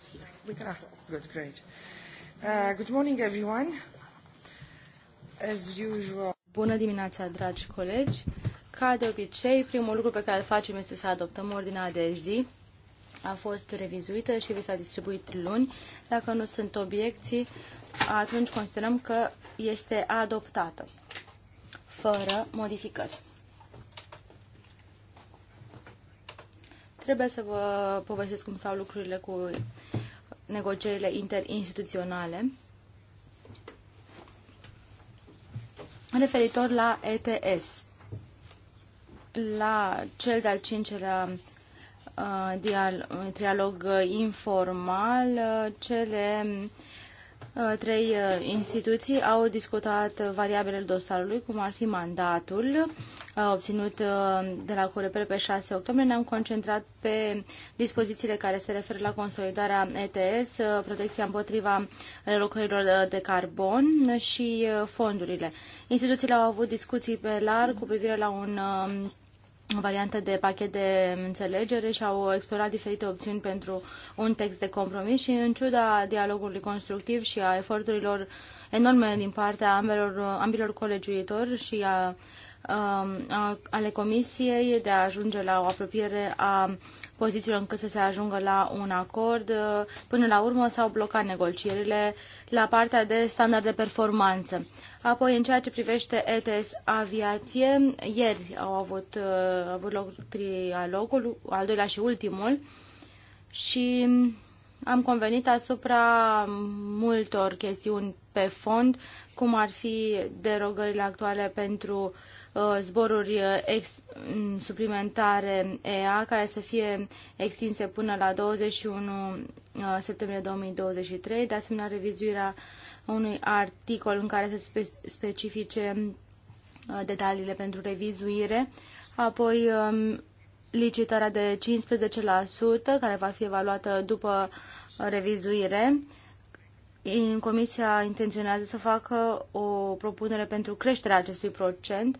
it's here. We can ah, good, great. Uh, good morning, everyone. As usual. Bună dimineața, dragi colegi. Ca de obicei, primul lucru pe care îl facem este să adoptăm ordinea de zi. A fost revizuită și vi s-a distribuit luni. Dacă nu sunt obiecții, atunci considerăm că este adoptată, fără modificări. trebuie să vă povestesc cum stau lucrurile cu negocierile interinstituționale referitor la ETS, la cel de-al cincelea uh, dial trialog trialog uh, informal, uh, cele Uh, trei uh, instituții au discutat variabilele dosarului, cum ar fi mandatul uh, obținut de la Coreper pe 6 octombrie. Ne-am concentrat pe dispozițiile care se referă la consolidarea ETS, protecția împotriva relocărilor de carbon și fondurile. Instituțiile au avut discuții pe larg cu privire la un variantă de pachet de înțelegere și au explorat diferite opțiuni pentru un text de compromis și în ciuda dialogului constructiv și a eforturilor enorme din partea ambelor, ambilor colegiuitori și a Um, ale Comisiei de a ajunge la o apropiere a pozițiilor încât să se ajungă la un acord. Până la urmă s-au blocat negocierile la partea de standard de performanță. Apoi, în ceea ce privește ETS Aviație, ieri au avut, uh, avut loc trialogul, al doilea și ultimul, și am convenit asupra multor chestiuni pe fond, cum ar fi derogările actuale pentru uh, zboruri uh, ex, mm, suplimentare EA, care să fie extinse până la 21 uh, septembrie 2023, de asemenea revizuirea unui articol în care se specifice uh, detaliile pentru revizuire, apoi um, licitarea de 15% care va fi evaluată după revizuire. în Comisia intenționează să facă o propunere pentru creșterea acestui procent,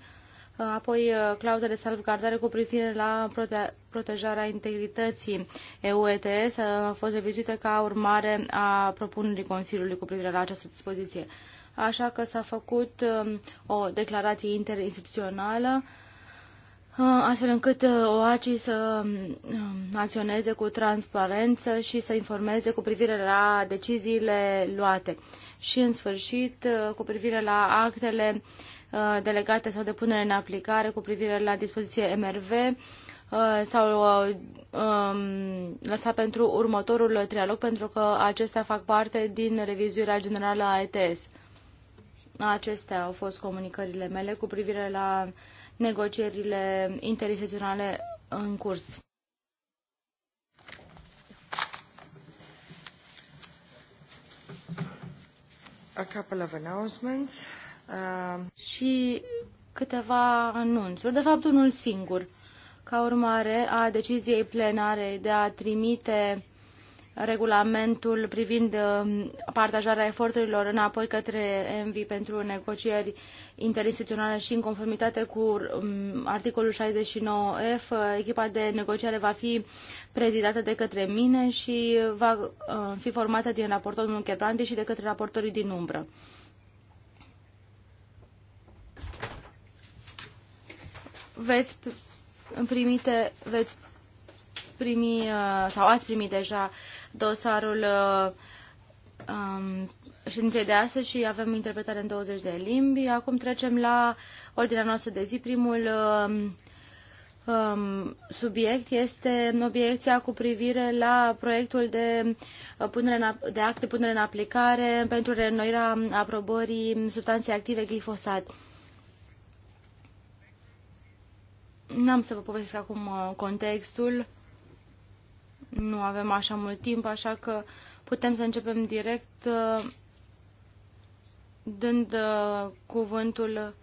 apoi uh, clauza de salvgardare cu privire la prote protejarea integrității EUETS uh, a fost revizuită ca urmare a propunerii Consiliului cu privire la această dispoziție. Așa că s-a făcut um, o declarație interinstituțională Uh, astfel încât uh, OACI să um, acționeze cu transparență și să informeze cu privire la deciziile luate și, în sfârșit, uh, cu privire la actele delegate sau de punere în aplicare cu privire la dispoziție MRV sau um, lăsat pentru următorul trialog pentru că acestea fac parte din revizuirea generală a ETS. Acestea au fost comunicările mele cu privire la uh, negocierile interinstituționale în curs. A couple of announcements. Um... Și câteva anunțuri, de fapt unul singur. Ca urmare a deciziei plenare de a trimite regulamentul privind uh, partajarea eforturilor înapoi către ENVI pentru negocieri interinstituționale și în conformitate cu um, articolul 69F, echipa de negociare va fi prezidată de către mine și va uh, fi formată din raportorul domnul Cheprandi și de către raportorii din umbră. Veți primite, veți primi uh, sau ați primit deja dosarul uh, um, ședinței de astăzi și avem interpretare în 20 de limbi. Acum trecem la ordinea noastră de zi. Primul um, um, subiect este obiecția cu privire la proiectul de, uh, punere în, de act de punere în aplicare pentru reînnoirea aprobării substanței active glifosat. N-am să vă povestesc acum uh, contextul. Nu avem așa mult timp, așa că putem să începem direct uh, dând uh, cuvântul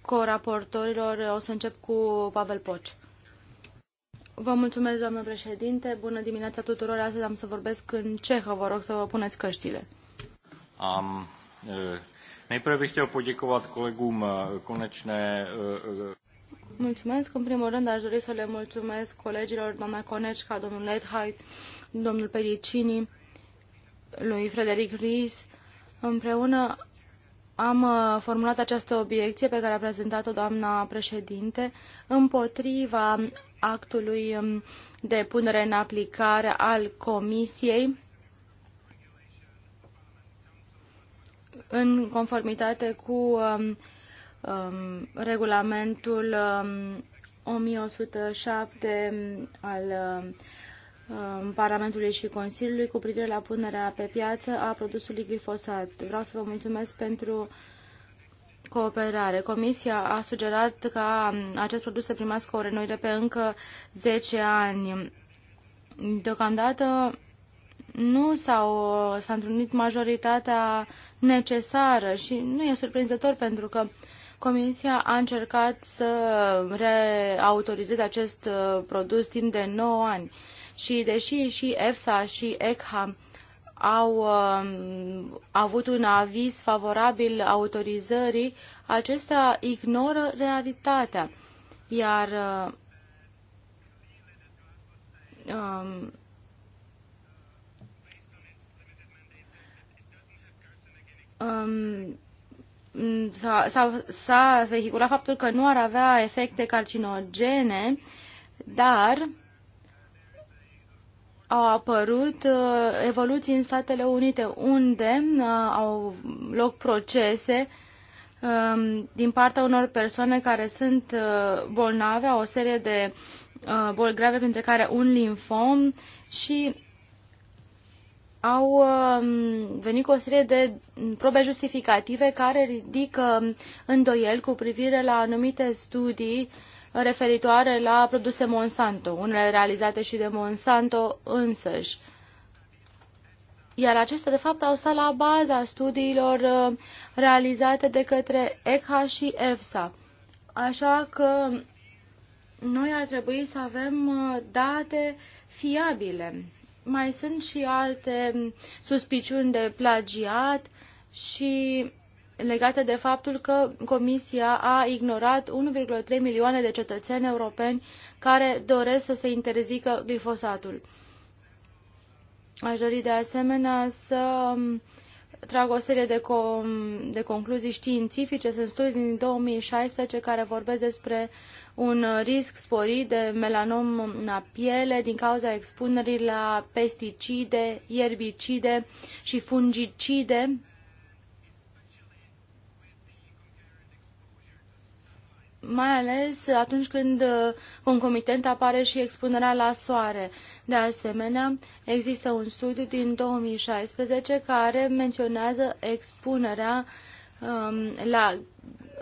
coraportorilor. O să încep cu Pavel Poci. Vă mulțumesc, doamnă președinte. Bună dimineața tuturor. Astăzi am să vorbesc în cehă. Vă rog să vă puneți căștile. Um, uh, Nejprve bych chtěl poděkovat kolegům Konečné. Mulțumesc. În primul rând aș dori să le mulțumesc colegilor, doamna Coneșca, domnul Ledhait, domnul Pedicini, lui Frederic Ries. Împreună am uh, formulat această obiecție pe care a prezentat-o doamna președinte împotriva actului um, de punere în aplicare al Comisiei în conformitate cu um, um, regulamentul um, 1107 al um, um, Parlamentului și Consiliului cu privire la punerea pe piață a produsului glifosat. Vreau să vă mulțumesc pentru cooperare. Comisia a sugerat ca um, acest produs să primească o renoire pe încă 10 ani. Deocamdată nu s-au, s-a întrunit majoritatea necesară și nu e surprinzător pentru că Comisia a încercat să reautorizeze acest uh, produs timp de 9 ani și deși și EFSA și ECHA au uh, avut un aviz favorabil autorizării, acestea ignoră realitatea. Iar uh, um, um, s-a vehiculat faptul că nu ar avea efecte carcinogene, dar au apărut uh, evoluții în Statele Unite, unde uh, au loc procese um, din partea unor persoane care sunt uh, bolnave, au o serie de boli grave, printre care un linfom și au um, venit cu o serie de probe justificative care ridică îndoieli cu privire la anumite studii referitoare la produse Monsanto, unele realizate și de Monsanto însăși. Iar acestea, de fapt, au stat la baza studiilor uh, realizate de către ECHA și EFSA. Așa că noi ar trebui să avem uh, date fiabile mai sunt și alte suspiciuni de plagiat și legate de faptul că Comisia a ignorat 1,3 milioane de cetățeni europeni care doresc să se interzică glifosatul. Aș dori de asemenea să trag o serie de, com- de concluzii științifice. Sunt studii din 2016 care vorbesc despre un risc sporit de melanom la piele din cauza expunerii la pesticide, ierbicide și fungicide, mai ales atunci când concomitent apare și expunerea la soare. De asemenea, există un studiu din 2016 care menționează expunerea um, la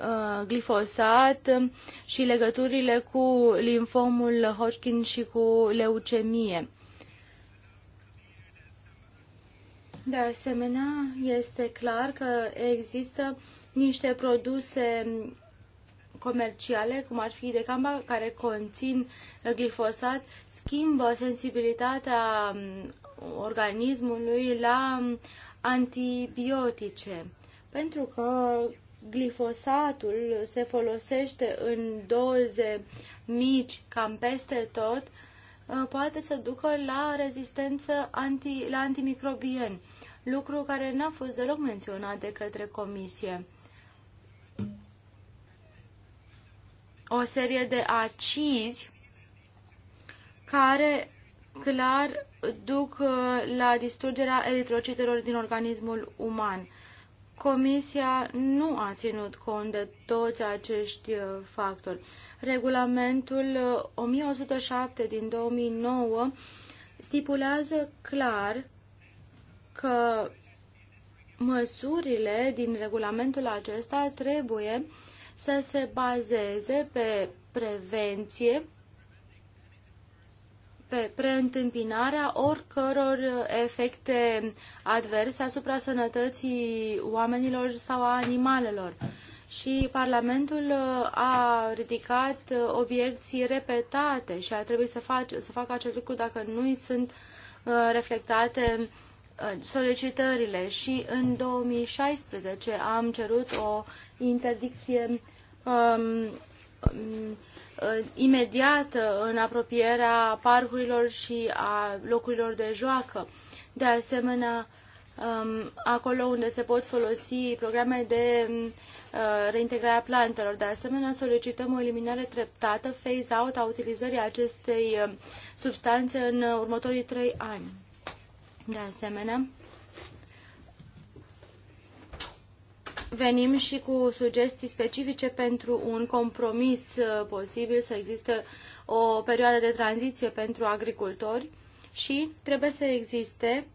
Uh, glifosat și legăturile cu linfomul Hodgkin și cu leucemie. De asemenea, este clar că există niște produse comerciale, cum ar fi decamba, care conțin glifosat, schimbă sensibilitatea um, organismului la antibiotice. Pentru că glifosatul se folosește în doze mici, cam peste tot, uh, poate să ducă la rezistență anti, la antimicrobieni, lucru care n-a fost deloc menționat de către comisie. O serie de acizi care clar duc uh, la distrugerea eritrocitelor din organismul uman. Comisia nu a ținut cont de toți acești uh, factori. Regulamentul 1107 uh, din 2009 stipulează clar că măsurile din regulamentul acesta trebuie să se bazeze pe prevenție pe preîntâmpinarea oricăror efecte adverse asupra sănătății oamenilor sau a animalelor. Și Parlamentul uh, a ridicat uh, obiecții repetate și ar trebui să, face, să facă acest lucru dacă nu sunt uh, reflectate solicitările. Și în 2016 am cerut o interdicție um, um, Uh, imediat uh, în apropierea parcurilor și a locurilor de joacă. De asemenea, um, acolo unde se pot folosi programe de um, uh, reintegrare a plantelor. De asemenea, solicităm o eliminare treptată, phase-out, a utilizării acestei um, substanțe în următorii trei ani. De asemenea, venim și cu sugestii specifice pentru un compromis uh, posibil, să existe o perioadă de tranziție pentru agricultori și trebuie să existe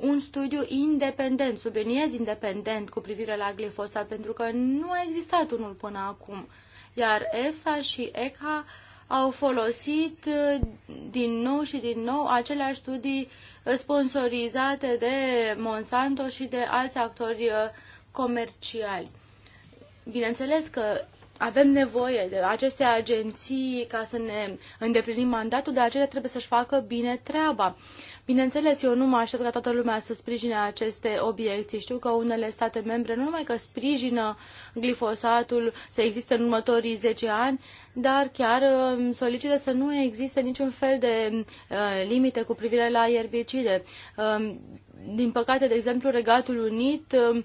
un studiu independent, subliniez independent cu privire la glifosat, pentru că nu a existat unul până acum. Iar EFSA și ECHA au folosit uh, din nou și din nou aceleași studii sponsorizate de Monsanto și de alți actori uh, comerciali. Bineînțeles că avem nevoie de aceste agenții ca să ne îndeplinim mandatul, dar acelea trebuie să-și facă bine treaba. Bineînțeles, eu nu mă aștept ca toată lumea să sprijine aceste obiecții. Știu că unele state membre nu numai că sprijină glifosatul să existe în următorii 10 ani, dar chiar um, solicită să nu existe niciun fel de uh, limite cu privire la ierbicide. Uh, um, din păcate, de exemplu, Regatul Unit uh,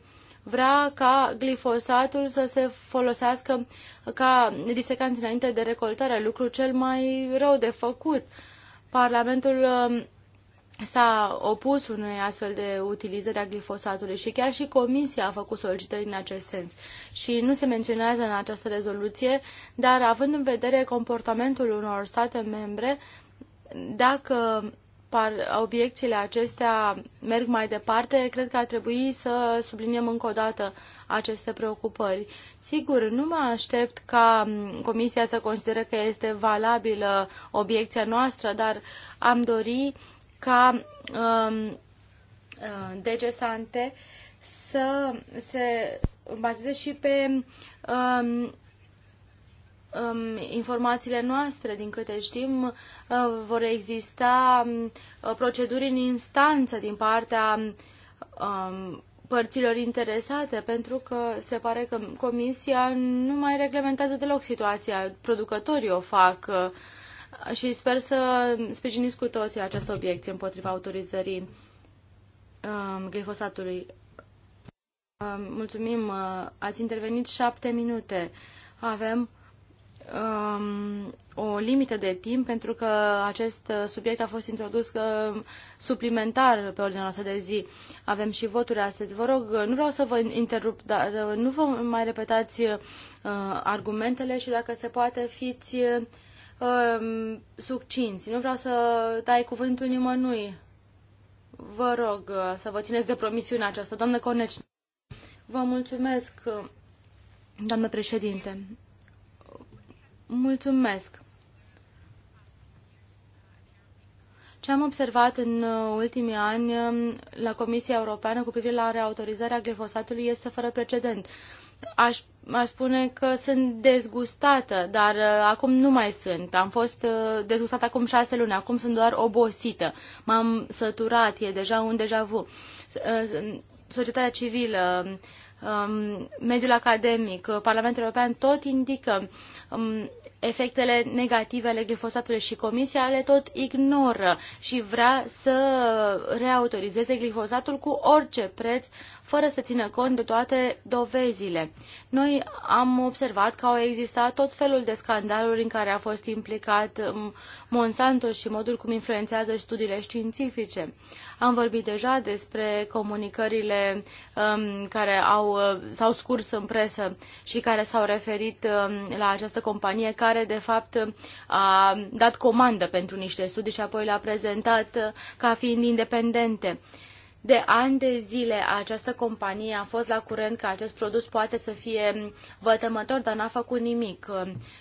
vrea ca glifosatul să se folosească ca disecant înainte de recoltare, lucru cel mai rău de făcut. Parlamentul um, s-a opus unei astfel de utilizare a glifosatului și chiar și Comisia a făcut solicitări în acest sens. Și nu se menționează în această rezoluție, dar având în vedere comportamentul unor state membre, dacă par, obiecțiile acestea merg mai departe, cred că ar trebui să subliniem încă o dată aceste preocupări. Sigur, nu mă aștept ca Comisia să considere că este valabilă obiecția noastră, dar am dori ca um, uh, DG să se bazeze și pe um, um, informațiile noastre, din câte știm, uh, vor exista um, uh, proceduri în instanță din partea um, părților interesate, pentru că se pare că Comisia nu mai reglementează deloc situația. Producătorii o fac uh, și sper să sprijiniți cu toții această obiecție împotriva autorizării um, glifosatului. Um, mulțumim, uh, ați intervenit șapte minute. Avem um, o limită de timp pentru că acest subiect a fost introdus uh, suplimentar pe ordinea noastră de zi. Avem și voturi astăzi. Vă rog, nu vreau să vă interup, dar uh, nu vă mai repetați uh, argumentele și dacă se poate fiți uh, um, succinți. Nu vreau să dai cuvântul nimănui. Vă rog uh, să vă țineți de promisiunea aceasta. Doamnă Corneci, vă mulțumesc, uh, doamnă președinte. Mulțumesc! Ce am observat în uh, ultimii ani um, la Comisia Europeană cu privire la reautorizarea glifosatului este fără precedent. Aș, aș spune că sunt dezgustată, dar uh, acum nu mai sunt. Am fost uh, dezgustată acum șase luni, acum sunt doar obosită. M-am săturat, e deja un deja vu. Societatea civilă, Um, mediul academic, uh, Parlamentul European, tot indică um, efectele negative ale glifosatului și comisia le tot ignoră și vrea să reautorizeze glifosatul cu orice preț, fără să țină cont de toate dovezile. Noi am observat că au existat tot felul de scandaluri în care a fost implicat mm, Monsanto și modul cum influențează studiile științifice. Am vorbit deja despre comunicările um, care au, s-au scurs în presă și care s-au referit um, la această companie ca care de fapt a dat comandă pentru niște studii și apoi le-a prezentat ca fiind independente. De ani de zile această companie a fost la curent că acest produs poate să fie vătămător, dar n-a făcut nimic.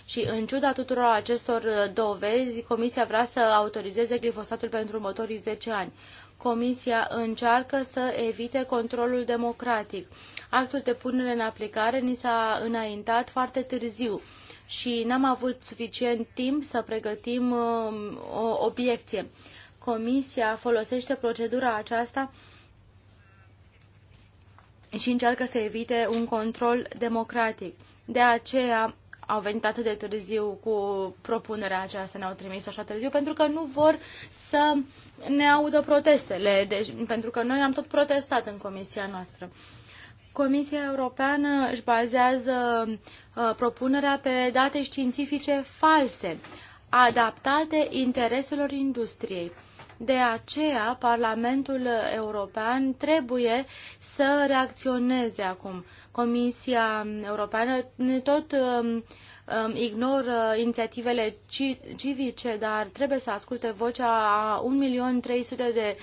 Și în ciuda tuturor acestor dovezi, Comisia vrea să autorizeze glifosatul pentru următorii 10 ani. Comisia încearcă să evite controlul democratic. Actul de punere în aplicare ni s-a înaintat foarte târziu și n-am avut suficient timp să pregătim um, o obiecție. Comisia folosește procedura aceasta și încearcă să evite un control democratic. De aceea au venit atât de târziu cu propunerea aceasta, ne-au trimis așa târziu, pentru că nu vor să ne audă protestele, deci, pentru că noi am tot protestat în comisia noastră. Comisia Europeană își bazează uh, propunerea pe date științifice false, adaptate intereselor industriei. De aceea, Parlamentul European trebuie să reacționeze acum. Comisia Europeană ne tot um, um ignor inițiativele civice, dar trebuie să asculte vocea a 1.300.000 de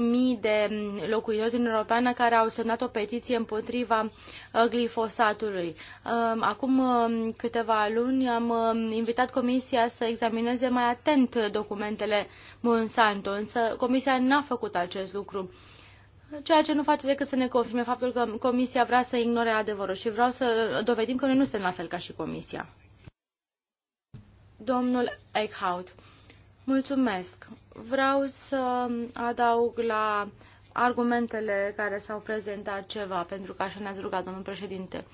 mii de locuitori din Europeană care au semnat o petiție împotriva uh, glifosatului. Um, acum um, câteva luni am um, invitat Comisia să examineze mai atent documentele Monsanto, însă Comisia n-a făcut acest lucru ceea ce nu face decât să ne confirme faptul că Comisia vrea să ignore adevărul și vreau să uh, dovedim că noi nu suntem la fel ca și Comisia. Domnul Eichhout, mulțumesc vreau să adaug la argumentele care s-au prezentat ceva, pentru că așa ne-ați rugat, domnul președinte.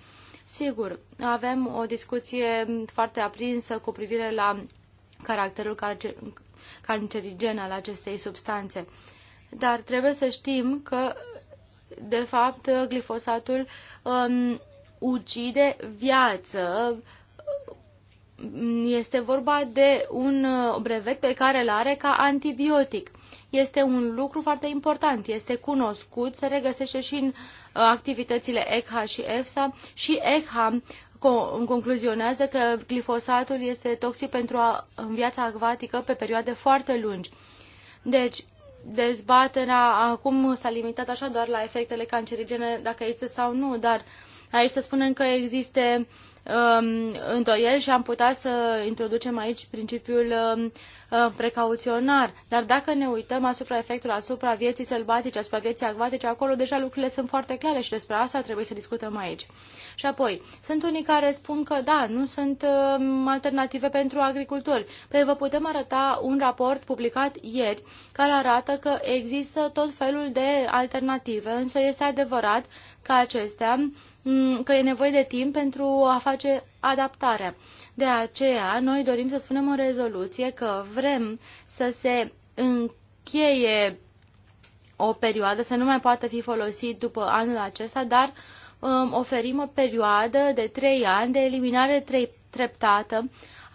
Sigur, avem o discuție foarte aprinsă cu privire la caracterul cancerigen al acestei substanțe. Dar trebuie să știm că, de fapt, glifosatul um, ucide viață este vorba de un uh, brevet pe care îl are ca antibiotic. Este un lucru foarte important, este cunoscut, se regăsește și în uh, activitățile ECHA și EFSA și ECHA concluzionează că glifosatul este toxic pentru a, în viața acvatică pe perioade foarte lungi. Deci, dezbaterea acum s-a limitat așa doar la efectele cancerigene, dacă există sau nu, dar aici să spunem că există Um, îndoieli și am putea să introducem aici principiul um, uh, precauționar. Dar dacă ne uităm asupra efectului asupra vieții sălbatice, asupra vieții acvatice, acolo deja lucrurile sunt foarte clare și despre asta trebuie să discutăm aici. Și apoi, sunt unii care spun că da, nu sunt um, alternative pentru agricultori. Păi vă putem arăta un raport publicat ieri care arată că există tot felul de alternative, însă este adevărat că acestea Mm, că e nevoie de timp pentru a face adaptarea. De aceea, noi dorim să spunem o rezoluție că vrem să se încheie o perioadă, să nu mai poată fi folosit după anul acesta, dar um, oferim o perioadă de trei ani de eliminare treptată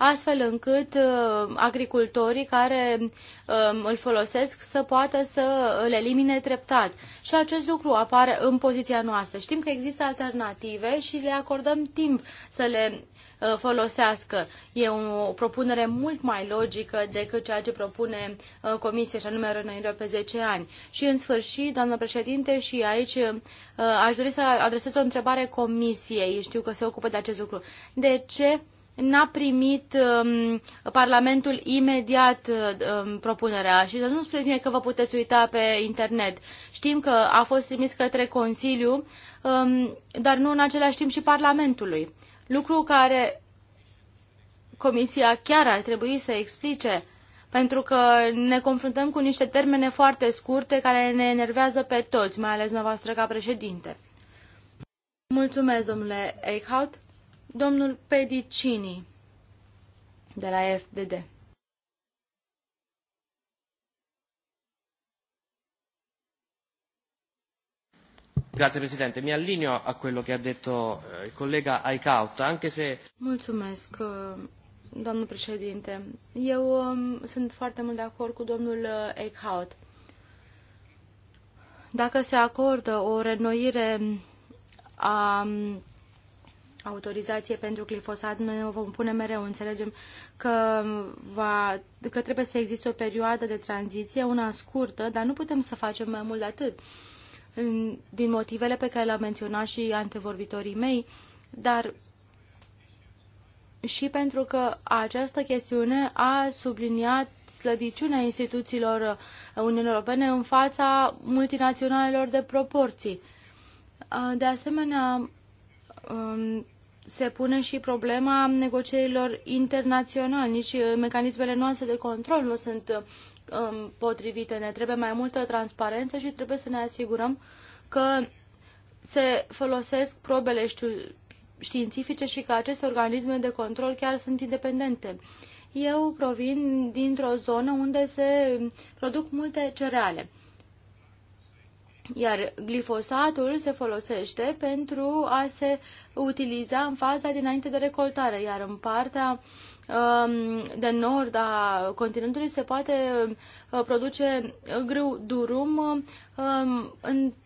astfel încât uh, agricultorii care um, îl folosesc să poată să îl elimine treptat. Și acest lucru apare în poziția noastră. Știm că există alternative și le acordăm timp să le uh, folosească. E o propunere mult mai logică decât ceea ce propune uh, Comisia, și anume rănăirea pe 10 ani. Și în sfârșit, doamnă președinte, și aici aș dori să adresez o întrebare Comisiei. Știu că se ocupă de acest lucru. De ce n-a primit um, Parlamentul imediat um, propunerea și să nu mie că vă puteți uita pe internet. Știm că a fost trimis către Consiliu, um, dar nu în același timp și Parlamentului. Lucru care Comisia chiar ar trebui să explice pentru că ne confruntăm cu niște termene foarte scurte care ne enervează pe toți, mai ales noastră ca președinte. Mulțumesc, domnule Eichhout. Domnul Pedicini de la FDD. Grazie Presidente, mi allineo a quello che ha detto eh, il collega Aicaut, anche se... Mulțumesc, eh, domnul președinte. Eu um, sunt foarte mult de acord cu domnul Aicaut. Eh, Dacă se acordă o renoire a autorizație pentru glifosat, noi o vom pune mereu, înțelegem că, va, că trebuie să existe o perioadă de tranziție, una scurtă, dar nu putem să facem mai mult de atât. Din motivele pe care le-au menționat și antevorbitorii mei, dar și pentru că această chestiune a subliniat slăbiciunea instituțiilor Uniunii Europene în fața multinaționalelor de proporții. De asemenea, um, se pune și problema negocierilor internaționale. Nici uh, mecanismele noastre de control nu sunt um, potrivite. Ne trebuie mai multă transparență și trebuie să ne asigurăm că se folosesc probele știu, științifice și că aceste organisme de control chiar sunt independente. Eu provin dintr-o zonă unde se produc multe cereale iar glifosatul se folosește pentru a se utiliza în faza dinainte de recoltare, iar în partea um, de nord a continentului se poate uh, produce grâu durum um,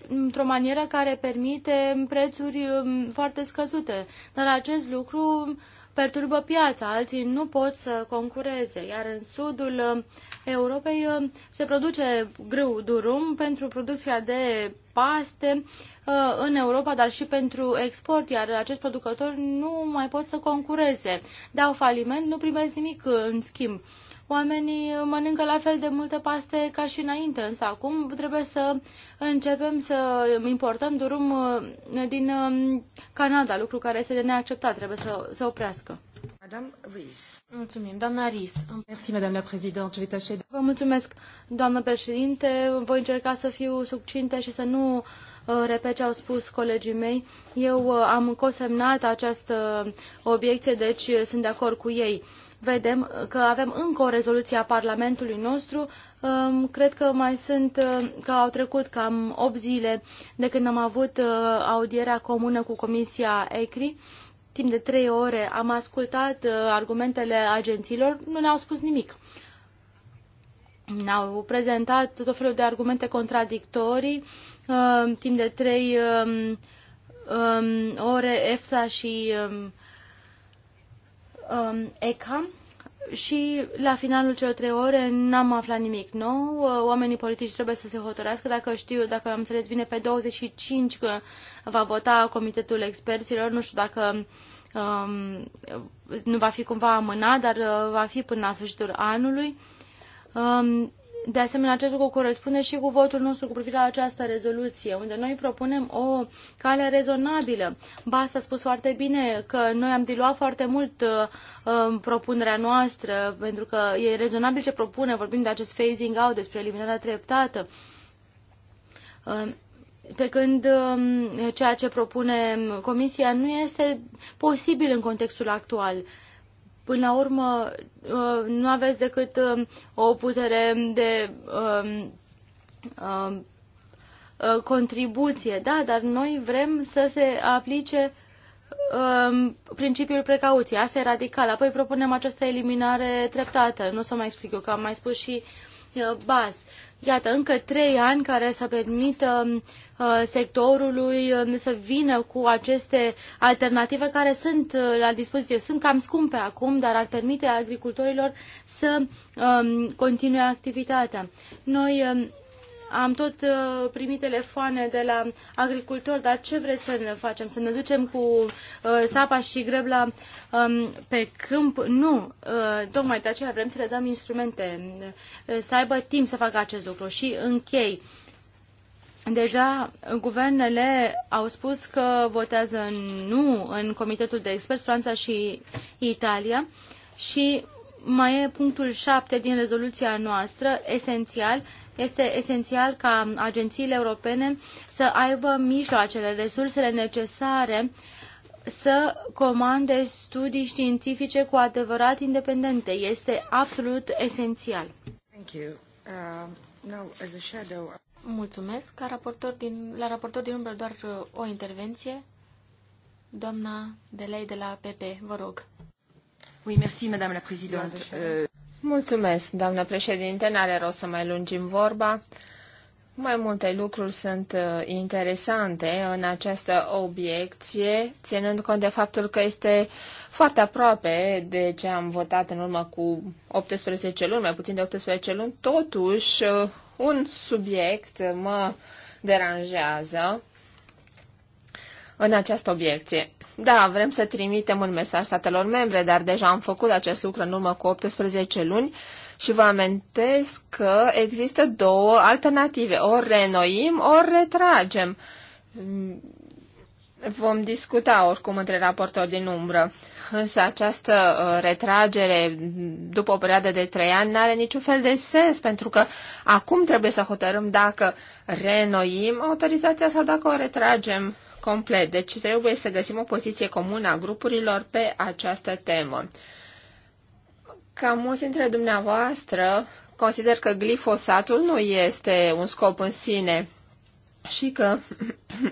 într-o manieră care permite prețuri um, foarte scăzute. Dar acest lucru perturbă piața, alții nu pot să concureze, iar în sudul uh, Europei uh, se produce grâu durum pentru producția de paste uh, în Europa, dar și pentru export, iar acest producător nu mai pot să concureze. Dau faliment, nu primesc nimic în schimb oamenii mănâncă la fel de multe paste ca și înainte, însă acum trebuie să începem să importăm durum uh, din um, Canada, lucru care este de neacceptat, trebuie să se oprească. Mulțumim, doamna Rees. Vă mulțumesc, doamnă președinte. Voi încerca să fiu succintă și să nu uh, repet ce au spus colegii mei. Eu uh, am consemnat această obiecție, deci sunt de acord cu ei vedem uh, că avem încă o rezoluție a Parlamentului nostru. Um, cred că mai sunt, uh, că au trecut cam 8 zile de când am avut uh, audierea comună cu Comisia ECRI. Timp de 3 ore am ascultat argumentele agențiilor, nu ne-au spus nimic. Ne-au prezentat tot felul de argumente contradictorii. Um, timp de 3 um, ore EFSA și um, ECA și la finalul celor trei ore n-am aflat nimic nou. Uh, oamenii politici trebuie să se hotărească dacă știu, dacă am înțeles bine, pe 25 că va vota Comitetul Experților. Nu știu dacă um, nu va fi cumva amânat, dar uh, va fi până la sfârșitul anului. Um, de asemenea, acest lucru corespunde și cu votul nostru cu privire la această rezoluție, unde noi propunem o cale rezonabilă. Bas a spus foarte bine că noi am diluat foarte mult uh, uh, propunerea noastră, pentru că e rezonabil ce propune, vorbim de acest phasing out, despre eliminarea treptată. Uh, pe când uh, ceea ce propune Comisia nu este posibil în contextul actual. Uh, Până la urmă, uh, nu aveți decât um, o putere de um, um, uh, contribuție, da, dar noi vrem să se aplice principiul precauției. Asta e radical. Apoi propunem această eliminare treptată. Nu să mai explic eu, că am mai spus și uh, baz. Iată, încă trei ani care să permită uh, sectorului uh, să vină cu aceste alternative care sunt uh, la dispoziție. Sunt cam scumpe acum, dar ar permite agricultorilor să um, continue activitatea. Noi um, am tot uh, primit telefoane de la agricultori, dar ce vreți să ne facem? Să ne ducem cu uh, sapa și grebla um, pe câmp? Nu, uh, tocmai de aceea vrem să le dăm instrumente, uh, să aibă timp să facă acest lucru. Și închei. Deja uh, guvernele au spus că votează nu în comitetul de experți Franța și Italia și mai e punctul 7 din rezoluția noastră, esențial, este esențial ca agențiile europene să aibă mijloacele, resursele necesare să comande studii științifice cu adevărat independente. Este absolut esențial. Thank you. Uh, now, as a shadow... Mulțumesc. Ca raportor din, la raportor din umbră doar uh, o intervenție. Doamna Delei de la PP, vă rog. Euh, Mulțumesc, doamnă președinte, n-are rost să mai lungim vorba. Mai multe lucruri sunt uh, interesante în această obiecție, ținând cont de faptul că este foarte aproape de ce am votat în urmă cu 18 luni, mai puțin de 18 luni. Totuși, uh, un subiect mă deranjează în această obiecție. Da, vrem să trimitem un mesaj statelor membre, dar deja am făcut acest lucru în urmă cu 18 luni și vă amintesc că există două alternative. Ori renoim, ori retragem. Vom discuta oricum între raportori din umbră. Însă această uh, retragere după o perioadă de trei ani nu are niciun fel de sens, pentru că acum trebuie să hotărâm dacă renoim autorizația sau dacă o retragem complet, deci trebuie să găsim o poziție comună a grupurilor pe această temă. Ca mulți dintre dumneavoastră, consider că glifosatul nu este un scop în sine și că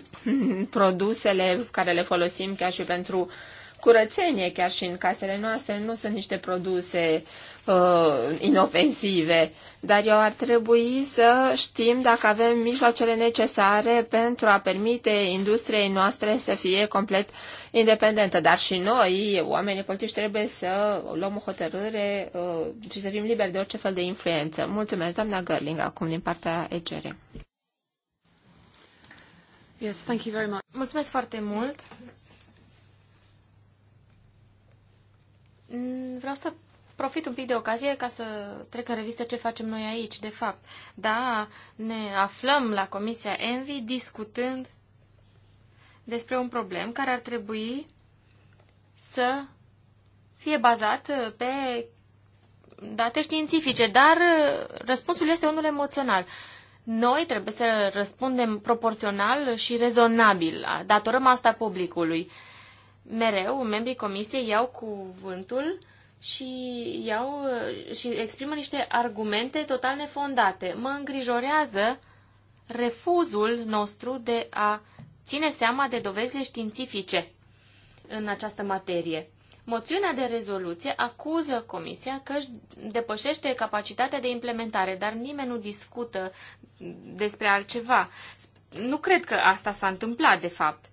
produsele care le folosim chiar și pentru curățenie, chiar și în casele noastre, nu sunt niște produse uh, uh, inofensive, dar eu ar trebui să știm dacă avem mijloacele necesare pentru a permite industriei noastre să fie complet independentă. Dar și noi, oamenii politici, trebuie să luăm o hotărâre uh, și să fim liberi de orice fel de influență. Mulțumesc, doamna Gărling, acum din partea ECR. Yes, thank you very much. Mulțumesc foarte mult. Vreau să profit un pic de ocazie ca să trec în revistă ce facem noi aici, de fapt. Da, ne aflăm la Comisia Envi discutând despre un problem care ar trebui să fie bazat pe date științifice, dar răspunsul este unul emoțional. Noi trebuie să răspundem proporțional și rezonabil. Datorăm asta publicului. Mereu, membrii comisiei iau cuvântul și iau uh, și exprimă niște argumente total nefondate. Mă îngrijorează refuzul nostru de a ține seama de dovezile științifice în această materie. Moțiunea de rezoluție acuză Comisia că își depășește capacitatea de implementare, dar nimeni nu discută despre altceva. Nu cred că asta s-a întâmplat, de fapt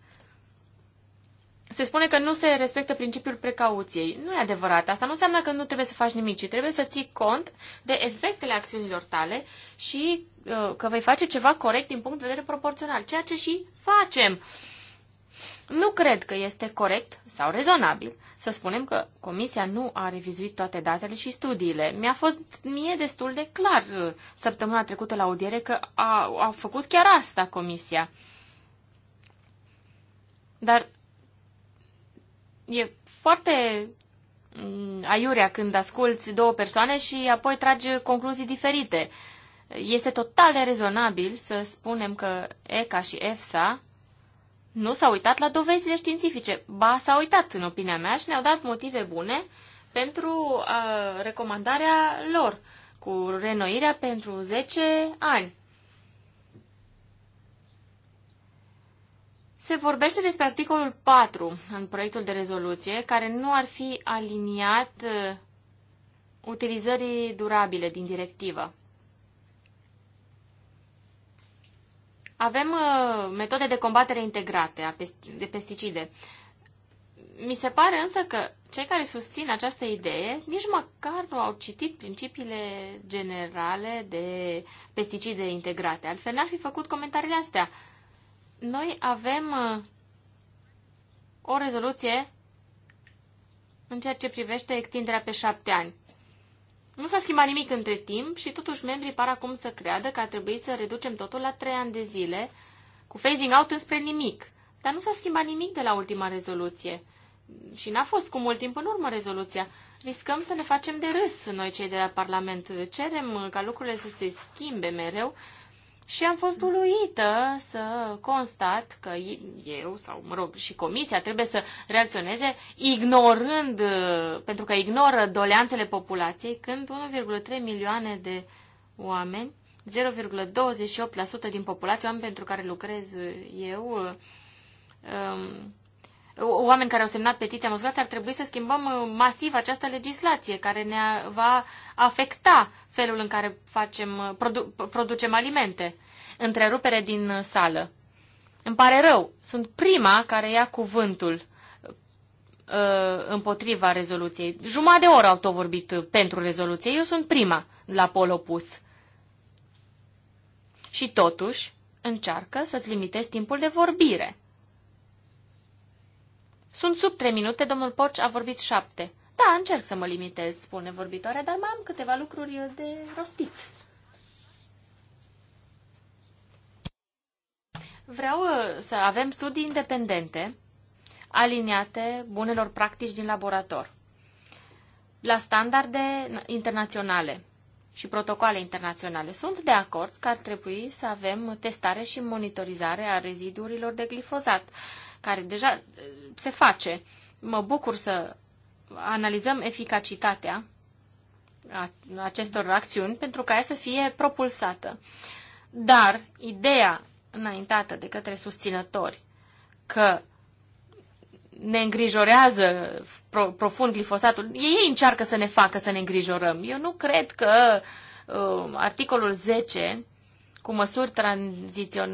se spune că nu se respectă principiul precauției. Nu e adevărat. Asta nu înseamnă că nu trebuie să faci nimic, ci trebuie să ții cont de efectele acțiunilor tale și uh, că vei face ceva corect din punct de vedere proporțional, ceea ce și facem. Nu cred că este corect sau rezonabil să spunem că comisia nu a revizuit toate datele și studiile. Mi-a fost mie destul de clar uh, săptămâna trecută la audiere că a, a făcut chiar asta comisia. Dar E foarte mm, aiurea când asculți două persoane și apoi tragi concluzii diferite. Este total rezonabil să spunem că ECA și EFSA nu s-au uitat la dovezile științifice. Ba, s-au uitat, în opinia mea, și ne-au dat motive bune pentru uh, recomandarea lor cu renoirea pentru 10 ani. Se vorbește despre articolul 4 în proiectul de rezoluție, care nu ar fi aliniat uh, utilizării durabile din directivă. Avem uh, metode de combatere integrate de pesticide. Mi se pare însă că cei care susțin această idee nici măcar nu au citit principiile generale de pesticide integrate. Altfel n-ar fi făcut comentariile astea. Noi avem uh, o rezoluție în ceea ce privește extinderea pe șapte ani. Nu s-a schimbat nimic între timp și totuși membrii par acum să creadă că ar trebui să reducem totul la trei ani de zile, cu phasing out înspre nimic. Dar nu s-a schimbat nimic de la ultima rezoluție. Și n-a fost cu mult timp în urmă rezoluția. Riscăm să ne facem de râs noi cei de la Parlament. Cerem ca lucrurile să se schimbe mereu și am fost uluită să constat că eu, sau mă rog, și comisia trebuie să reacționeze ignorând, pentru că ignoră doleanțele populației, când 1,3 milioane de oameni, 0,28% din populație, oameni pentru care lucrez eu, um, oameni care au semnat petiția Moscovați, ar trebui să schimbăm uh, masiv această legislație care ne va afecta felul în care facem, uh, produ- producem alimente. Întrerupere din uh, sală. Îmi pare rău, sunt prima care ia cuvântul împotriva rezoluției. Jumătate de oră au tot vorbit pentru rezoluție. Eu sunt prima la pol opus. Și totuși, încearcă să-ți limitezi timpul de vorbire. Sunt sub trei minute, domnul Porci a vorbit șapte. Da, încerc să mă limitez, spune vorbitoarea, dar mai am câteva lucruri de rostit. Vreau uh, să avem studii independente, aliniate bunelor practici din laborator, la standarde internaționale și protocoale internaționale. Sunt de acord că ar trebui să avem testare și monitorizare a rezidurilor de glifozat care deja eh, se face. Mă bucur să analizăm eficacitatea acestor acțiuni pentru ca ea să fie propulsată. Dar ideea înaintată de către susținători că ne îngrijorează profund glifosatul, ei încearcă să ne facă să ne îngrijorăm. Eu nu cred că uh, articolul 10 cu măsuri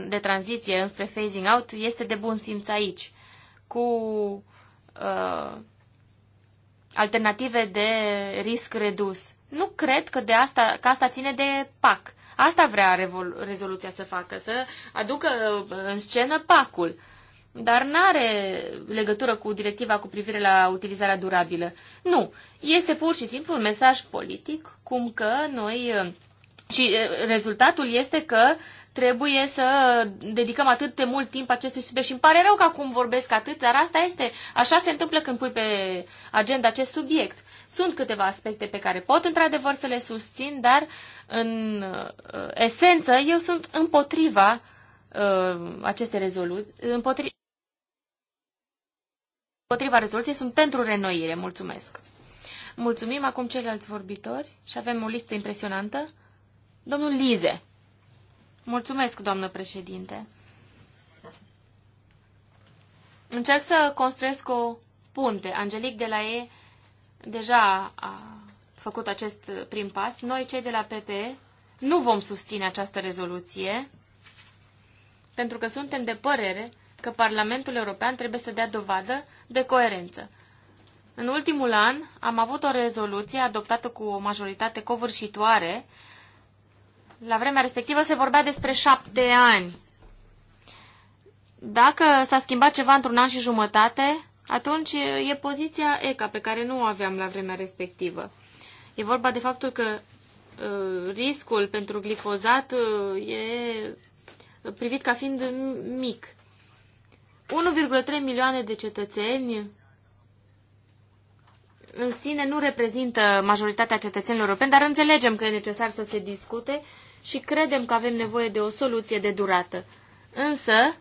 de tranziție înspre phasing out este de bun simț aici, cu uh, alternative de risc redus. Nu cred că, de asta, că asta ține de PAC. Asta vrea rezoluția să facă, să aducă uh, în scenă pacul. Dar nu are legătură cu directiva cu privire la utilizarea durabilă. Nu. Este pur și simplu un mesaj politic cum că noi uh, și rezultatul este că trebuie să dedicăm atât de mult timp acestui subiect și îmi pare rău că acum vorbesc atât, dar asta este, așa se întâmplă când pui pe agenda acest subiect. Sunt câteva aspecte pe care pot într-adevăr să le susțin, dar în uh, esență eu sunt împotriva uh, acestei rezoluții, împotri... împotriva rezoluției, sunt pentru renoire. Mulțumesc! Mulțumim acum ceilalți vorbitori și avem o listă impresionantă. Domnul Lize. Mulțumesc, doamnă președinte. Încerc să construiesc o punte. Angelic de la E deja a făcut acest prim pas. Noi, cei de la PP, nu vom susține această rezoluție pentru că suntem de părere că Parlamentul European trebuie să dea dovadă de coerență. În ultimul an am avut o rezoluție adoptată cu o majoritate covârșitoare la vremea respectivă se vorbea despre șapte ani. Dacă s-a schimbat ceva într-un an și jumătate, atunci e poziția ECA pe care nu o aveam la vremea respectivă. E vorba de faptul că uh, riscul pentru glifozat uh, e privit ca fiind mic. 1,3 milioane de cetățeni în sine nu reprezintă majoritatea cetățenilor europeni, dar înțelegem că e necesar să se discute și credem că avem nevoie de o soluție de durată. Însă,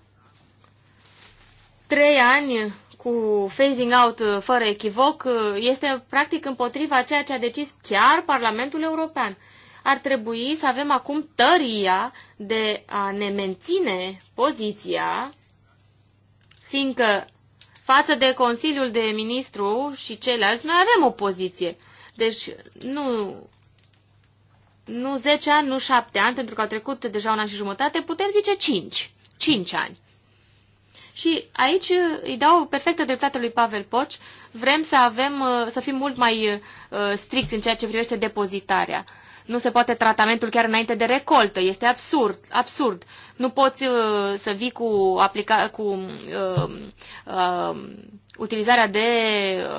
trei ani cu phasing out uh, fără echivoc uh, este practic împotriva ceea ce a decis chiar Parlamentul European. Ar trebui să avem acum tăria de a ne menține poziția, fiindcă față de Consiliul de Ministru și ceilalți, noi avem o poziție. Deci nu nu 10 ani, nu 7 ani, pentru că au trecut deja un an și jumătate, putem zice 5. 5 ani. Și aici uh, îi dau perfectă dreptate lui Pavel Poci. Vrem să avem, uh, să fim mult mai uh, stricți în ceea ce privește depozitarea. Nu se poate tratamentul chiar înainte de recoltă. Este absurd. absurd. Nu poți să vii cu, aplica- cu uh, uh, utilizarea de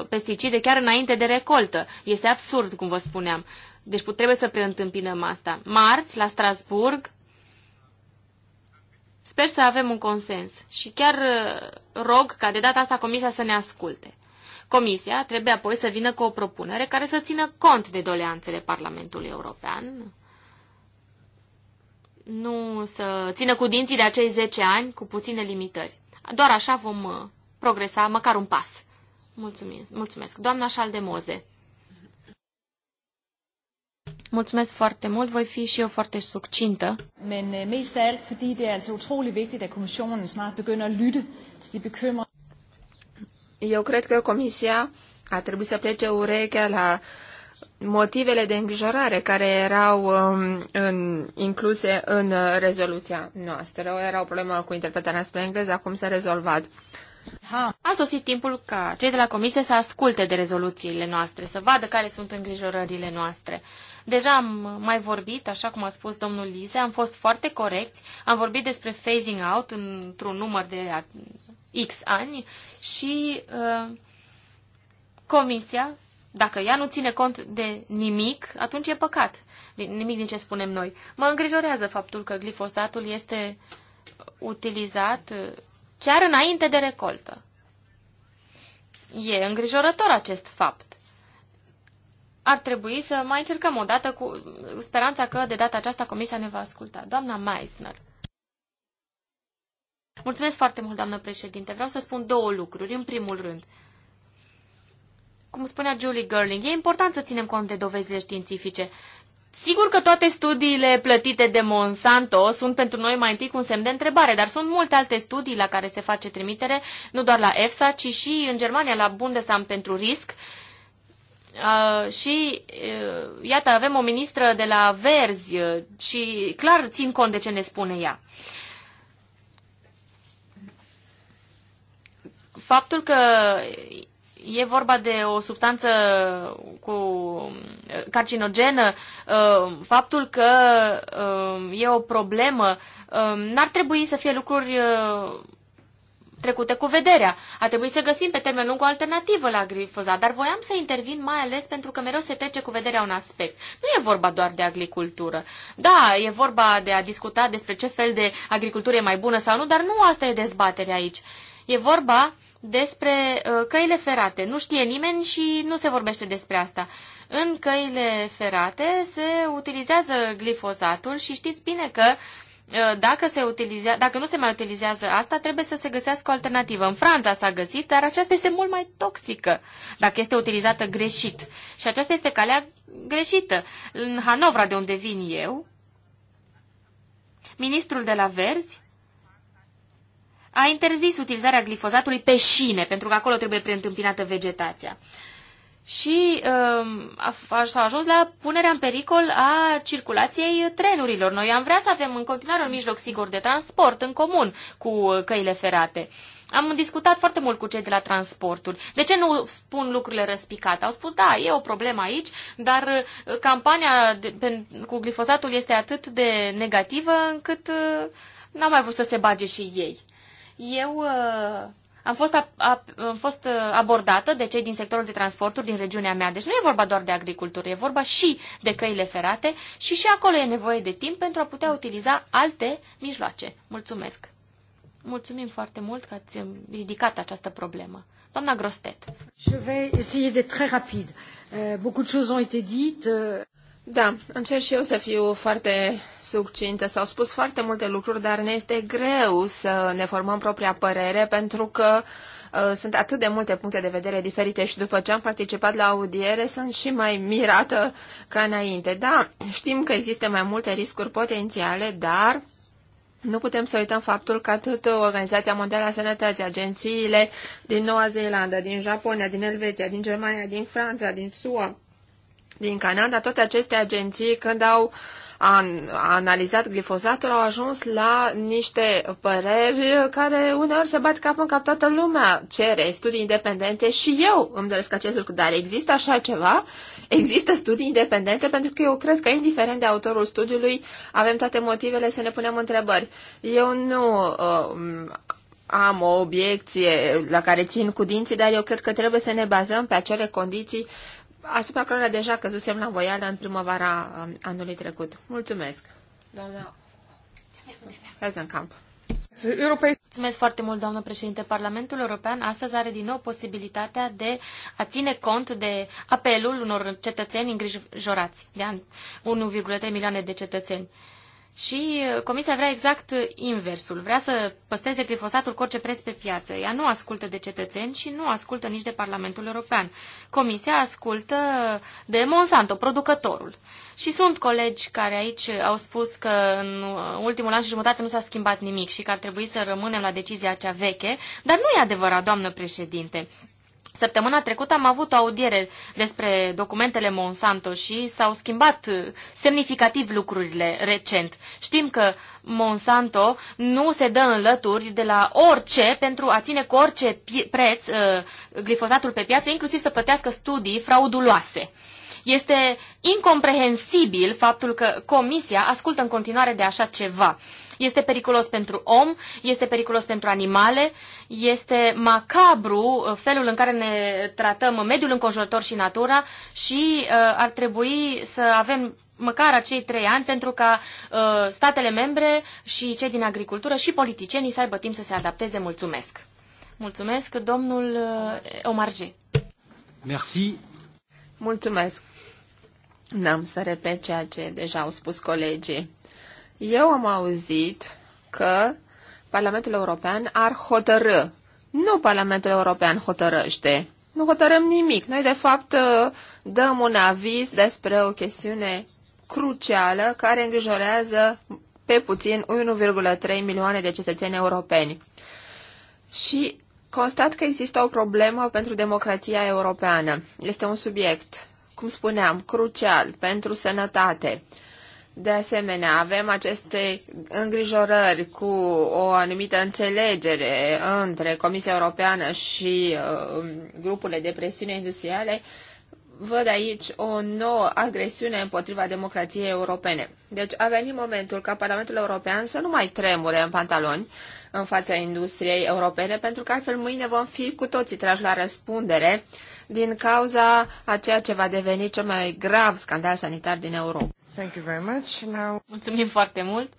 pesticide chiar înainte de recoltă. Este absurd, cum vă spuneam. Deci trebuie să preîntâmpinăm asta. Marți, la Strasburg, sper să avem un consens și chiar uh, rog ca de data asta Comisia să ne asculte. Comisia trebuie apoi să vină cu o propunere care să țină cont de doleanțele Parlamentului European, nu să țină cu dinții de acei 10 ani cu puține limitări. Doar așa vom uh, progresa măcar un pas. Mulțumesc. Mulțumesc. Doamna Șaldemoze. Mulțumesc foarte mult, voi fi și eu foarte succintă. Men uh, mest af alt, fordi det er altså utrolig vigtigt, at kommissionen snart begynder at lytte til de bekymrede. Eu cred că comisia a trebuit să plece urechea la motivele de îngrijorare care erau um, în, incluse în uh, rezoluția noastră. Era o problemă cu interpretarea spre engleză, acum s-a rezolvat. Ha. A sosit timpul ca cei de la comisie să asculte de rezoluțiile noastre, să vadă care sunt îngrijorările noastre. Deja am mai vorbit, așa cum a spus domnul Lise, am fost foarte corecți, am vorbit despre phasing out într-un număr de X ani și uh, comisia, dacă ea nu ține cont de nimic, atunci e păcat. Nimic din ce spunem noi. Mă îngrijorează faptul că glifosatul este utilizat uh, chiar înainte de recoltă. E îngrijorător acest fapt ar trebui să mai încercăm o dată cu speranța că de data aceasta Comisia ne va asculta. Doamna Meisner. Mulțumesc foarte mult, doamnă președinte. Vreau să spun două lucruri. În primul rând, cum spunea Julie Gerling, e important să ținem cont de dovezile științifice. Sigur că toate studiile plătite de Monsanto sunt pentru noi mai întâi cu un semn de întrebare, dar sunt multe alte studii la care se face trimitere, nu doar la EFSA, ci și în Germania, la Bundesamt pentru risc, Uh, și uh, iată, avem o ministră de la Verzi uh, și clar țin cont de ce ne spune ea. Faptul că e vorba de o substanță cu uh, carcinogenă, faptul că e o problemă, n-ar trebui să fie lucruri trecute cu vederea. A trebuit să găsim pe termen lung o alternativă la glifozat, dar voiam să intervin mai ales pentru că mereu se trece cu vederea un aspect. Nu e vorba doar de agricultură. Da, e vorba de a discuta despre ce fel de agricultură e mai bună sau nu, dar nu asta e dezbaterea aici. E vorba despre uh, căile ferate. Nu știe nimeni și nu se vorbește despre asta. În căile ferate se utilizează glifozatul și știți bine că uh, Eh, dacă, se utilizează, dacă nu se mai utilizează asta, trebuie să se găsească o alternativă. În Franța s-a găsit, dar aceasta este mult mai toxică dacă este utilizată greșit. Și aceasta este calea greșită. În Hanovra, de unde vin eu, ministrul de la Verzi a interzis utilizarea glifozatului pe șine, pentru că acolo trebuie preîntâmpinată vegetația. Uh, și um, s-a ajuns la punerea în pericol a circulației trenurilor. Noi am vrea să avem în continuare un mijloc sigur de transport în comun cu căile ferate. Am discutat foarte mult cu cei de la transportul. De ce nu spun lucrurile răspicate? Au spus, da, e o problemă aici, dar uh, campania de, pe, cu glifosatul este atât de negativă încât uh, n-au mai vrut să se bage și ei. Eu uh, am fost, a, a, am fost uh, abordată de cei din sectorul de transporturi din regiunea mea. Deci nu e vorba doar de agricultură, e vorba și de căile ferate și și acolo e nevoie de timp pentru a putea utiliza alte mijloace. Mulțumesc! Mulțumim foarte mult că ați ridicat această problemă. Doamna Grostet. Je vais essayer d'être très rapide. Euh, beaucoup de choses ont été dites. Euh. Da, încerc și eu să fiu foarte succintă. S-au spus foarte multe lucruri, dar ne este greu să ne formăm propria părere pentru că uh, sunt atât de multe puncte de vedere diferite și după ce am participat la audiere sunt și mai mirată ca înainte. Da, știm că există mai multe riscuri potențiale, dar nu putem să uităm faptul că atât Organizația Mondială a Sănătății, agențiile din Noua Zeelandă, din Japonia, din Elveția, din Germania, din Franța, din SUA, din Canada, toate aceste agenții, când au analizat glifosatul, au ajuns la niște păreri care uneori se bat cap în cap toată lumea. Cere studii independente și eu îmi doresc acest lucru, dar există așa ceva? Există studii independente? Pentru că eu cred că, indiferent de autorul studiului, avem toate motivele să ne punem întrebări. Eu nu... Uh, am o obiecție la care țin cu dinții, dar eu cred că trebuie să ne bazăm pe acele condiții asupra cărora deja căzusem la voială în primăvara um, anului trecut. Mulțumesc, doamna camp. Mulțumesc foarte mult, doamnă președinte. Parlamentul European astăzi are din nou posibilitatea de a ține cont de apelul unor cetățeni îngrijorați, de 1,3 milioane de cetățeni. Și comisia vrea exact inversul. Vrea să păstreze glifosatul cu orice preț pe piață. Ea nu ascultă de cetățeni și nu ascultă nici de Parlamentul European. Comisia ascultă de Monsanto, producătorul. Și sunt colegi care aici au spus că în ultimul an și jumătate nu s-a schimbat nimic și că ar trebui să rămânem la decizia cea veche, dar nu e adevărat, doamnă președinte. Săptămâna trecută am avut o audiere despre documentele Monsanto și s-au schimbat semnificativ lucrurile recent. Știm că Monsanto nu se dă în lături de la orice pentru a ține cu orice preț Glifozatul uh, glifosatul pe piață, inclusiv să plătească studii frauduloase. Este incomprehensibil faptul că Comisia ascultă în continuare de așa ceva. Este periculos pentru om, este periculos pentru animale, este macabru uh, felul în care ne tratăm mediul înconjurător și natura și uh, ar trebui să avem măcar acei trei ani pentru ca uh, statele membre și cei din agricultură și politicienii să aibă timp să se adapteze. Mulțumesc! Mulțumesc, domnul uh, Omarje. Merci. Mulțumesc. N-am să repet ceea ce deja au spus colegii. Eu am auzit că Parlamentul European ar hotărâ. Nu Parlamentul European hotărăște. Nu hotărâm nimic. Noi, de fapt, dăm un aviz despre o chestiune crucială care îngrijorează pe puțin 1,3 milioane de cetățeni europeni. Și constat că există o problemă pentru democrația europeană. Este un subiect cum spuneam, crucial pentru sănătate. De asemenea, avem aceste îngrijorări cu o anumită înțelegere între Comisia Europeană și uh, grupurile de presiune industriale. Văd aici o nouă agresiune împotriva democrației europene. Deci a venit momentul ca Parlamentul European să nu mai tremure în pantaloni în fața industriei europene, pentru că altfel mâine vom fi cu toții trași la răspundere uh, din cauza a ceea ce va deveni cel mai grav scandal sanitar din Europa. Thank you very much. Now... Mulțumim foarte mult.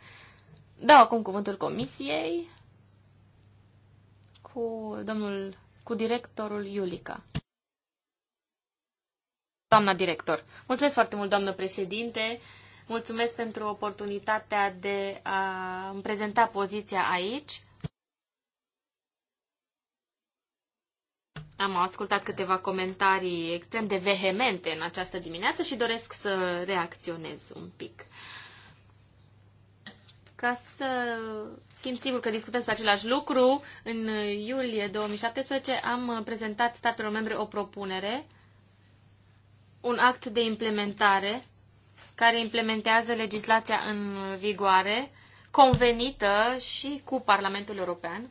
Dau acum cuvântul comisiei cu domnul cu directorul Iulica. Doamna director, mulțumesc foarte mult, doamnă președinte. Mulțumesc pentru oportunitatea de a îmi prezenta poziția aici. Am ascultat câteva comentarii extrem de vehemente în această dimineață și doresc să reacționez un pic. Ca să fim siguri că discutăm despre același lucru, în iulie 2017 am prezentat statelor membre o propunere, un act de implementare care implementează legislația în vigoare, convenită și cu Parlamentul European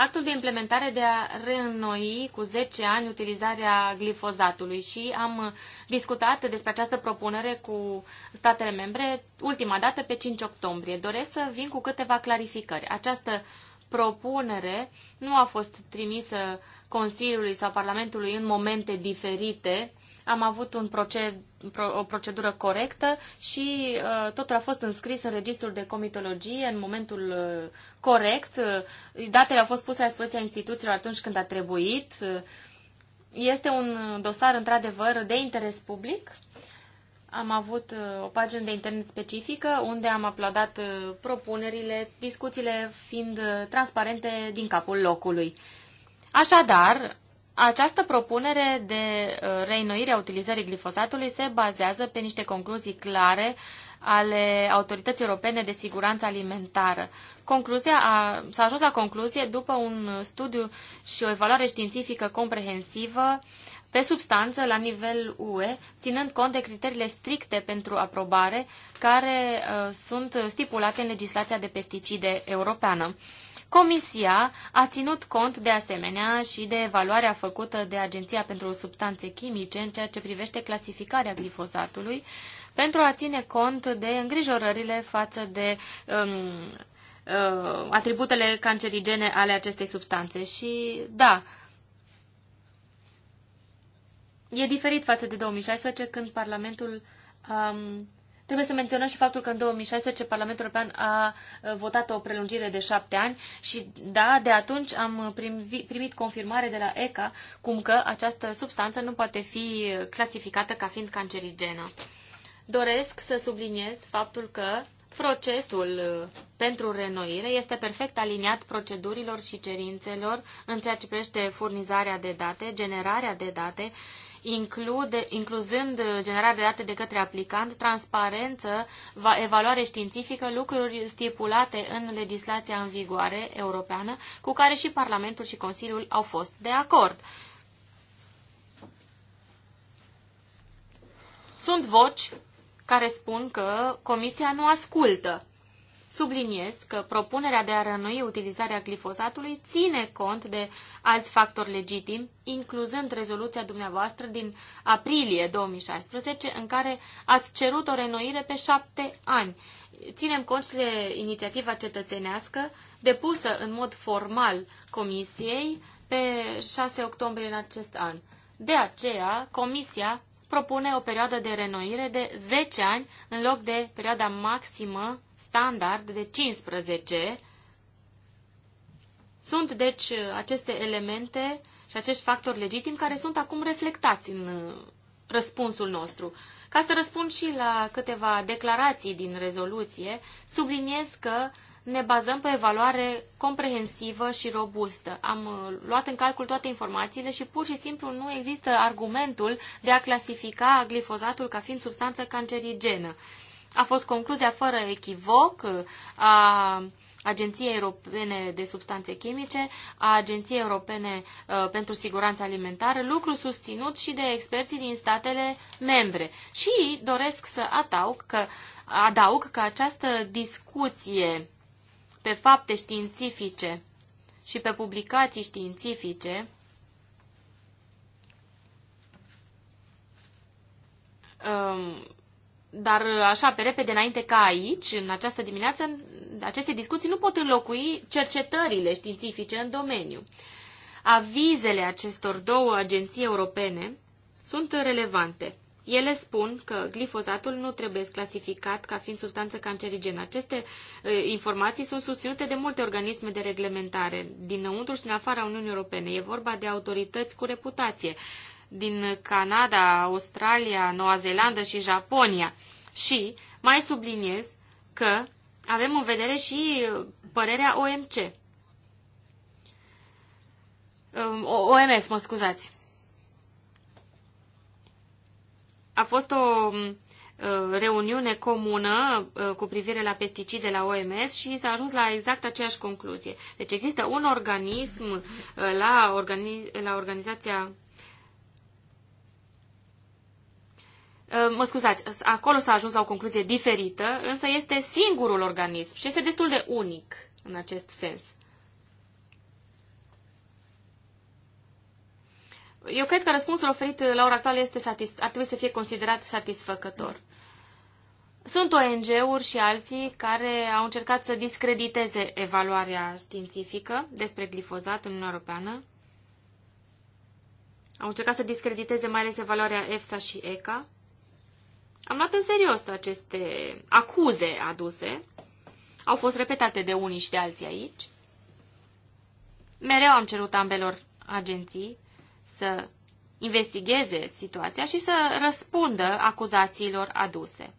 actul de implementare de a reînnoi cu 10 ani utilizarea glifozatului și am discutat despre această propunere cu statele membre ultima dată pe 5 octombrie. Doresc să vin cu câteva clarificări. Această propunere nu a fost trimisă Consiliului sau Parlamentului în momente diferite am avut un proced, o procedură corectă și uh, totul a fost înscris în registrul de comitologie în momentul uh, corect. Uh, datele au fost puse la dispoziția instituțiilor atunci când a trebuit. Este un dosar, într-adevăr, de interes public. Am avut o pagină de internet specifică unde am aplaudat propunerile, discuțiile fiind transparente din capul locului. Așadar, această propunere de uh, reînnoire a utilizării glifosatului se bazează pe niște concluzii clare ale Autorității Europene de Siguranță Alimentară. Concluzia s-a ajuns la concluzie după un studiu și o evaluare științifică comprehensivă pe substanță la nivel UE, ținând cont de criteriile stricte pentru aprobare care uh, sunt stipulate în legislația de pesticide europeană. Comisia a ținut cont de asemenea și de evaluarea făcută de Agenția pentru Substanțe Chimice în ceea ce privește clasificarea glifozatului pentru a ține cont de îngrijorările față de um, uh, atributele cancerigene ale acestei substanțe. Și da, e diferit față de 2016 când Parlamentul um, Trebuie să menționăm și faptul că în 2016 Parlamentul European a uh, votat o prelungire de șapte ani și, da, de atunci am primit confirmare de la ECA cum că această substanță nu poate fi clasificată ca fiind cancerigenă. Doresc să subliniez faptul că procesul uh, pentru renoire este perfect aliniat procedurilor și cerințelor în ceea ce privește furnizarea de date, generarea de date include, incluzând uh, generarea de date de către aplicant, transparență, evaluare științifică, lucruri stipulate în legislația în vigoare europeană, cu care și Parlamentul și Consiliul au fost de acord. Sunt voci care spun că Comisia nu ascultă subliniez că propunerea de a rănui utilizarea glifosatului ține cont de alți factori legitimi, incluzând rezoluția dumneavoastră din aprilie 2016, în care ați cerut o renoire pe șapte ani. Ținem cont și de inițiativa cetățenească depusă în mod formal Comisiei pe 6 octombrie în acest an. De aceea, Comisia propune o perioadă de renoire de 10 ani în loc de perioada maximă standard de 15. Sunt, deci, aceste elemente și acești factori legitimi care sunt acum reflectați în uh, răspunsul nostru. Ca să răspund și la câteva declarații din rezoluție, subliniez că ne bazăm pe evaluare comprehensivă și robustă. Am uh, luat în calcul toate informațiile și pur și simplu nu există argumentul de a clasifica glifozatul ca fiind substanță cancerigenă. A fost concluzia fără echivoc a Agenției Europene de Substanțe Chimice, a Agenției Europene uh, pentru Siguranță Alimentară, lucru susținut și de experții din statele membre. Și doresc să adaug că, adaug că această discuție pe fapte științifice și pe publicații științifice um, dar așa, pe repede, înainte ca aici, în această dimineață, aceste discuții nu pot înlocui cercetările științifice în domeniu. Avizele acestor două agenții europene sunt relevante. Ele spun că glifozatul nu trebuie clasificat ca fiind substanță cancerigenă. Aceste e, informații sunt susținute de multe organisme de reglementare dinăuntru și în afara Uniunii Europene. E vorba de autorități cu reputație din Canada, Australia, Noua Zeelandă și Japonia. Și mai subliniez că avem în vedere și părerea OMC. Um, OMS, mă scuzați. A fost o um, reuniune comună uh, cu privire la pesticide la OMS și s-a ajuns la exact aceeași concluzie. Deci există un organism uh, la, organi- la Organizația Ă, mă scuzați, acolo s-a ajuns la o concluzie diferită, însă este singurul organism și este destul de unic în acest sens. Eu cred că răspunsul oferit uh, la ora actuală este satis- ar trebui să fie considerat satisfăcător. Sunt ONG-uri și alții care au încercat să discrediteze evaluarea științifică despre glifozat în Uniunea Europeană. Au încercat să discrediteze mai ales evaluarea EFSA și ECA. Am luat în serios aceste acuze aduse. Au fost repetate de unii și de alții aici. Mereu am cerut ambelor agenții să investigheze situația și să răspundă acuzațiilor aduse.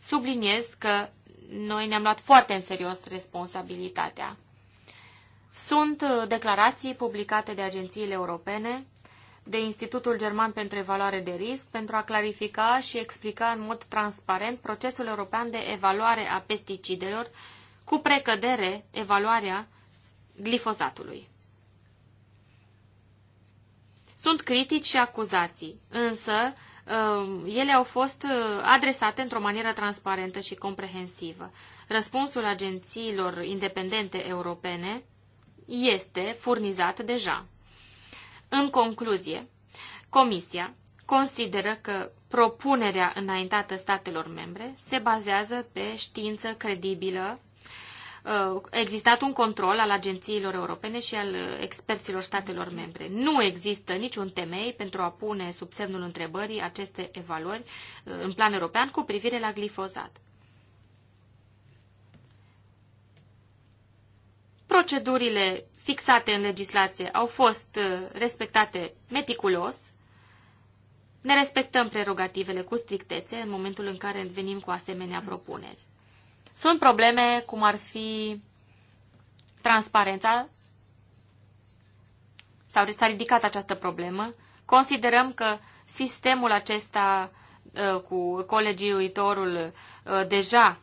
Subliniez că noi ne-am luat foarte în serios responsabilitatea. Sunt declarații publicate de agențiile europene de Institutul German pentru Evaluare de Risc pentru a clarifica și explica în mod transparent procesul european de evaluare a pesticidelor, cu precădere evaluarea glifosatului. Sunt critici și acuzații, însă um, ele au fost uh, adresate într-o manieră transparentă și comprehensivă. Răspunsul agențiilor independente europene este furnizat deja. În concluzie, Comisia consideră că propunerea înaintată statelor membre se bazează pe știință credibilă. Uh, a existat un control al agențiilor europene și al uh, experților statelor membre. Nu există niciun temei pentru a pune sub semnul întrebării aceste evaluări uh, în plan european cu privire la glifozat. Procedurile fixate în legislație au fost uh, respectate meticulos, ne respectăm prerogativele cu strictețe în momentul în care venim cu asemenea propuneri. Sunt probleme cum ar fi transparența, sau s-a ridicat această problemă. Considerăm că sistemul acesta uh, cu uitorul uh, deja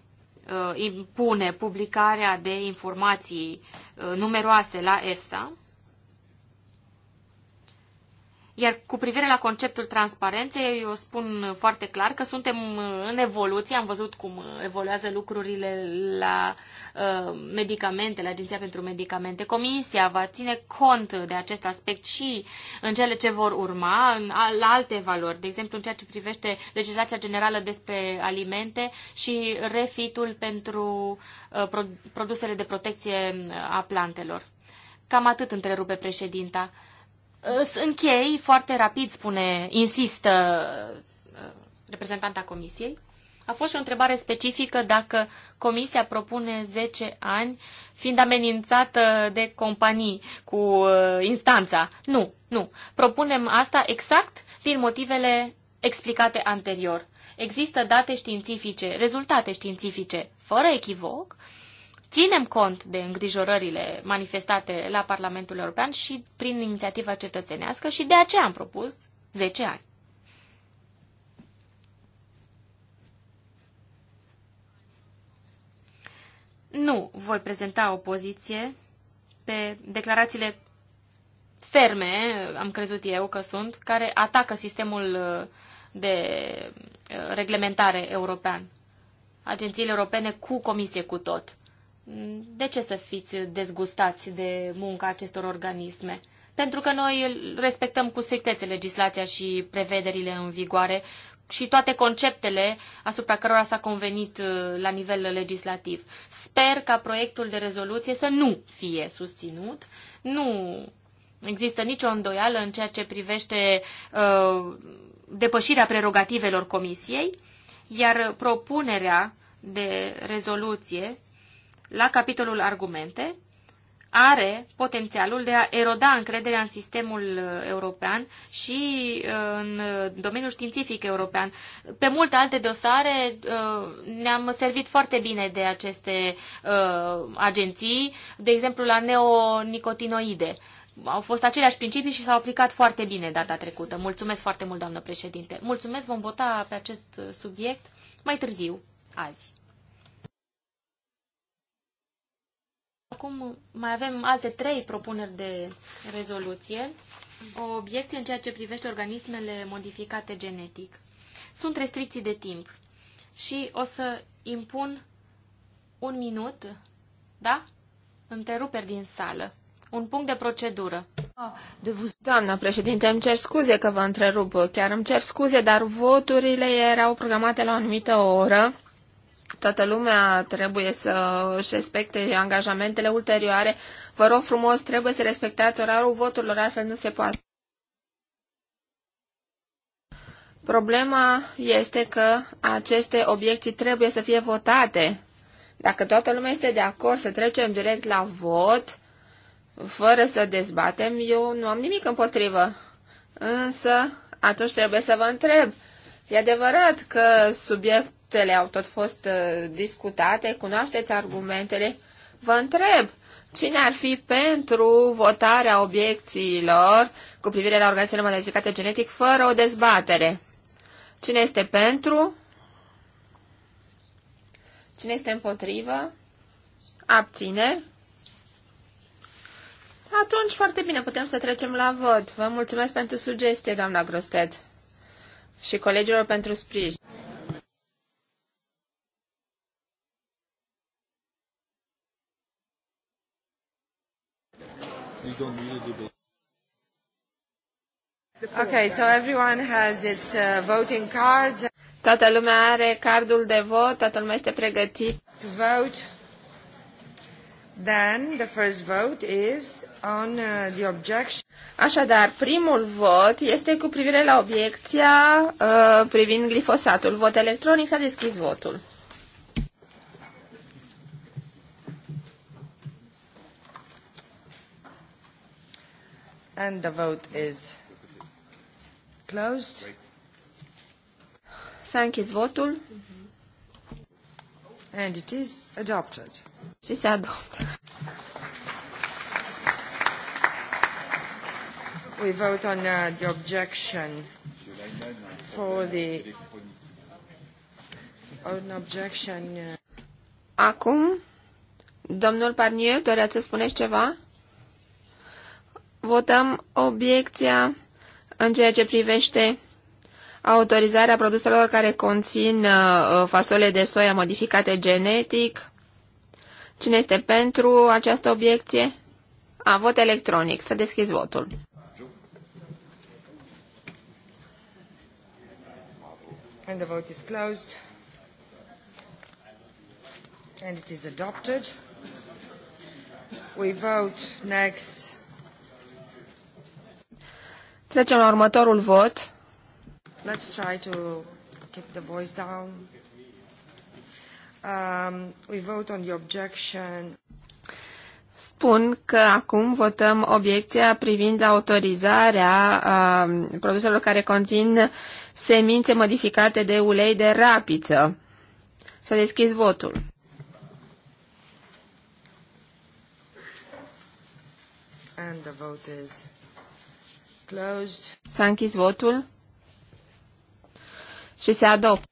Uh, impune publicarea de informații uh, numeroase la EFSA. Iar cu privire la conceptul transparenței, eu spun foarte clar că suntem în evoluție, am văzut cum evoluează lucrurile la Uh, medicamentele, Agenția pentru Medicamente. Comisia va ține cont de acest aspect și în cele ce vor urma, în, la alte valori, de exemplu în ceea ce privește legislația generală despre alimente și refitul pentru uh, produsele de protecție uh, a plantelor. Cam atât întrerupe președinta. Închei foarte rapid, spune, insistă reprezentanta comisiei. A fost și o întrebare specifică dacă comisia propune 10 ani fiind amenințată de companii cu uh, instanța. Nu, nu. Propunem asta exact din motivele explicate anterior. Există date științifice, rezultate științifice, fără echivoc. Ținem cont de îngrijorările manifestate la Parlamentul European și prin inițiativa cetățenească și de aceea am propus 10 ani. nu voi prezenta o poziție pe declarațiile ferme, am crezut eu că sunt, care atacă sistemul uh, de uh, reglementare european. Agențiile europene cu comisie cu tot. De ce să fiți dezgustați de munca acestor organisme? Pentru că noi respectăm cu strictețe legislația și prevederile în vigoare și toate conceptele asupra cărora s-a convenit uh, la nivel legislativ. Sper ca proiectul de rezoluție să nu fie susținut. Nu există nicio îndoială în ceea ce privește uh, depășirea prerogativelor comisiei, iar propunerea de rezoluție la capitolul argumente are potențialul de a eroda încrederea în sistemul uh, european și uh, în uh, domeniul științific european. Pe multe alte dosare ne-am servit foarte bine de aceste agenții, de exemplu la neonicotinoide. Au fost aceleași principii și s-au aplicat foarte bine data trecută. Mulțumesc foarte mult, doamnă președinte. Mulțumesc, vom vota pe acest subiect mai târziu, azi. acum mai avem alte trei propuneri de rezoluție. O obiecție în ceea ce privește organismele modificate genetic. Sunt restricții de timp și o să impun un minut, da? Întreruperi din sală. Un punct de procedură. Doamna președinte, îmi cer scuze că vă întrerup. Chiar îmi cer scuze, dar voturile erau programate la o anumită oră toată lumea trebuie să își respecte angajamentele ulterioare. Vă rog frumos, trebuie să respectați orarul voturilor, altfel nu se poate. Problema este că aceste obiecții trebuie să fie votate. Dacă toată lumea este de acord să trecem direct la vot, fără să dezbatem, eu nu am nimic împotrivă. Însă, atunci trebuie să vă întreb. E adevărat că subiect Faptele au tot fost uh, discutate, cunoașteți argumentele. Vă întreb, cine ar fi pentru votarea obiecțiilor cu privire la organismele modificate genetic fără o dezbatere? Cine este pentru? Cine este împotrivă? Abține? Atunci, foarte bine, putem să trecem la vot. Vă mulțumesc pentru sugestie, doamna Grosted, și colegilor pentru sprijin. Okay, so everyone has its uh, voting cards. Toată lumea are cardul de vot, toată lumea este pregătit. To vote. Then the first vote is on uh, the objection. Așadar, primul vot este cu privire la obiecția uh, privind glifosatul. Vot electronic s-a deschis votul. And the vote is closed. S-a închis votul. And it is adopted. Și se adoptă. We vote on uh, the objection for the on oh, objection. Uh, Acum, domnul Parnier, doreați să spuneți ceva? votăm obiecția în ceea ce privește autorizarea produselor care conțin uh, uh, fasole de soia modificate genetic. Cine este pentru această obiecție? A, vot electronic. Să deschizi votul. And the vote is closed. And it is adopted. We vote next Trecem la următorul vot. Let's try to keep the voice down. Um, we vote on the objection. Spun că acum votăm obiecția privind autorizarea uh, produselor care conțin semințe modificate de ulei de rapiță. Să deschis votul. And the vote is S-a închis votul și se adoptă.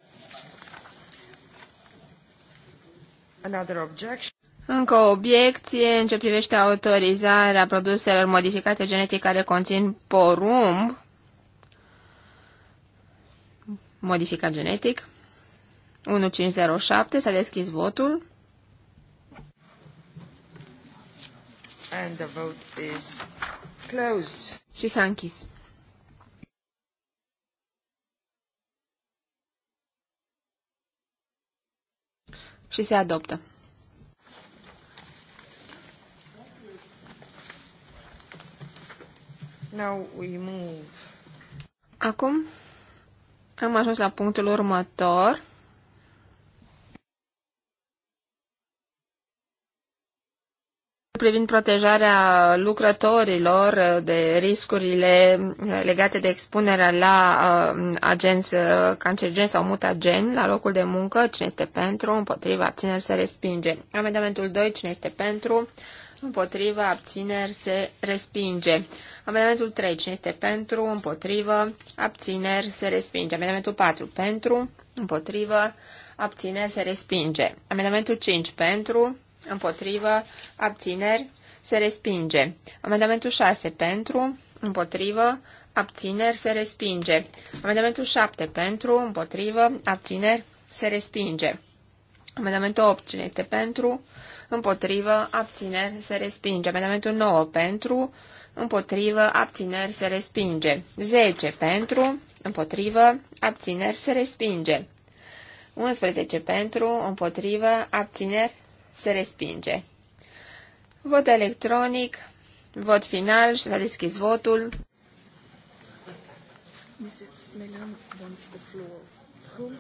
Încă o obiecție în ce privește autorizarea produselor modificate genetic care conțin porumb modificat genetic. 1507 s-a deschis votul. And the vote is closed. Și s-a închis. Și se adoptă. Now we move. Acum am ajuns la punctul următor. privind protejarea lucrătorilor uh, de riscurile uh, legate de expunerea la uh, agenți uh, cancerigeni sau mutageni la locul de muncă, cine este pentru, împotriva, abțineri, se respinge. Amendamentul 2, cine este pentru, împotriva, abțineri, se respinge. Amendamentul 3, cine este pentru, împotriva, abțineri, se respinge. Amendamentul 4, pentru, împotriva, abțineri, se respinge. Amendamentul 5, pentru, împotrivă, abțineri, se respinge. Amendamentul 6 pentru, împotrivă, abțineri, se respinge. Amendamentul 7 pentru, împotrivă, abțineri, se respinge. Amendamentul 8 cine este pentru, împotrivă, abțineri, se respinge. Amendamentul 9 pentru, împotrivă, abțineri, se respinge. 10 pentru, împotrivă, abțineri, se respinge. 11 pentru, împotrivă, abțineri, se respinge. Vot electronic, vot final și s-a deschis votul. Mrs. Milan wants the floor.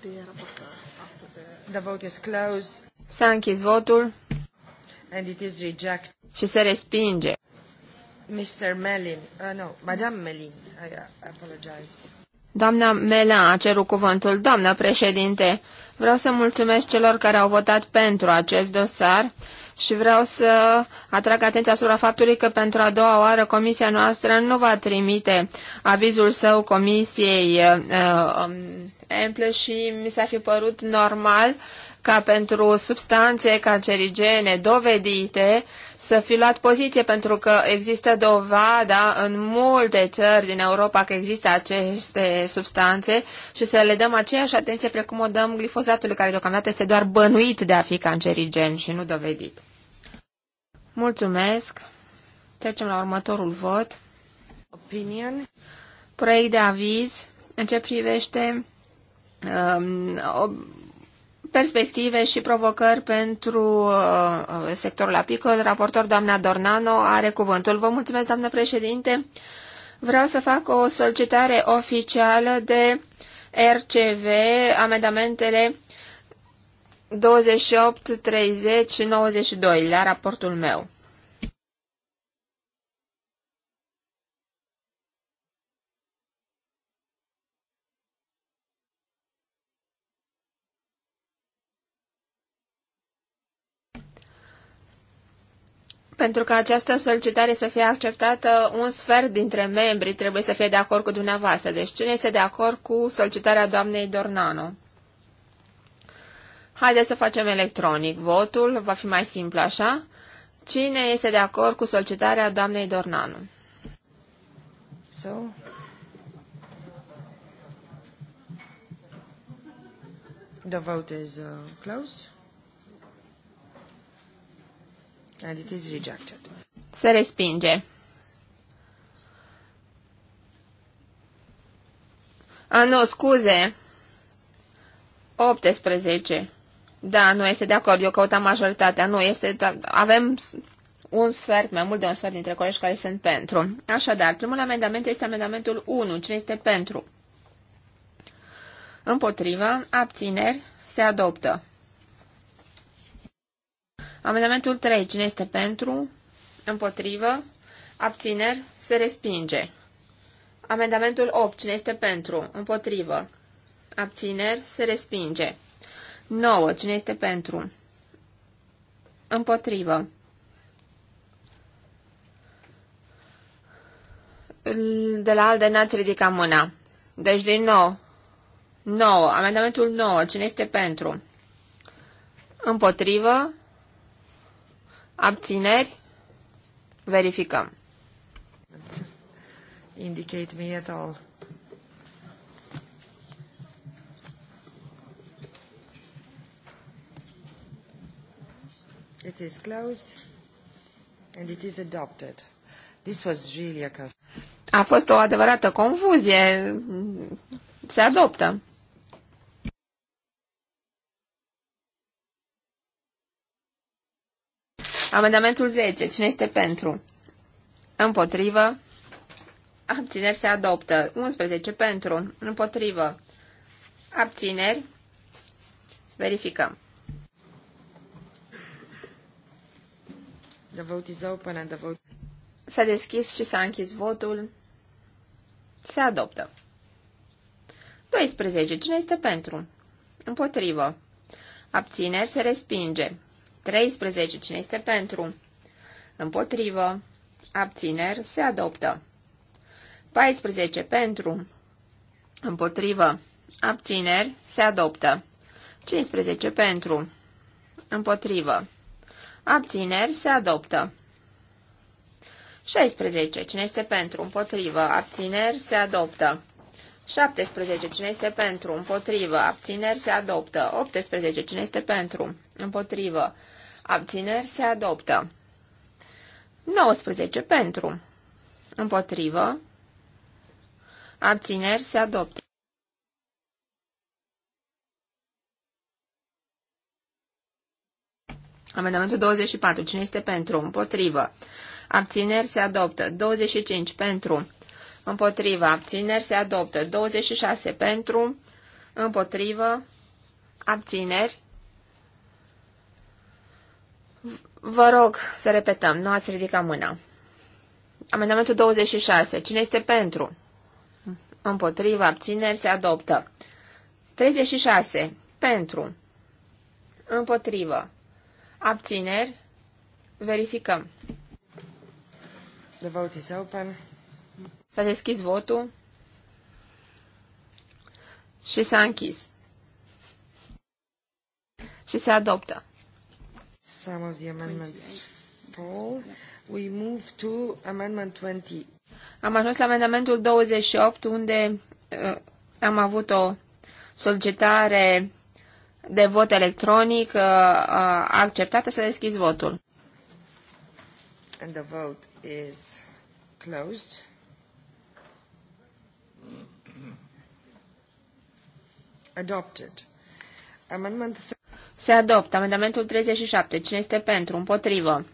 the rapporteur after the... The vote is closed. S-a închis votul. And it is rejected. Și se respinge. Mr. Melin, uh, no, Madame Melin, I uh, apologize. Doamna Mela a cerut cuvântul. Doamnă președinte, vreau să mulțumesc celor care au votat pentru acest dosar și vreau să atrag atenția asupra faptului că pentru a doua oară comisia noastră nu va trimite avizul său comisiei uh, ample um, și mi s-a fi părut normal ca pentru substanțe cancerigene dovedite să fi luat poziție pentru că există dovada în multe țări din Europa că există aceste substanțe și să le dăm aceeași atenție precum o dăm glifozatului, care deocamdată este doar bănuit de a fi cancerigen și nu dovedit. Mulțumesc. Trecem la următorul vot. Opinion. Proiect de aviz în ce privește um, perspective și provocări pentru uh, sectorul apicol. Raportor doamna Dornano are cuvântul. Vă mulțumesc, doamnă președinte. Vreau să fac o solicitare oficială de RCV, amendamentele 28, 30 și 92 la raportul meu. pentru ca această solicitare să fie acceptată, un sfert dintre membri trebuie să fie de acord cu dumneavoastră. Deci cine este de acord cu solicitarea doamnei Dornano? Haideți să facem electronic votul, va fi mai simplu așa. Cine este de acord cu solicitarea doamnei Dornano? So. The vote is uh, closed. And it is rejected. Se respinge. A, nu, scuze. 18. Da, nu este de acord. Eu căutam majoritatea. Nu, este... Avem un sfert, mai mult de un sfert dintre colegi care sunt pentru. Așadar, primul amendament este amendamentul 1. Cine este pentru? Împotrivă, abțineri, se adoptă. Amendamentul 3. Cine este pentru? Împotrivă. Abțineri. Se respinge. Amendamentul 8. Cine este pentru? Împotrivă. Abțineri. Se respinge. 9. Cine este pentru? Împotrivă. De la alde n-ați ridicat mâna. Deci din nou. 9. Amendamentul 9. Cine este pentru? Împotrivă. Abțineri? Verificăm. Indicate me at all. It is closed and it is adopted. This was really a... A fost o adevărată confuzie. Se adoptă. Amendamentul 10. Cine este pentru? Împotrivă. Abțineri se adoptă. 11 pentru. Împotrivă. Abțineri. Verificăm. The vote is open and the vote... S-a deschis și s-a închis votul. Se adoptă. 12. Cine este pentru? Împotrivă. Abțineri se respinge. 13. Cine este pentru? Împotrivă. Abțineri. Se adoptă. 14. Pentru. Împotrivă. Abțineri. Se adoptă. 15. Pentru. Împotrivă. Abțineri. Se adoptă. 16. Cine este pentru? Împotrivă. Abțineri. Se adoptă. 17. Cine este pentru? Împotrivă. Abțineri. Se adoptă. 18. Cine este pentru? Împotrivă. Abțineri se adoptă. 19 pentru. Împotrivă. Abțineri se adoptă. Amendamentul 24. Cine este pentru? Împotrivă. Abțineri se adoptă. 25 pentru. Împotrivă. Abțineri se adoptă. 26 pentru. Împotrivă. Abțineri Vă rog să repetăm, nu ați ridicat mâna. Amendamentul 26. Cine este pentru? Împotriva, abțineri, se adoptă. 36. Pentru. Împotrivă. Abțineri. Verificăm. The vote is open. S-a deschis votul și s-a închis. Și se adoptă. Some of the amendments fall. We move to amendment 20. Am ajuns la amendamentul 28, unde uh, am avut o solicitare de vot electronic uh, uh acceptată să deschizi votul. And the vote is closed. Adopted. Amendment 30. Se adoptă amendamentul 37. Cine este pentru? Împotrivă.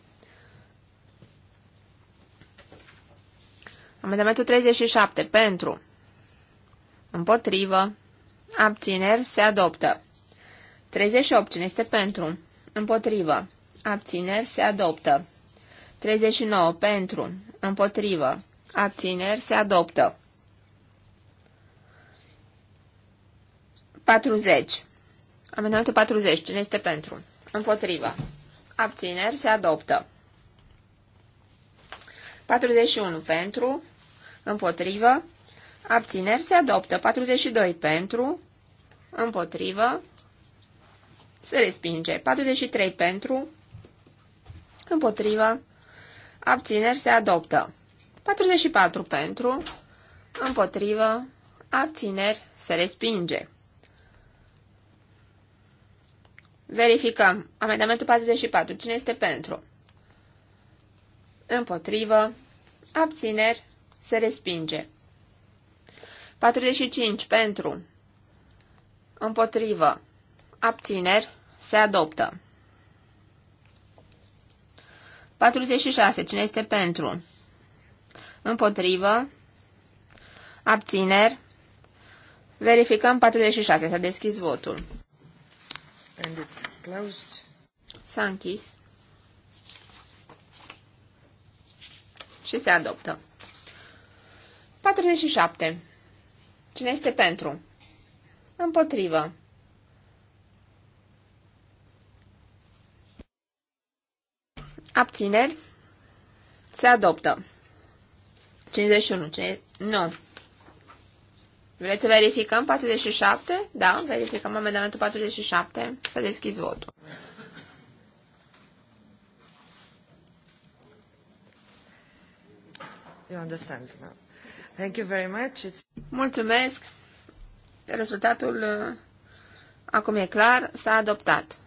Amendamentul 37. Pentru. Împotrivă. Abțineri. Se adoptă. 38. Cine este pentru? Împotrivă. Abțineri. Se adoptă. 39. Pentru. Împotrivă. Abțineri. Se adoptă. 40. Amendamentul 40. Cine este pentru? Împotrivă. Abțineri se adoptă. 41 pentru, împotrivă, abțineri se adoptă. 42 pentru, împotrivă, se respinge. 43 pentru, împotrivă, abțineri se adoptă. 44 pentru, împotrivă, abțineri se respinge. Verificăm. Amendamentul 44. Cine este pentru? Împotrivă. Abțineri. Se respinge. 45. Pentru. Împotrivă. Abțineri. Se adoptă. 46. Cine este pentru? Împotrivă. Abțineri. Verificăm 46. S-a deschis votul. And it's closed. S-a închis. Și se adoptă. 47. Cine este pentru? Împotrivă. Abțineri. Se adoptă. 51. Cine... Nu. Vreți să verificăm 47? Da, verificăm amendamentul 47. Să deschizi votul. You understand now. Thank you very much. It's... Mulțumesc. Rezultatul uh, acum e clar. S-a adoptat.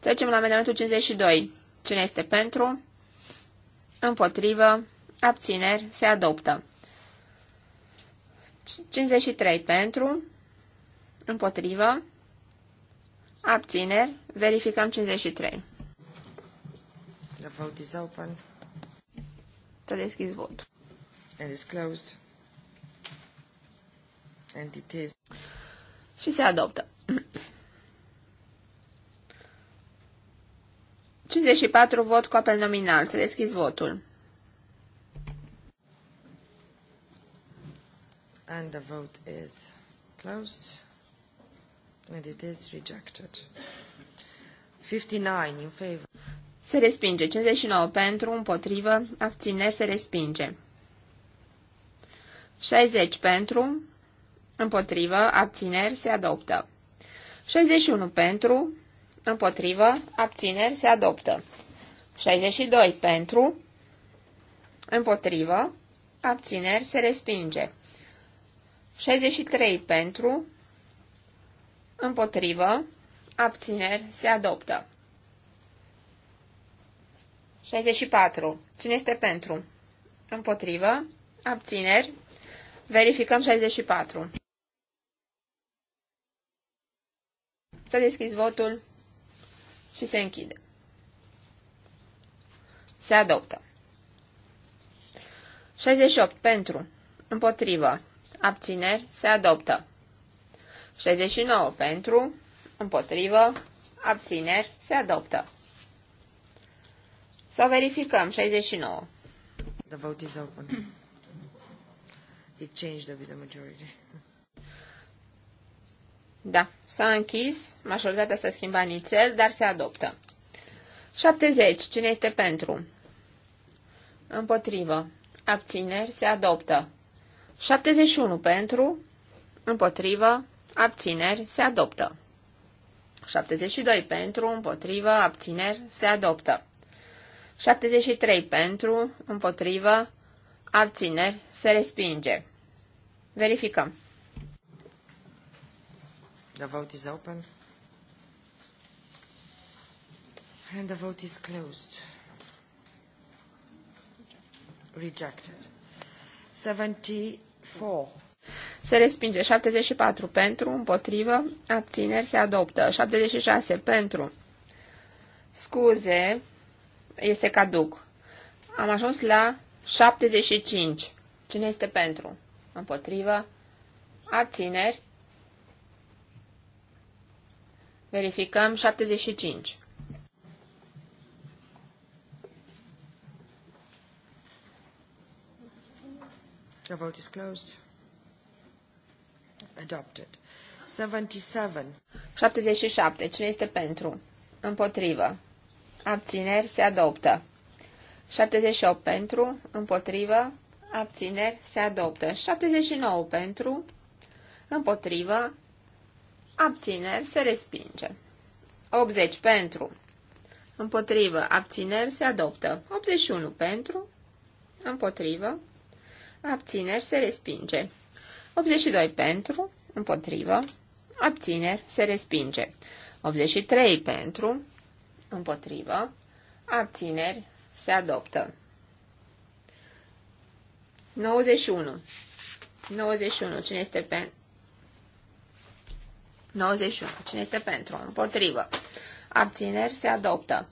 Trecem la amendamentul 52. Cine este pentru? Împotrivă? Abțineri? Se adoptă. 53 pentru, împotrivă, abțineri, verificăm 53. The vote is open. S-a deschis votul. And is closed. And it is. Și se adoptă. 54 vot cu apel nominal. Să deschis votul. And the vote is closed. And it is rejected. 59 in favor. Se respinge. 59 pentru, împotrivă, abțineri, se respinge. 60 pentru, împotrivă, abțineri, se adoptă. 61 pentru, împotrivă, abțineri, se adoptă. 62 pentru, împotrivă, abțineri, se respinge. 63 pentru, împotrivă, abțineri, se adoptă. 64. Cine este pentru? Împotrivă, abțineri, verificăm 64. Să deschizi votul și se închide. Se adoptă. 68 pentru, împotrivă, abțineri, se adoptă. 69 pentru, împotrivă, abțineri, se adoptă. Să verificăm 69. The vote is open. It changed with the majority. Da, s-a închis, majoritatea s-a schimbat nițel, dar se adoptă. 70. Cine este pentru? Împotrivă. Abțineri se adoptă. 71 pentru, împotrivă, abțineri, se adoptă. 72 pentru, împotrivă, abțineri, se adoptă. 73 pentru, împotrivă, abțineri, se respinge. Verificăm. The vote is open. And the vote is closed. Rejected. 74. Se respinge 74 pentru, împotrivă, abțineri se adoptă. 76 pentru, scuze, este caduc. Am ajuns la 75. Cine este pentru? Împotrivă, abțineri. Verificăm 75. The vote is closed. Adopted. 77. 77. Cine este pentru? Împotrivă. Abțineri se adoptă. 78 pentru, împotrivă, abțineri se adoptă. 79 pentru, împotrivă, abțineri se respinge. 80 pentru, împotrivă, abțineri se adoptă. 81 pentru, împotrivă, abțineri, se respinge. 82 pentru, împotrivă, abțineri, se respinge. 83 pentru, împotrivă, abțineri, se adoptă. 91. 91. Cine este pentru? 91. Cine este pentru? Împotrivă. Abțineri se adoptă.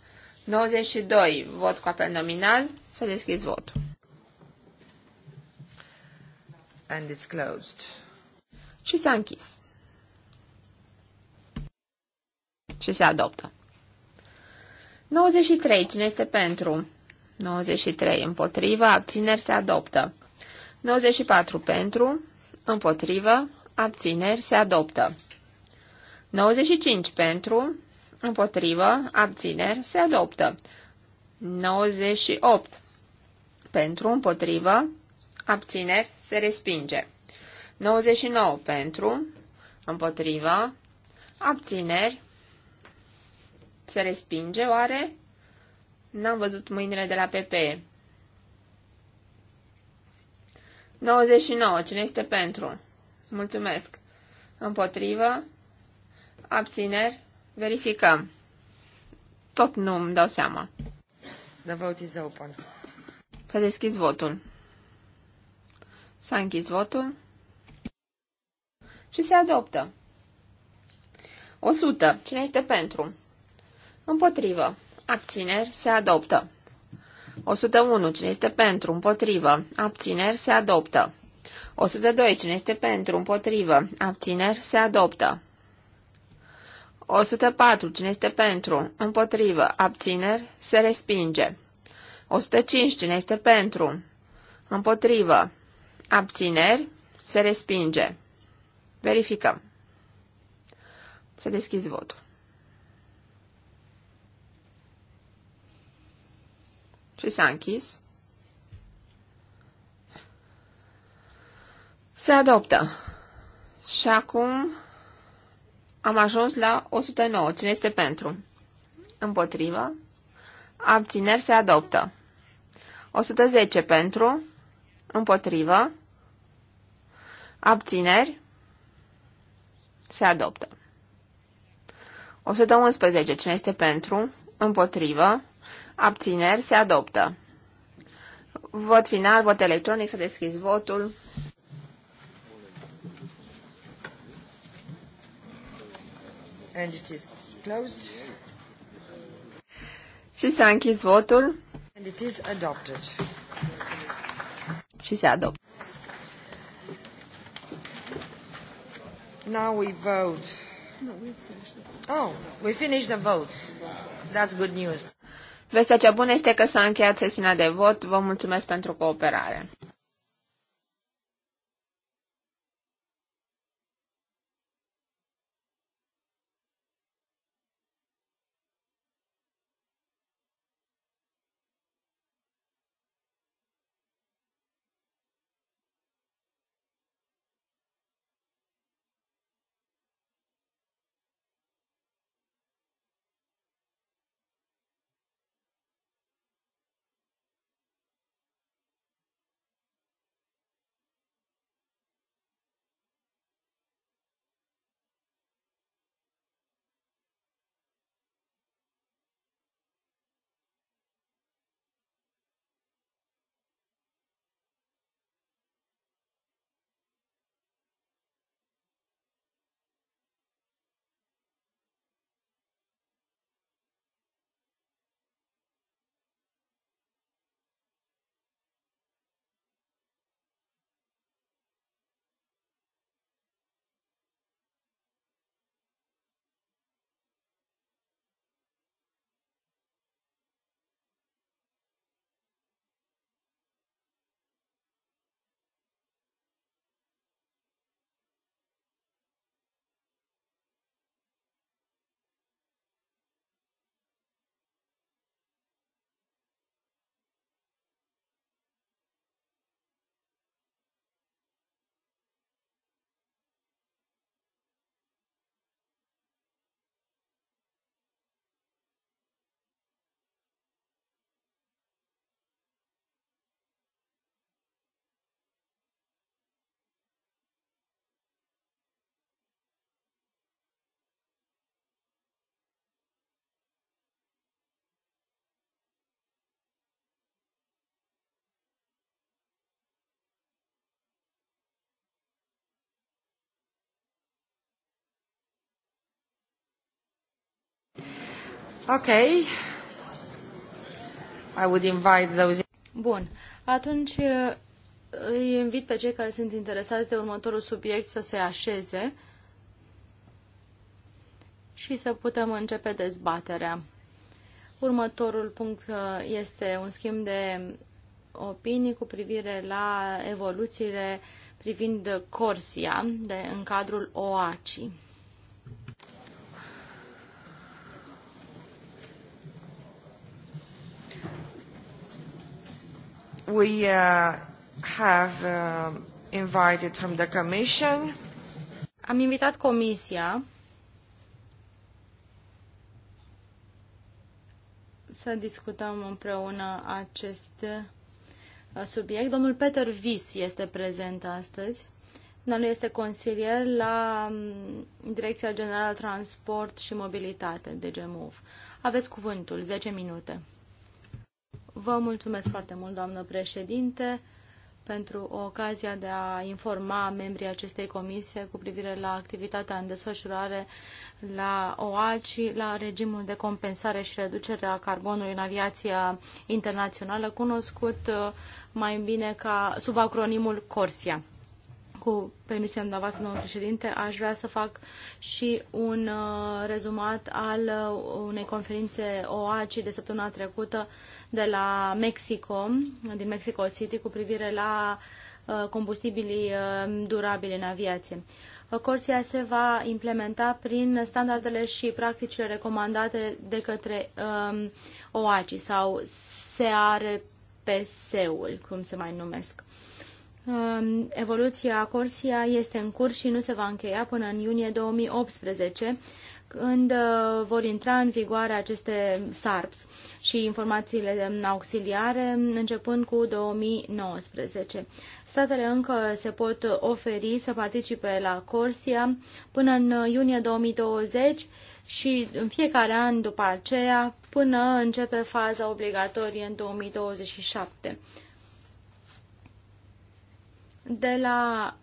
92. Vot cu apel nominal. Să deschizi votul. And it's closed. Și s-a închis. Și se adoptă. 93. Cine este pentru? 93. Împotrivă. Abțineri se adoptă. 94. Pentru. Împotrivă. Abțineri se adoptă. 95. Pentru. Împotrivă. Abțineri se adoptă. 98. Pentru. Împotrivă. Abțineri se respinge. 99 pentru, împotriva, abțineri, se respinge oare? N-am văzut mâinile de la PP. 99. Cine este pentru? Mulțumesc. Împotrivă? Abțineri? Verificăm. Tot nu îmi dau seama. The vote is votul. S-a închis votul și se adoptă. 100. Cine este pentru? Împotrivă. Abțineri se adoptă. 101. Cine este pentru? Împotrivă. Abțineri se adoptă. 102. Cine este pentru? Împotrivă. Abțineri se adoptă. 104. Cine este pentru? Împotrivă. Abțineri se respinge. 105. Cine este pentru? Împotrivă. Abțineri. Se respinge. Verificăm. Se deschis votul. Și s-a închis. Se adoptă. Și acum am ajuns la 109. Cine este pentru? Împotrivă. Abțineri se adoptă. 110 pentru. Împotrivă. Abțineri? Se adoptă. 111. Cine este pentru? Împotrivă? Abțineri? Se adoptă. Vot final, vot electronic, să deschizi votul. And it is closed. Și s-a închis votul. And it is adopted. Și se adoptă. Now we vote. No, we finished Oh, we finished the votes. That's good news. Vestea cea bună este că s-a încheiat sesiunea de vot. Vă mulțumesc pentru cooperare. Okay. I would invite those... Bun. Atunci uh, îi invit pe cei care sunt interesați de următorul subiect să se așeze și să putem începe dezbaterea. Următorul punct uh, este un schimb de opinii cu privire la evoluțiile privind Corsia de, în cadrul OACI. we uh, have uh, invited from the commission. Am invitat comisia să discutăm împreună acest uh, subiect. Domnul Peter Vis este prezent astăzi. Domnul este consilier la um, Direcția Generală Transport și Mobilitate, de DGMUV. Aveți cuvântul, 10 minute. Vă mulțumesc foarte mult, doamnă președinte, pentru ocazia de a informa membrii acestei comisie cu privire la activitatea în desfășurare la OACI, la regimul de compensare și reducere a carbonului în aviația internațională, cunoscut uh, mai bine ca sub acronimul CORSIA. Cu permisiunea dumneavoastră, domnul președinte, aș vrea să fac și un uh, rezumat al uh, unei conferințe OACI de săptămâna trecută de la Mexico, din Mexico City, cu privire la uh, combustibilii durabile durabili în aviație. Corsia se va implementa prin standardele și practicile recomandate de către um, OACI sau SARPS-ul, cum se mai numesc. Um, evoluția Corsia este în curs și nu se va încheia până în iunie 2018, când uh, vor intra în vigoare aceste SARPS și informațiile auxiliare începând cu 2019. Statele încă se pot oferi să participe la Corsia până în iunie 2020 și în fiecare an după aceea până începe faza obligatorie în 2027. De la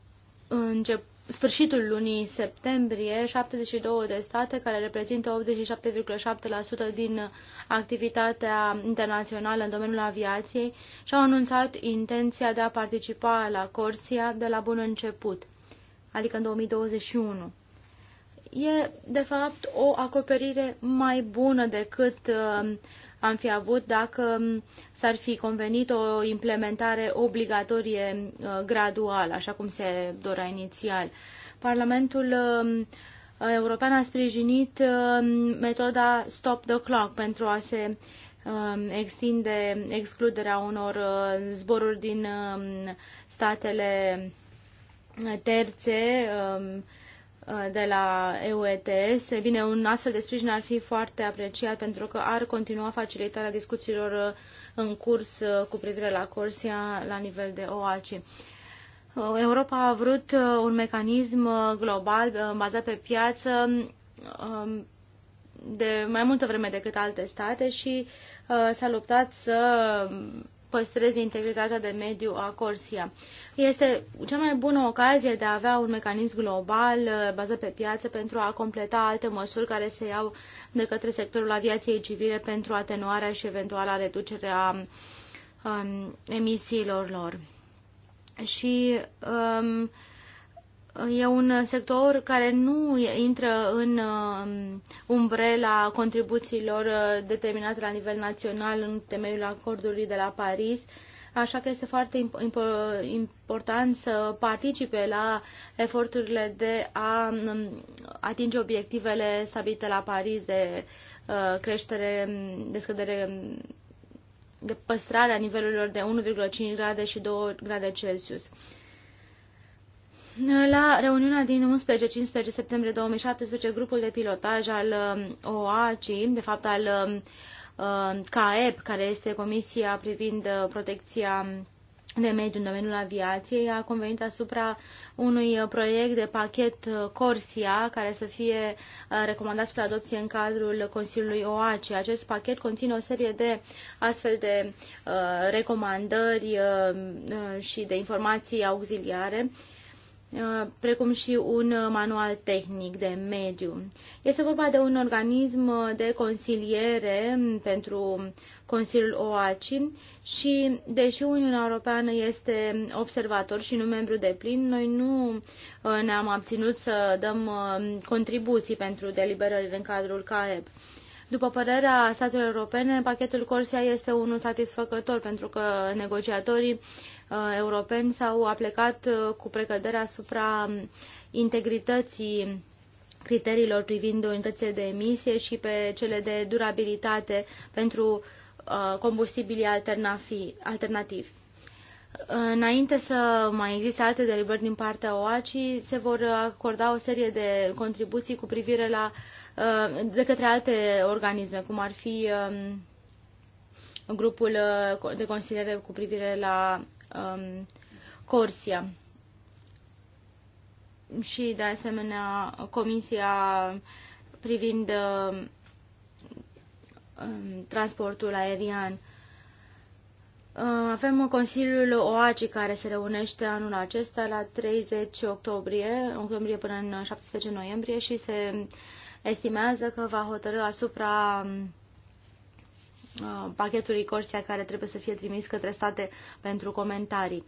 încep, sfârșitul lunii septembrie, 72 de state, care reprezintă 87,7% din activitatea internațională în domeniul aviației, și-au anunțat intenția de a participa la Corsia de la bun început, adică în 2021. E, de fapt, o acoperire mai bună decât uh, am fi avut dacă s-ar fi convenit o implementare obligatorie graduală, așa cum se dorea inițial. Parlamentul European a sprijinit metoda Stop the Clock pentru a se extinde excluderea unor uh, zboruri din statele terțe Uh, de la EUETS. E bine, un astfel de sprijin ar fi foarte apreciat pentru că ar continua facilitarea discuțiilor uh, în curs uh, cu privire la Corsia la nivel de OACI. Europa a vrut un mecanism global bazat pe piață um, de mai multă vreme decât alte state și s-a luptat să păstreze integritatea de mediu a Corsia. Este cea mai bună ocazie de a avea un mecanism global uh, bazat pe piață pentru a completa alte măsuri care se iau de către sectorul aviației civile pentru atenuarea și eventuala reducerea um, emisiilor lor. Și um, E un sector care nu intră în uh, umbrela contribuțiilor uh, determinate la nivel național în temeiul acordului de la Paris, așa că este foarte important să participe la eforturile de a um, atinge obiectivele stabilite la Paris de uh, creștere, de scădere, de păstrare a nivelurilor de 1,5 grade și 2 grade Celsius. La reuniunea din 11-15 septembrie 2017, grupul de pilotaj al um, OACI, de fapt al um, uh, CAEP, care este Comisia privind uh, protecția de mediu în domeniul aviației, a convenit asupra unui uh, proiect de pachet Corsia, care să fie recomandat spre adopție în cadrul Consiliului OACI. Acest pachet conține o serie de astfel de recomandări și de informații auxiliare Uh, precum și un uh, manual tehnic de mediu. Este vorba de un organism uh, de consiliere mm, pentru Consiliul OACI și, deși Uniunea Europeană este observator și nu membru de plin, noi nu ne-am abținut să dăm contribuții pentru deliberările în cadrul CAEB. După părerea statelor europene, pachetul Corsia este unul satisfăcător pentru că negociatorii Uh, europeni s-au aplecat uh, cu precădere asupra integrității criteriilor privind unitățile de emisie și pe cele de durabilitate pentru uh, combustibilii alternativi. Înainte să mai existe alte deliberări din partea OACI, se vor acorda o serie de contribuții cu privire la de către alte organisme, cum ar fi um, grupul de consiliere cu privire la um, Corsia. Și, de asemenea, Comisia privind um, transportul aerian. Uh, avem Consiliul OACI care se reunește anul acesta la 30 octombrie, octombrie până în 17 noiembrie și se estimează că va hotărâ asupra um, Uh, pachetul Corsia care trebuie să fie trimis către state pentru comentarii.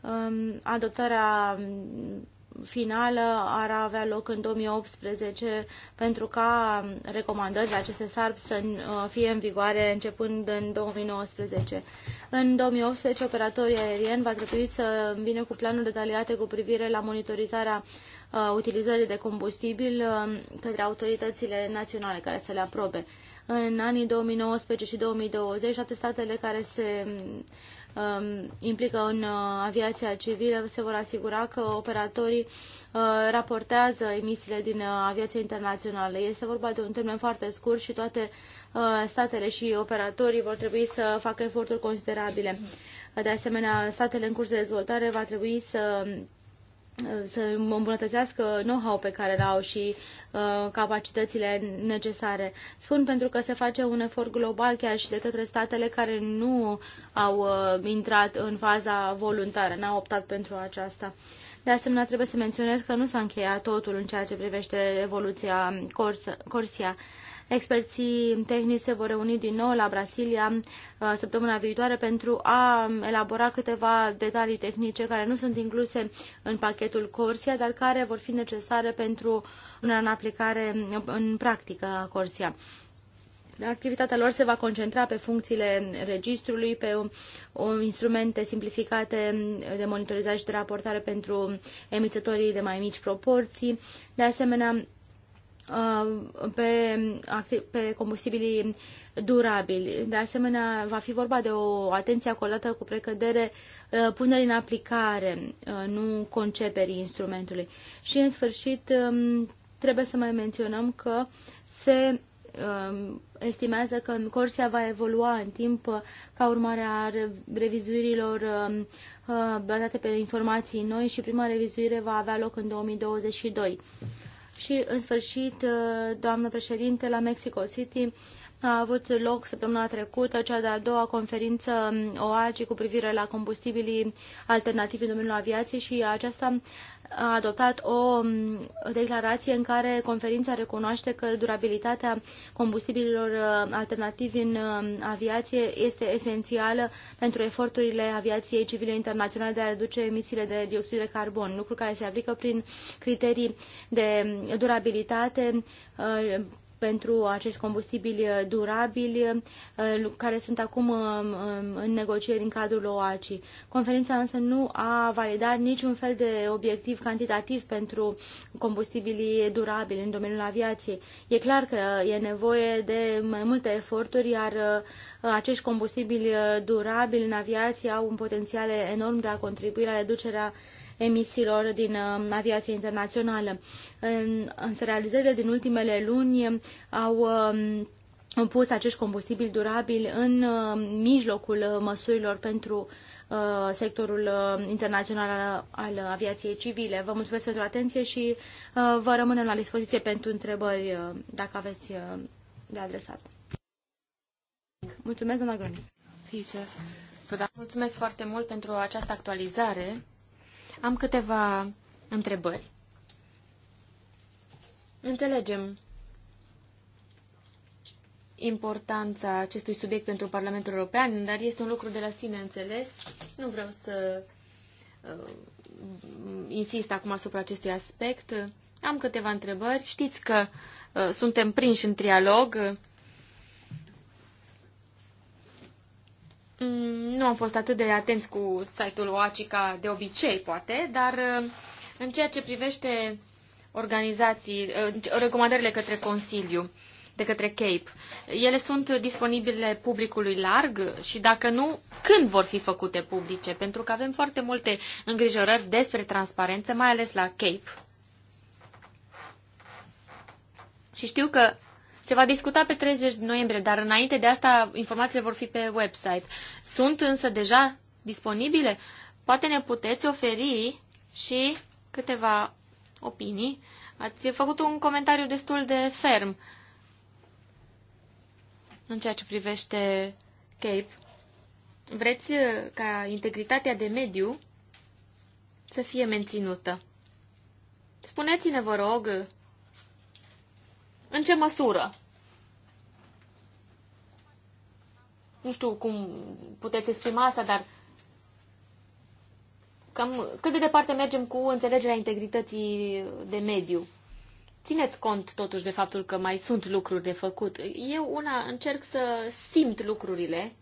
Um, adoptarea um, finală ar avea loc în 2018 pentru ca um, recomandările aceste SARP să uh, fie în vigoare începând în 2019. În 2018, operatorii aerieni va trebui să vină cu planuri detaliate cu privire la monitorizarea uh, utilizării de combustibil către autoritățile naționale care să le aprobe. În anii 2019 și 2020, toate statele care se um, implică în uh, aviația civilă se vor asigura că operatorii uh, raportează emisiile din uh, aviația internațională. Este vorba de un termen foarte scurt și toate uh, statele și operatorii vor trebui să facă eforturi considerabile. De asemenea, statele în curs de dezvoltare va trebui să să îmbunătățească know-how pe care l-au și uh, capacitățile necesare. Spun pentru că se face un efort global chiar și de către statele care nu au uh, intrat în faza voluntară, n-au optat pentru aceasta. De asemenea, trebuie să menționez că nu s-a încheiat totul în ceea ce privește evoluția Corsia. Experții tehnici se vor reuni din nou la Brasilia uh, săptămâna viitoare pentru a elabora câteva detalii tehnice care nu sunt incluse în pachetul Corsia, dar care vor fi necesare pentru una în aplicare în practică a Corsia. Activitatea lor se va concentra pe funcțiile registrului, pe o instrumente simplificate de monitorizare și de raportare pentru emițătorii de mai mici proporții. De asemenea, Uh, pe, pe combustibilii durabili. De asemenea, va fi vorba de o atenție acordată cu precădere uh, punerii în aplicare, uh, nu conceperii instrumentului. Și, în sfârșit, um, trebuie să mai menționăm că se um, estimează că Corsia va evolua în timp ca urmare a revizuirilor um, bazate pe informații noi și prima revizuire va avea loc în 2022. Și, în sfârșit, uh, doamnă președinte, la Mexico City a avut loc săptămâna trecută cea de-a doua conferință um, OACI cu privire la combustibilii alternativi în domeniul aviației și aceasta a adoptat o mm, declarație în care conferința recunoaște că durabilitatea combustibililor uh, alternativi în uh, aviație este esențială pentru eforturile aviației civile internaționale de a reduce emisiile de dioxid de carbon, lucru care se aplică prin criterii de durabilitate uh, pentru acești combustibili uh, durabili uh, care sunt acum uh, um, în negocieri în cadrul OACI. Conferința însă nu a validat niciun fel de obiectiv cantitativ pentru combustibilii durabili în domeniul aviației. E clar că e nevoie de mai multe eforturi, iar acești combustibili durabili în aviație au un potențial enorm de a contribui la reducerea emisiilor din uh, aviație internațională. Însă realizările din ultimele luni au um, pus acești combustibili durabili în uh, mijlocul uh, măsurilor pentru sectorul internațional al aviației civile. Vă mulțumesc pentru atenție și vă rămânem la dispoziție pentru întrebări dacă aveți de adresat. Mulțumesc, doamna Grăni. Mulțumesc foarte mult pentru această actualizare am câteva întrebări. Înțelegem importanța acestui subiect pentru Parlamentul European, dar este un lucru de la sine înțeles. Nu vreau să uh, insist acum asupra acestui aspect. Am câteva întrebări. Știți că uh, suntem prinși în trialog. Mm, nu am fost atât de atenți cu site-ul OACI ca de obicei, poate, dar uh, în ceea ce privește organizații, uh, recomandările către Consiliu, de către CAPE, ele sunt disponibile publicului larg și dacă nu, când vor fi făcute publice? Pentru că avem foarte multe îngrijorări despre transparență, mai ales la CAPE. Și știu că se va discuta pe 30 noiembrie, dar înainte de asta informațiile vor fi pe website. Sunt însă deja disponibile? Poate ne puteți oferi și câteva opinii. Ați făcut un comentariu destul de ferm în ceea ce privește CAPE. Vreți uh, ca integritatea de mediu să fie menținută. Spuneți-ne, vă rog, în ce măsură? Nu știu cum puteți exprima asta, dar cam cât de departe mergem cu înțelegerea integrității de mediu? Țineți cont totuși de faptul că mai sunt lucruri de făcut. Eu una încerc să simt lucrurile,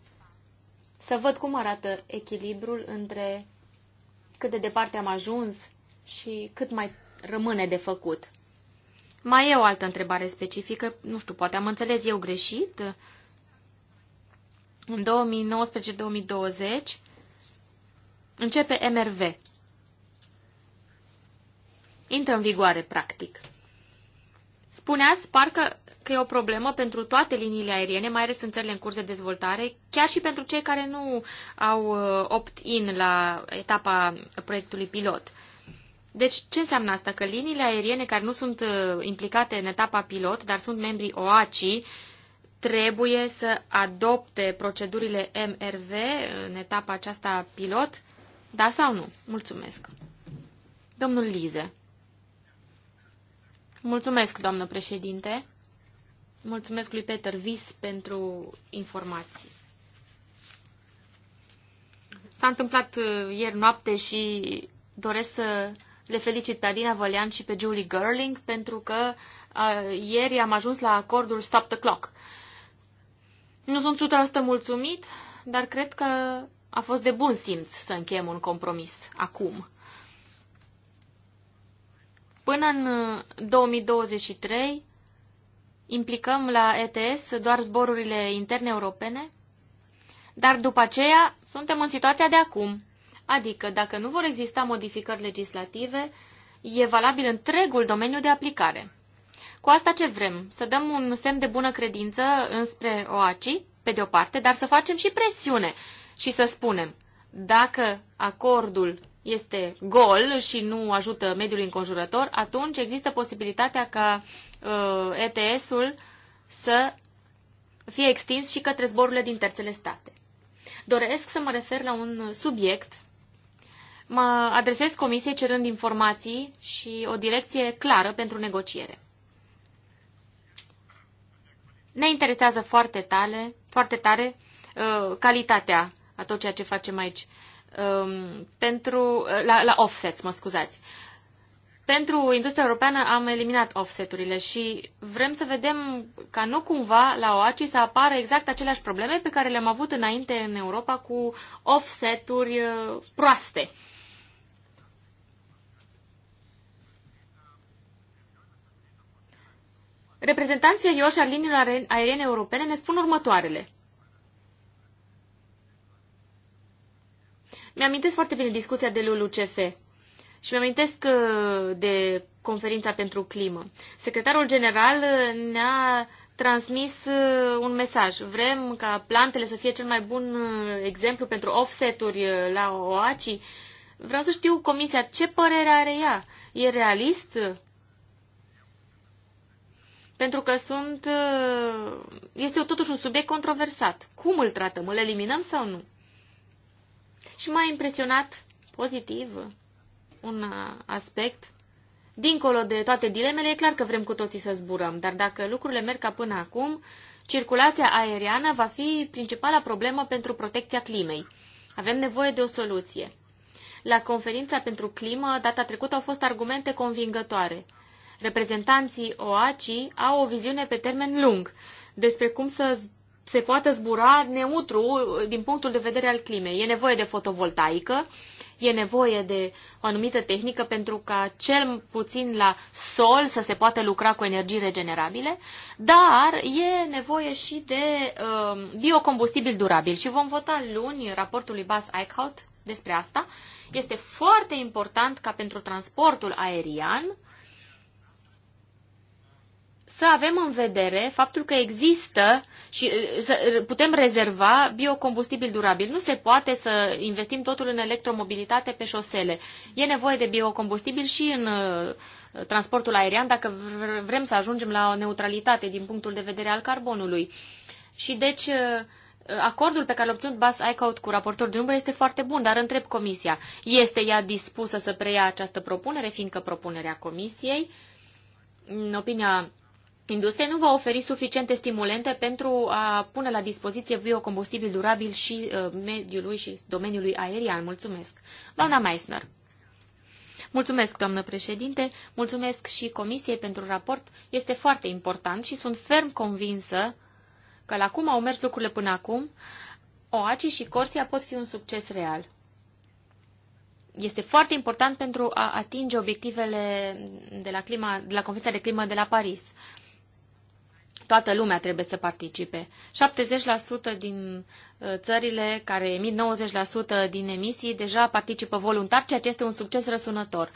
să văd cum arată echilibrul între cât de departe am ajuns și cât mai rămâne de făcut. Mai e o altă întrebare specifică, nu știu, poate am înțeles eu greșit. În 2019-2020 începe MRV. Intră în vigoare, practic. Spuneați, parcă că e o problemă pentru toate liniile aeriene, mai ales în țările în curs de dezvoltare, chiar și pentru cei care nu au uh, opt-in la etapa proiectului pilot. Deci, ce înseamnă asta? Că liniile aeriene care nu sunt uh, implicate în etapa pilot, dar sunt membrii OACI, trebuie să adopte procedurile MRV în etapa aceasta pilot? Da sau nu? Mulțumesc. Domnul Lize. Mulțumesc, doamnă președinte. Mulțumesc lui Peter Vis pentru informații. S-a întâmplat uh, ieri noapte și doresc să le felicit pe Adina Volian și pe Julie Gerling pentru că uh, ieri am ajuns la acordul Stop the Clock. Nu sunt 100% mulțumit, dar cred că a fost de bun simț să încheiem un compromis acum. Până în 2023 uh, implicăm la ETS doar zborurile interne europene, dar după aceea suntem în situația de acum. Adică, dacă nu vor exista modificări legislative, e valabil întregul domeniu de aplicare. Cu asta ce vrem? Să dăm un semn de bună credință înspre OACI, pe de o parte, dar să facem și presiune și să spunem, dacă acordul este gol și nu ajută mediul înconjurător, atunci există posibilitatea ca uh, ETS-ul să fie extins și către zborurile din terțele state. Doresc să mă refer la un subiect mă adresez comisiei cerând informații și o direcție clară pentru negociere. Ne interesează foarte tare, foarte tare uh, calitatea a tot ceea ce facem aici. Um, pentru, uh, la, la offsets, mă scuzați. Pentru industria europeană am eliminat offseturile și vrem să vedem ca nu cumva la OACI să apară exact aceleași probleme pe care le-am avut înainte în Europa cu offseturi uh, proaste. Reprezentanții serioși al liniilor aeriene europene ne spun următoarele. Mi-amintesc foarte bine discuția de LULUCF și mi-amintesc uh, de conferința pentru climă. Secretarul general uh, ne-a transmis uh, un mesaj. Vrem ca plantele să fie cel mai bun exemplu pentru offset-uri la OACI. Vreau să știu comisia ce părere are ea. E realist pentru că sunt, uh, este totuși un subiect controversat. Cum îl tratăm? Îl eliminăm sau nu? Și m-a impresionat pozitiv un uh, aspect. Dincolo de toate dilemele, e clar că vrem cu toții să zburăm, dar dacă lucrurile merg ca până acum, circulația aeriană va fi principala problemă pentru protecția climei. Avem nevoie de o soluție. La conferința pentru climă, data trecută, au fost argumente convingătoare – reprezentanții OACI au o viziune pe termen lung despre cum să se poată zbura neutru uh, din punctul de vedere al climei. E nevoie de fotovoltaică, e nevoie de o anumită tehnică pentru ca cel puțin la sol să se poată lucra cu energii regenerabile, dar e nevoie și de uh, biocombustibil durabil și vom vota luni raportul lui Bas Eichhout despre asta. Este foarte important ca pentru transportul aerian uh, să avem în vedere faptul că există și uh, să uh, putem rezerva biocombustibil durabil. Nu se poate să investim totul în electromobilitate pe șosele. E nevoie de biocombustibil și în uh, transportul aerian dacă vrem să ajungem la o neutralitate din punctul de vedere al carbonului. Și deci acordul pe care l-a obținut Bas Eichhout cu raportorul din umbră este foarte bun, dar întreb comisia, este ea dispusă să preia această propunere, fiindcă propunerea comisiei, în opinia Industria nu va oferi suficiente stimulente pentru a pune la dispoziție biocombustibil durabil și uh, mediului și domeniului aerian. Mulțumesc. Doamna Meissner. Mulțumesc, doamnă președinte, mulțumesc și Comisiei pentru raport. Este foarte important și sunt ferm convinsă că la cum au mers lucrurile până acum, OACI și Corsia pot fi un succes real. Este foarte important pentru a atinge obiectivele de la, clima, de la conferința de climă de la Paris toată lumea trebuie să participe. 70% din uh, țările care emit 90% din emisii deja participă voluntar, ceea ce este un succes răsunător.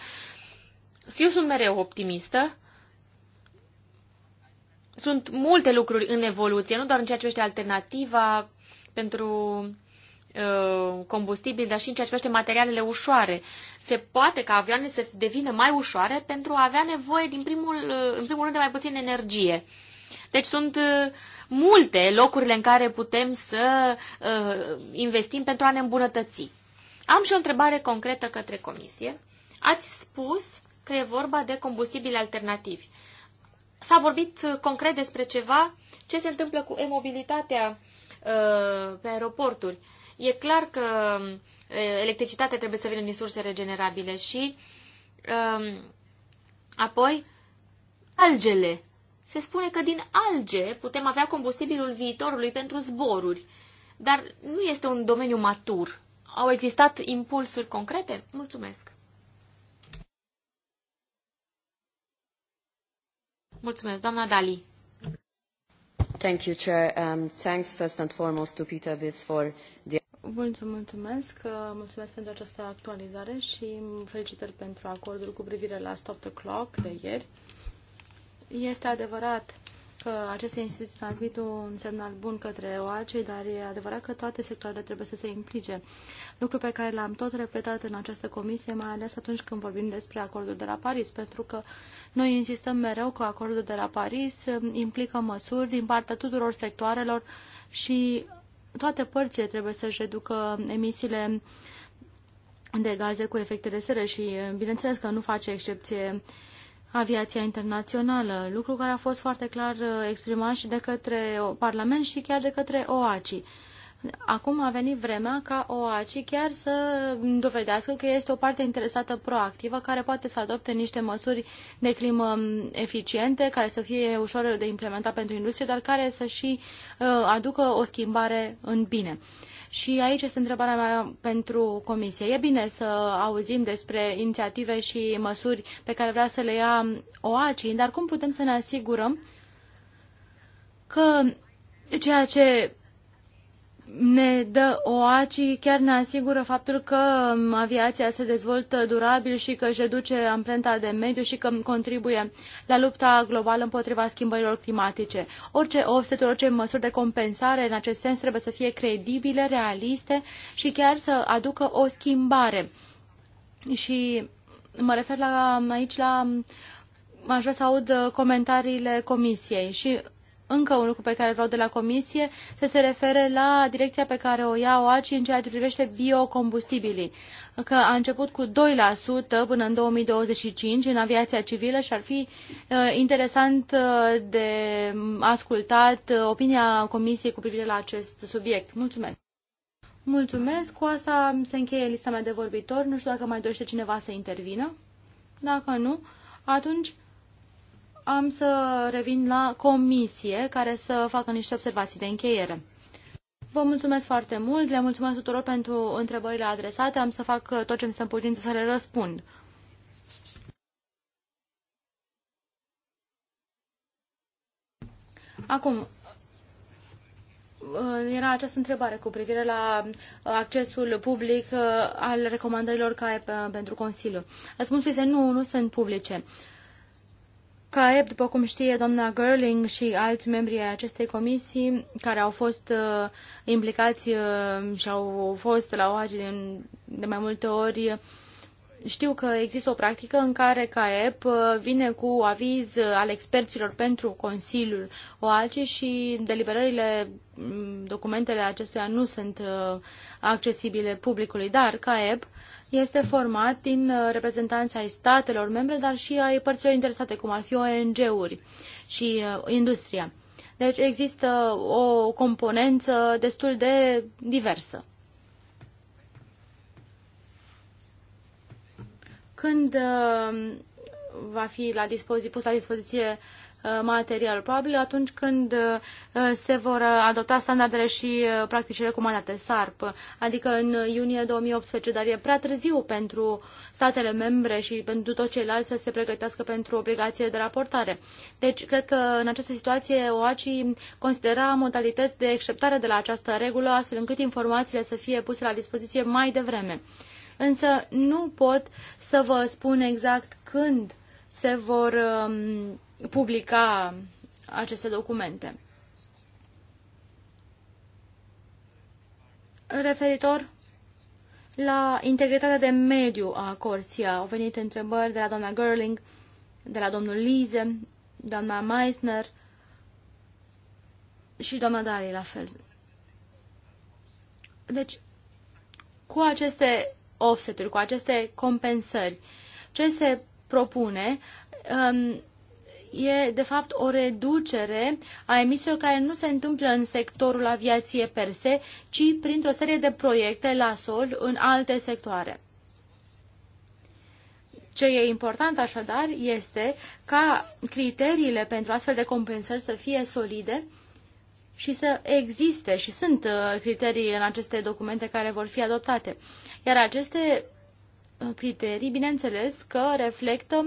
Eu sunt mereu optimistă. Sunt multe lucruri în evoluție, nu doar în ceea ce este alternativa pentru uh, combustibil, dar și în ceea ce privește materialele ușoare. Se poate ca avioanele să devină mai ușoare pentru a avea nevoie, din primul, uh, în primul rând, de mai puțin energie. Uh, deci sunt uh, multe locurile în care putem să uh, investim pentru a ne îmbunătăți. Am și o întrebare concretă către comisie. Ați spus că e vorba de combustibili alternativi. S-a vorbit uh, concret despre ceva, ce se întâmplă cu e-mobilitatea pe aeroporturi. E clar că um, electricitatea trebuie să vină din surse regenerabile și um, apoi algele se spune că din alge putem avea combustibilul viitorului pentru zboruri, dar nu este un domeniu matur. Au existat impulsuri concrete? Mulțumesc! Mulțumesc, doamna Dali. Thank you, Chair. Um, thanks first and foremost to Peter Biss for the... Mulțumesc, mulțumesc uh, pentru această actualizare și um, felicitări pentru acordul cu privire la Stop the Clock de ieri. Este adevărat că aceste instituții transmit un semnal bun către OACE, dar e adevărat că toate sectoarele trebuie să se implice. Lucru pe care l-am tot repetat în această comisie, mai ales atunci când vorbim despre acordul de la Paris, pentru că noi insistăm mereu că acordul de la Paris um, implică măsuri din partea tuturor sectoarelor și toate părțile trebuie să-și reducă emisiile de gaze cu efecte de seră și bineînțeles că nu face excepție uh, aviația internațională, lucru care a fost foarte clar uh, exprimat și de către Parlament și chiar de către OACI. Acum a venit vremea ca OACI chiar să dovedească că este o parte interesată proactivă care poate să adopte niște măsuri de climă eficiente, care să fie ușor de implementat pentru industrie, dar care să și uh, aducă o schimbare în bine. Și aici este întrebarea mea pentru Comisie. E bine să auzim despre inițiative și măsuri pe care vrea să le ia OACI, dar cum putem să ne asigurăm că ceea ce ne dă OACI, chiar ne asigură faptul că um, aviația se dezvoltă durabil și că își reduce amprenta de mediu și că contribuie la lupta globală împotriva schimbărilor climatice. Orice offset, orice măsuri de compensare în acest sens trebuie să fie credibile, realiste și chiar să aducă o schimbare. Și mă refer la, aici la aș vrea să aud uh, comentariile comisiei și încă un lucru pe care vreau de la comisie, să se refere la direcția pe care o ia OACI în ceea ce privește biocombustibilii, că a început cu 2% până în 2025 în aviația civilă și ar fi uh, interesant uh, de ascultat uh, opinia comisiei cu privire la acest subiect. Mulțumesc! Mulțumesc! Cu asta se încheie lista mea de vorbitori. Nu știu dacă mai dorește cineva să intervină. Dacă nu, atunci am să revin la comisie care să facă niște observații de încheiere. Vă mulțumesc foarte mult, le mulțumesc tuturor pentru întrebările adresate, am să fac uh, tot ce mi stă în putință să le răspund. Acum, uh, era această întrebare cu privire la uh, accesul public al recomandărilor CAE pentru Consiliu. Răspunsul este nu, nu sunt publice. Uh, CAEP, după cum știe doamna Gerling și alți membri ai acestei comisii care au fost uh, implicați uh, și au fost la OAG de, de mai multe ori, știu că există o practică în care CAEP uh, vine cu aviz uh, al experților pentru Consiliul OACI și deliberările, mm, documentele acestuia nu sunt uh, accesibile publicului, dar CAEP este format din reprezentanța ai statelor membre, dar și ai părților interesate, cum ar fi ONG-uri și industria. Deci există o componență destul de diversă. când uh, va fi la dispozi- pus la dispoziție uh, material, probabil atunci când uh, se vor adopta standardele și practicile comandate SARP, adică în iunie 2018, dar e prea târziu pentru statele membre și pentru toți ceilalți să se pregătească pentru obligație de raportare. Deci, cred că în această situație OACI considera modalități de exceptare de la această regulă, astfel încât informațiile să fie puse la dispoziție mai devreme însă nu pot să vă spun exact când se vor um, publica aceste documente. Referitor la integritatea de mediu a Corsia, au venit întrebări de la doamna Gerling, de la domnul Lise, doamna Meissner și doamna Dali la fel. Deci, cu aceste offset-uri, cu aceste compensări. Ce se propune um, e, de fapt, o reducere a emisiilor care nu se întâmplă în sectorul aviației per se, ci printr-o serie de proiecte la sol în alte sectoare. Ce e important așadar este ca criteriile pentru astfel de compensări să fie solide și să existe și sunt uh, criterii în aceste documente care vor fi adoptate. Iar aceste uh, criterii, bineînțeles, că reflectă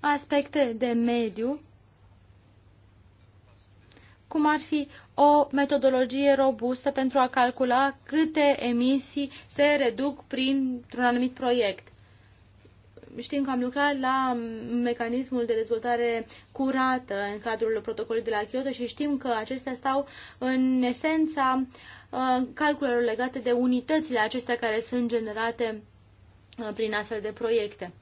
aspecte de mediu, cum ar fi o metodologie robustă pentru a calcula câte emisii se reduc printr-un anumit proiect. Știm că am lucrat la mecanismul de dezvoltare curată în cadrul protocolului de la Kyoto și știm că acestea stau în esența uh, Uh, calculelor legate de unitățile acestea care sunt generate uh, prin astfel de proiecte.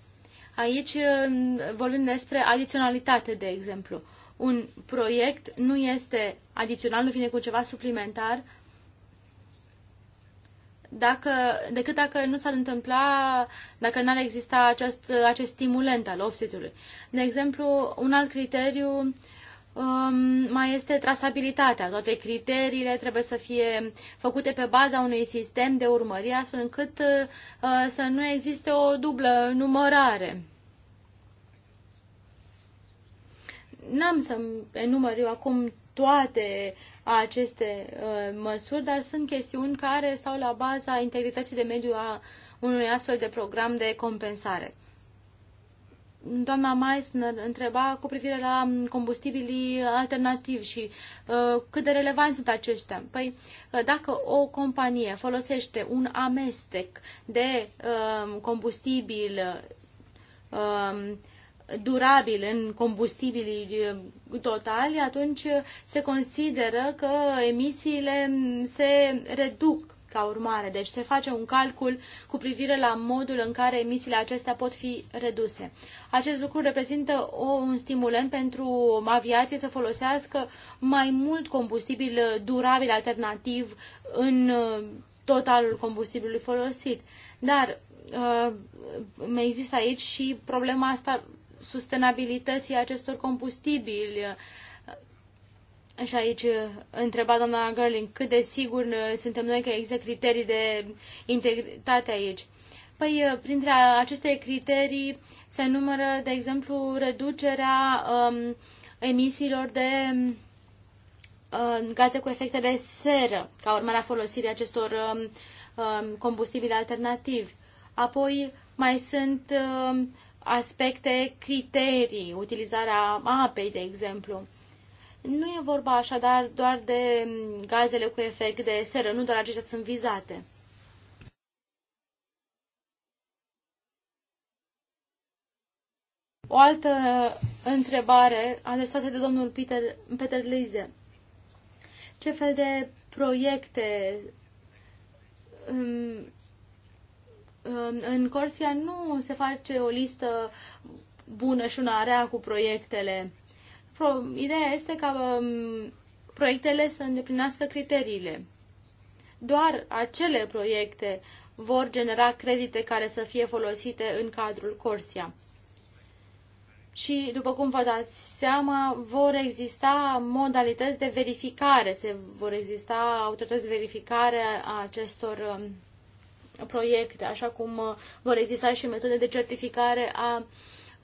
Aici uh, vorbim despre adiționalitate, de exemplu. Un proiect nu este adițional, nu vine cu ceva suplimentar, dacă, decât dacă nu s-ar întâmpla, dacă n-ar exista acest, acest stimulent al offset-ului. De exemplu, un alt criteriu Um, mai este trasabilitatea. Toate criteriile trebuie să fie făcute pe baza unui sistem de urmărire, astfel încât uh, să nu existe o dublă numărare. N-am să enumăr eu acum toate aceste uh, măsuri, dar sunt chestiuni care stau la baza integrității de mediu a unui astfel de program de compensare doamna Meissner întreba cu privire la combustibilii alternativi și uh, cât de relevanți sunt aceștia. Păi, uh, dacă o companie folosește un amestec de uh, combustibil uh, durabil în combustibilii uh, totali, atunci se consideră că emisiile se reduc ca urmare. Deci se face un calcul cu privire la modul în care emisiile acestea pot fi reduse. Acest lucru reprezintă o, un stimulant pentru aviație să folosească mai mult combustibil durabil alternativ în uh, totalul combustibilului folosit. Dar mai uh, există aici și problema asta sustenabilității acestor combustibili și aici uh, întreba doamna Gerling, cât de sigur uh, suntem noi că există criterii de integritate aici? Păi, uh, printre aceste criterii se numără, de exemplu, reducerea um, emisiilor de um, gaze cu efecte de seră, ca urmare a folosirii acestor um, um, combustibili alternativi. Apoi mai sunt um, aspecte, criterii, utilizarea apei, de exemplu. Nu e vorba așadar doar de mm, gazele cu efect de seră, nu doar acestea sunt vizate. O altă întrebare adresată de domnul Peter, Peter Lize. Ce fel de proiecte um, în Corsia nu se face o listă bună și una rea cu proiectele. Pro, ideea este ca um, proiectele să îndeplinească criteriile. Doar acele proiecte vor genera credite care să fie folosite în cadrul Corsia. Și, după cum vă dați seama, vor exista modalități de verificare, se vor exista autorități de verificare a acestor um, proiecte, așa cum uh, vor exista și metode de certificare a uh,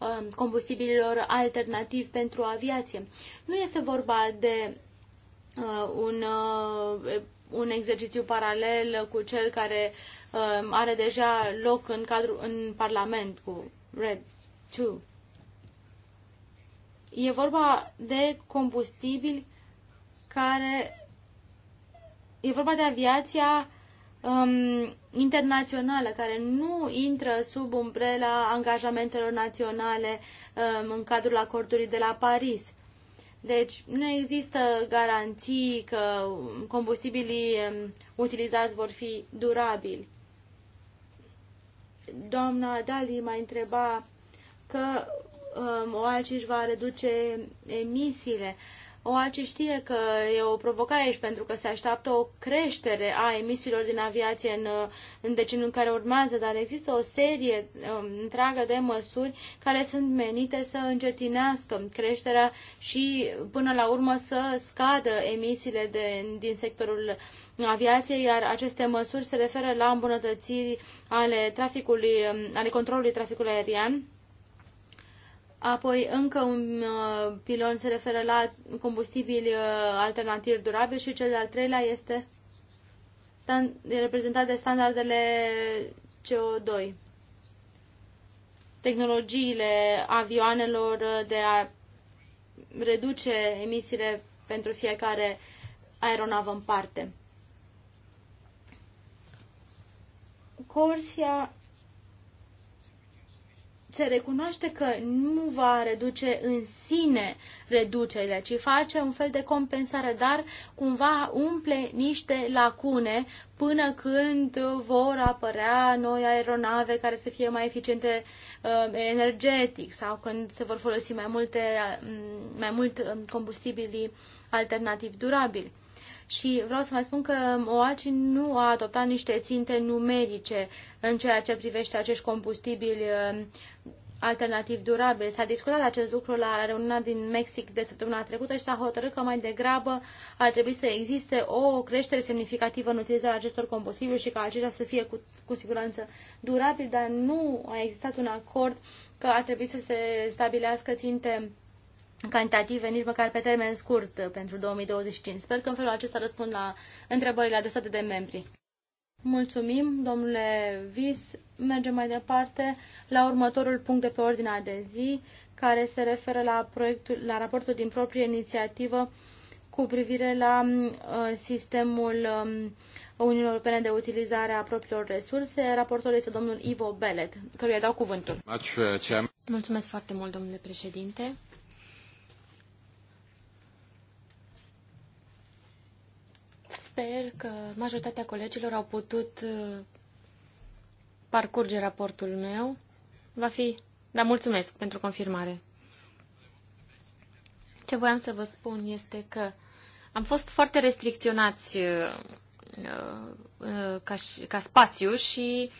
Um, combustibililor alternativi pentru aviație. Nu este vorba de uh, un, uh, un exercițiu paralel cu cel care um, are deja loc în, cadru, în Parlament cu RED 2. E vorba de combustibili care... E vorba de aviația um, internațională care nu intră sub umbrela angajamentelor naționale um, în cadrul acordului de la Paris. Deci nu există garanții că combustibilii um, utilizați vor fi durabili. Doamna Dali m-a întrebat că um, OACI își va reduce emisiile. Uh, OACI știe că e o provocare aici pentru că se așteaptă o creștere a emisiilor din aviație în, în deceniul care urmează, dar există o serie um, întreagă de măsuri care sunt menite să încetinească creșterea și până la urmă să scadă emisiile de, din sectorul aviației, iar aceste măsuri se referă la îmbunătățiri ale traficului, um, ale controlului traficului aerian Apoi încă un uh, pilon se referă la combustibili uh, alternativi durabili și cel de-al treilea este stand, reprezentat de standardele CO2. Tehnologiile avioanelor de a reduce emisiile pentru fiecare aeronavă în parte. Corsia se recunoaște că nu va reduce în sine reducerile, ci face un fel de compensare, dar cumva umple niște lacune până când vor apărea noi aeronave care să fie mai eficiente uh, energetic sau când se vor folosi mai, multe, um, mai mult um, combustibili alternativi durabili. Și vreau să mai spun că OACI nu a adoptat niște ținte numerice în ceea ce privește acești combustibili um, alternativ durabil. S-a discutat acest lucru la reuniunea din Mexic de săptămâna trecută și s-a hotărât că mai degrabă ar trebui să existe o creștere semnificativă în utilizarea acestor combustibili și ca acestea să fie cu, cu siguranță durabil, dar nu a existat un acord că ar trebui să se stabilească ținte cantitative, nici măcar pe termen scurt pentru 2025. Sper că în felul acesta răspund la întrebările adresate de membri. Mulțumim, domnule Vis. Mergem mai departe la următorul punct de pe ordinea de zi, care se referă la, proiectul, la raportul din proprie inițiativă cu privire la uh, sistemul uh, Uniunii Europene de utilizare a propriilor resurse. Raportul este domnul Ivo Belet, căruia dau cuvântul. Uh, Mulțumesc foarte mult, domnule președinte. Sper că majoritatea colegilor au putut uh, parcurge raportul meu. Va fi... Da, mulțumesc pentru confirmare. Ce voiam să vă spun este că am fost foarte restricționați uh, uh, ca, ca spațiu și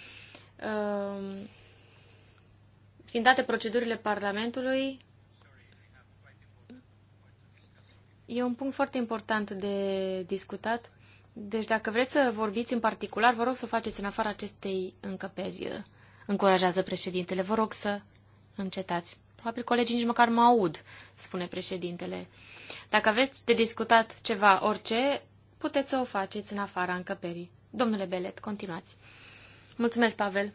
fiind date procedurile Parlamentului, e un punct foarte important de discutat. Deci dacă vreți să vorbiți în particular, vă rog să o faceți în afara acestei încăperi, uh, încurajează președintele. Vă rog să încetați. Probabil colegii nici măcar mă aud, spune președintele. Dacă aveți de discutat ceva, orice, puteți să o faceți în afara încăperii. Domnule Belet, continuați. Mulțumesc, Pavel.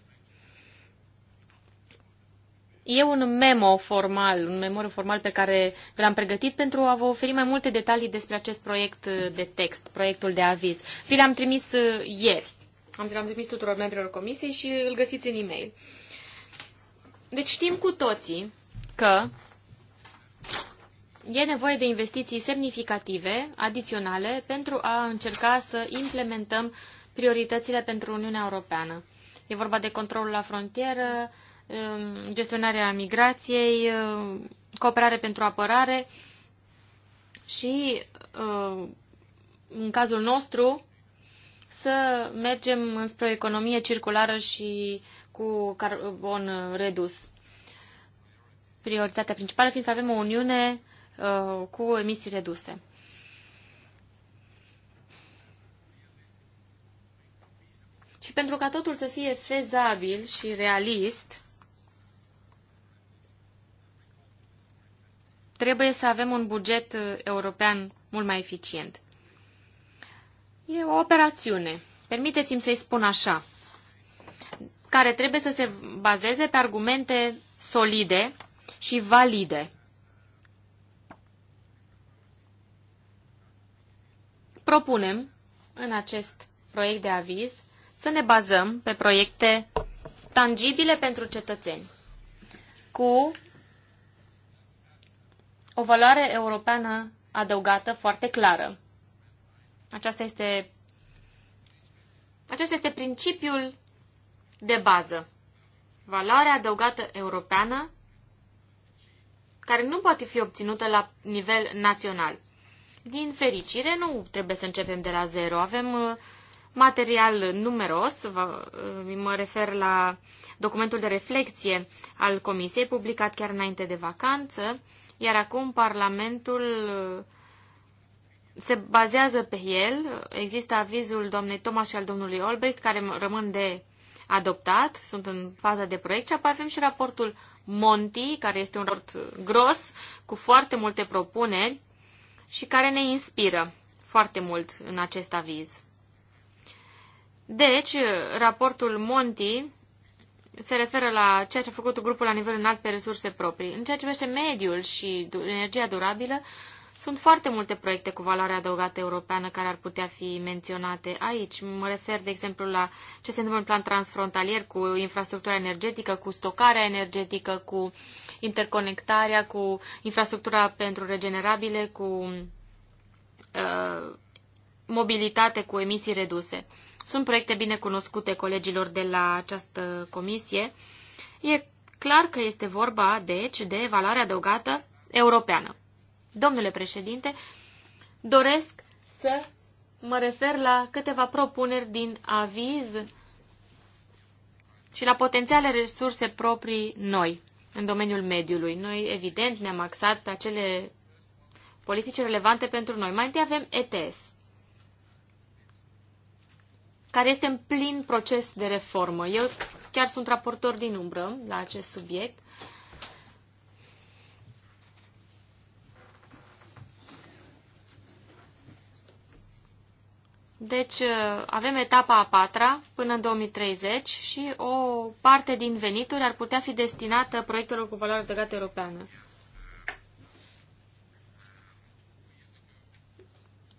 E un memo formal, un memoriu formal pe care l-am pregătit pentru a vă oferi mai multe detalii despre acest proiect de text, proiectul de aviz. Vi l-am trimis uh, ieri. Am l-am trimis tuturor membrilor comisiei și îl găsiți în e-mail. Deci știm cu toții că e nevoie de investiții semnificative, adiționale, pentru a încerca să implementăm prioritățile pentru Uniunea Europeană. E vorba de controlul la frontieră, Um, gestionarea migrației, um, cooperare pentru apărare și, um, în cazul nostru, să mergem înspre o economie circulară și cu carbon redus. Prioritatea principală fiind să avem o uniune uh, cu emisii reduse. Și pentru ca totul să fie fezabil și realist, trebuie să avem un buget uh, european mult mai eficient. E o operațiune, permiteți-mi să-i spun așa, care trebuie să se bazeze pe argumente solide și valide. Propunem în acest proiect de aviz să ne bazăm pe proiecte tangibile pentru cetățeni, cu o valoare europeană adăugată foarte clară. Aceasta este, acesta este principiul de bază. Valoarea adăugată europeană care nu poate fi obținută la nivel național. Din fericire, nu trebuie să începem de la zero. Avem uh, material numeros, vă, uh, mă refer la documentul de reflexie al Comisiei, publicat chiar înainte de vacanță, iar acum Parlamentul uh, se bazează pe el. Există avizul doamnei Thomas și al domnului Olbrecht, care rămân de adoptat, sunt în faza de proiect și apoi avem și raportul Monti, care este un raport gros, cu foarte multe propuneri și care ne inspiră foarte mult în acest aviz. Deci, raportul Monti se referă la ceea ce a făcut grupul la nivel înalt pe resurse proprii. În ceea ce privește mediul și energia durabilă, sunt foarte multe proiecte cu valoare adăugată europeană care ar putea fi menționate aici. Mă refer, de exemplu, la ce se întâmplă în plan transfrontalier cu infrastructura energetică, cu stocarea energetică, cu interconectarea, cu infrastructura pentru regenerabile, cu uh, mobilitate cu emisii reduse. Sunt proiecte bine cunoscute colegilor de la această comisie. E clar că este vorba, deci, de valoare adăugată europeană. Domnule președinte, doresc să mă refer la câteva propuneri din aviz și la potențiale resurse proprii noi în domeniul mediului. Noi, evident, ne-am axat pe acele politici relevante pentru noi. Mai întâi avem ETS care este în plin proces de reformă. Eu chiar sunt raportor din umbră la acest subiect. Deci uh, avem etapa a patra până în 2030 și o parte din venituri ar putea fi destinată proiectelor cu valoare adăugată europeană.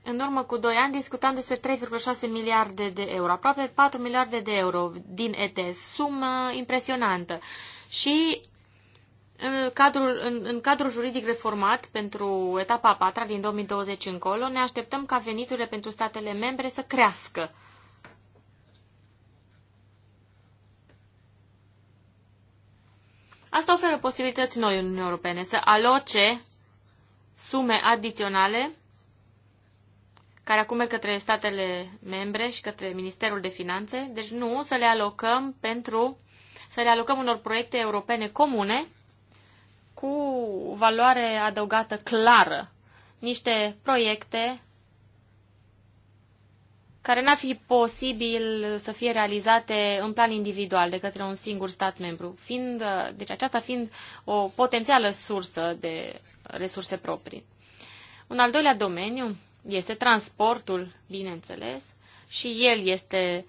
În urmă cu 2 ani discutam despre 3,6 miliarde de euro, aproape 4 miliarde de euro din ETS, sumă impresionantă. Și în cadrul, în, în cadrul juridic reformat pentru etapa a patra din 2020 încolo, ne așteptăm ca veniturile pentru statele membre să crească. Asta oferă posibilități noi în Uniunea Europene să aloce sume adiționale care acum merg către statele membre și către Ministerul de Finanțe. Deci nu, să le alocăm pentru să le alocăm unor proiecte europene comune cu valoare adăugată clară. Niște proiecte care n-ar fi posibil să fie realizate în plan individual de către un singur stat membru, fiind, deci aceasta fiind o potențială sursă de resurse proprii. Un al doilea domeniu este transportul, bineînțeles, și el este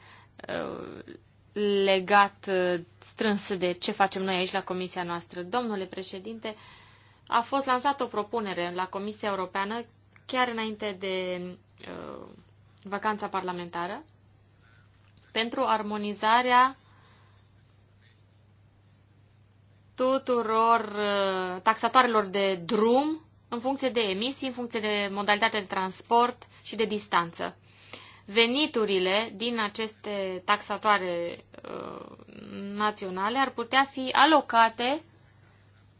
uh, legat uh, strâns de ce facem noi aici la comisia noastră. Domnule președinte, a fost lansată o propunere la Comisia Europeană chiar înainte de uh, vacanța parlamentară pentru armonizarea tuturor taxatoarelor de drum în funcție de emisii, în funcție de modalitate de transport și de distanță. Veniturile din aceste taxatoare uh, naționale ar putea fi alocate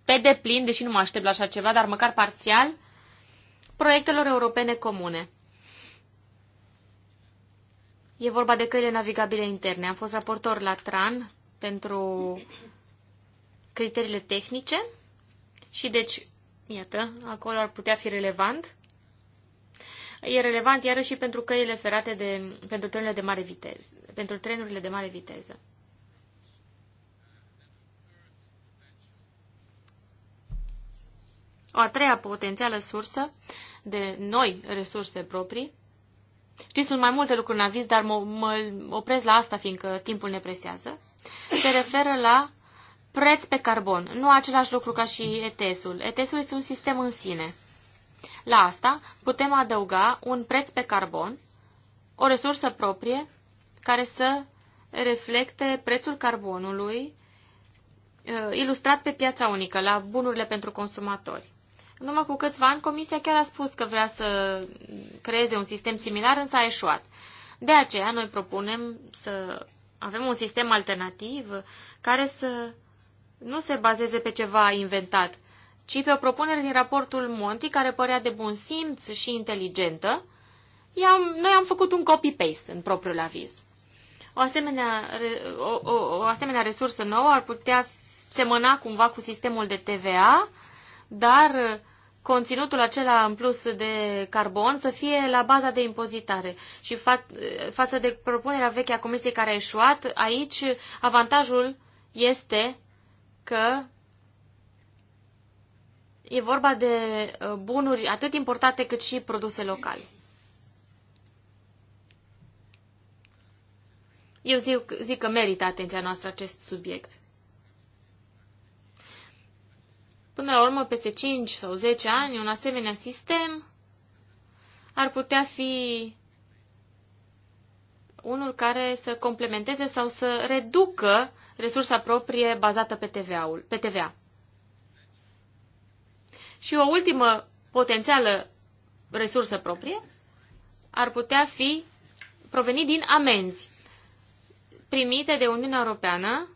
pe deplin, deși nu mă aștept la așa ceva, dar măcar parțial, proiectelor europene comune. E vorba de căile navigabile interne. Am fost raportor la TRAN pentru criteriile tehnice și deci Iată, acolo ar putea fi relevant. E relevant iarăși pentru căile ferate de, pentru trenurile de mare viteză. Pentru trenurile de mare viteză. O a treia potențială sursă de noi resurse proprii. Știți, sunt mai multe lucruri în aviz, dar mă, mă opresc la asta, fiindcă timpul ne presează. Se referă la Preț pe carbon. Nu același lucru ca și ETS-ul. ETS-ul este un sistem în sine. La asta putem adăuga un preț pe carbon, o resursă proprie care să reflecte prețul carbonului uh, ilustrat pe piața unică, la bunurile pentru consumatori. Numai cu câțiva ani, Comisia chiar a spus că vrea să creeze un sistem similar, însă a eșuat. De aceea, noi propunem să avem un sistem alternativ care să nu se bazeze pe ceva inventat, ci pe o propunere din raportul Monti care părea de bun simț și inteligentă, i am noi am făcut un copy-paste în propriul aviz. O asemenea, o, o, o asemenea resursă nouă ar putea semăna cumva cu sistemul de TVA, dar conținutul acela în plus de carbon să fie la baza de impozitare. Și fa- față de propunerea veche a Comisiei care a eșuat, aici avantajul este că e vorba de uh, bunuri atât importate cât și produse locale. Eu zic, zic că merită atenția noastră acest subiect. Până la urmă, peste 5 sau 10 ani, un asemenea sistem ar putea fi unul care să complementeze sau să reducă resursa proprie bazată pe, TVA-ul, pe TVA. Și o ultimă potențială resursă proprie ar putea fi provenit din amenzi primite de Uniunea Europeană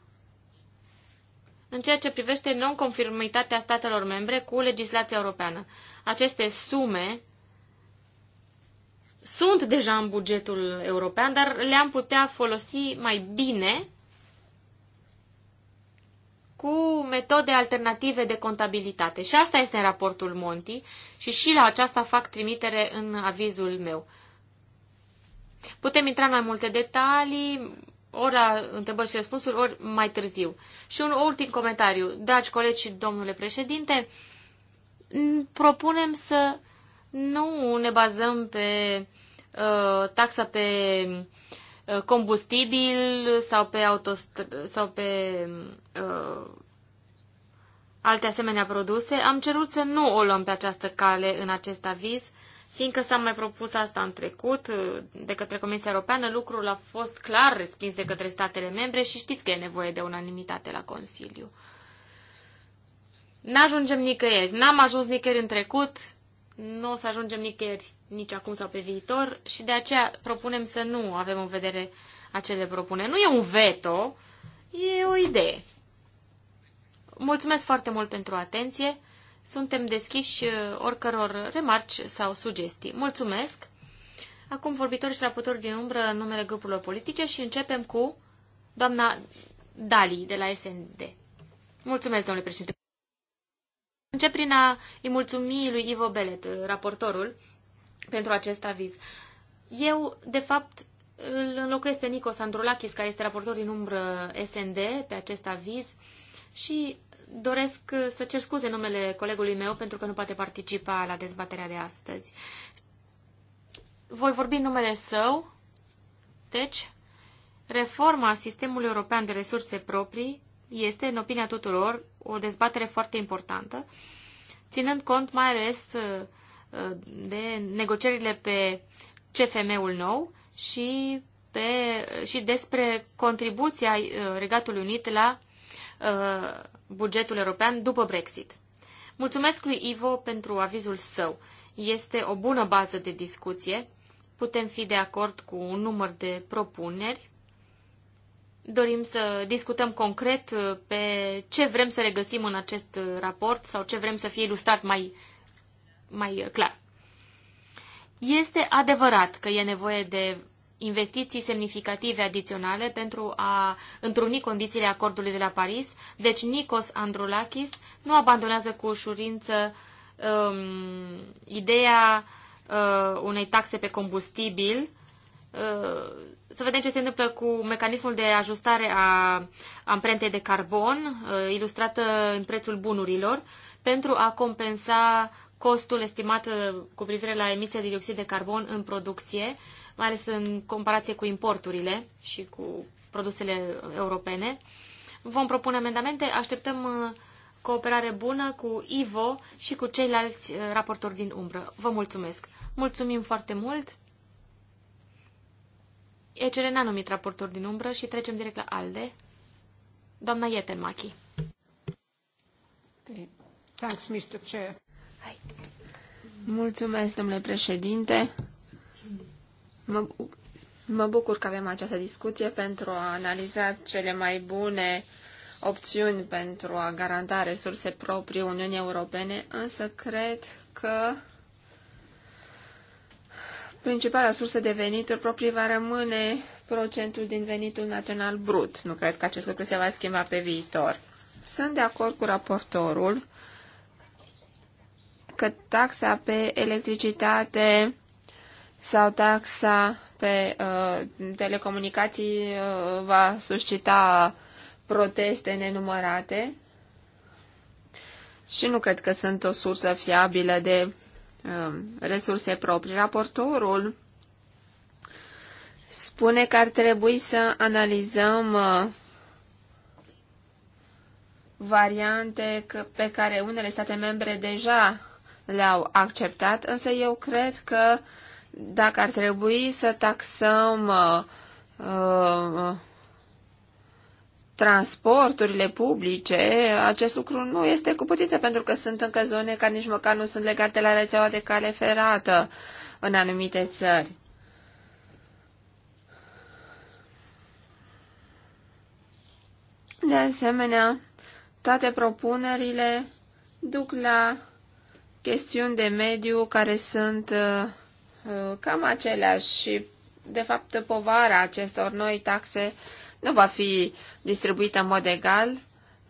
în ceea ce privește nonconformitatea statelor membre cu legislația europeană. Aceste sume sunt deja în bugetul european, dar le-am putea folosi mai bine cu metode alternative de contabilitate. Și asta este în raportul Monti și și la aceasta fac trimitere în avizul meu. Putem intra în mai multe detalii, ori la întrebări și răspunsuri, ori mai târziu. Și un ultim comentariu. Dragi colegi și domnule președinte, propunem să nu ne bazăm pe uh, taxa pe uh, Uh, combustibil sau pe, autostr- sau pe uh, alte asemenea produse, am cerut să nu o luăm pe această cale în acest aviz, fiindcă s-a mai propus asta în trecut uh, de către Comisia Europeană, lucrul a fost clar respins de către statele membre și știți că e nevoie de unanimitate la Consiliu. N-ajungem nicăieri, n-am ajuns nicăieri în trecut, nu o să ajungem nicăieri, nici acum sau pe viitor și de aceea propunem să nu avem în vedere acele propuneri. Nu e un veto, e o idee. Mulțumesc foarte mult pentru atenție. Suntem deschiși uh, oricăror remarci sau sugestii. Mulțumesc! Acum vorbitori și raportori din umbră în numele grupurilor politice și începem cu doamna Dali de la SND. Mulțumesc, domnule președinte. Încep prin a-i mulțumi lui Ivo Belet, raportorul, pentru acest aviz. Eu, de fapt, îl înlocuiesc pe Nico Sandrulakis, care este raportor din umbră SND pe acest aviz și doresc să cer scuze numele colegului meu pentru că nu poate participa la dezbaterea de astăzi. Voi vorbi în numele său, deci, reforma sistemului european de resurse proprii este, în opinia tuturor, o dezbatere foarte importantă, ținând cont mai ales uh, de negocierile pe CFM-ul nou și, pe, și despre contribuția uh, Regatului Unit la uh, bugetul european după Brexit. Mulțumesc lui Ivo pentru avizul său. Este o bună bază de discuție. Putem fi de acord cu un număr de propuneri dorim să discutăm concret uh, pe ce vrem să regăsim în acest uh, raport sau ce vrem să fie ilustrat mai, mai uh, clar. Este adevărat că e nevoie de investiții semnificative adiționale pentru a întruni condițiile acordului de la Paris, deci Nikos Androulakis nu abandonează cu ușurință um, ideea uh, unei taxe pe combustibil Uh, să vedem ce se întâmplă cu mecanismul de ajustare a amprentei de carbon, uh, ilustrată în prețul bunurilor, pentru a compensa costul estimat uh, cu privire la emisia de dioxid de carbon în producție, mai ales în comparație cu importurile și cu produsele europene. Vom propune amendamente, așteptăm cooperare bună cu Ivo și cu ceilalți raportori din umbră. Vă mulțumesc! Mulțumim foarte mult! ECR n-a numit raporturi din umbră și trecem direct la ALDE. Doamna Ietenmachi. Thanks, Mr. Chair. Hai. Mulțumesc, domnule președinte. Mă, mă bucur că avem această discuție pentru a analiza cele mai bune opțiuni pentru a garanta resurse proprii Uniunii Europene, însă cred că principala sursă de venituri proprii va rămâne procentul din venitul național brut. Nu cred că acest lucru se va schimba pe viitor. Sunt de acord cu raportorul că taxa pe electricitate sau taxa pe uh, telecomunicații uh, va suscita proteste nenumărate și nu cred că sunt o sursă fiabilă de Um, resurse proprii. Raportorul spune că ar trebui să analizăm uh, variante pe care unele state membre deja le-au acceptat, însă eu cred că dacă ar trebui să taxăm uh, uh, transporturile publice, acest lucru nu este cu putință, pentru că sunt încă zone care nici măcar nu sunt legate la rețeaua de cale ferată în anumite țări. De asemenea, toate propunerile duc la chestiuni de mediu care sunt uh, cam aceleași și, de fapt, povara acestor noi taxe uh, nu va fi distribuită în mod egal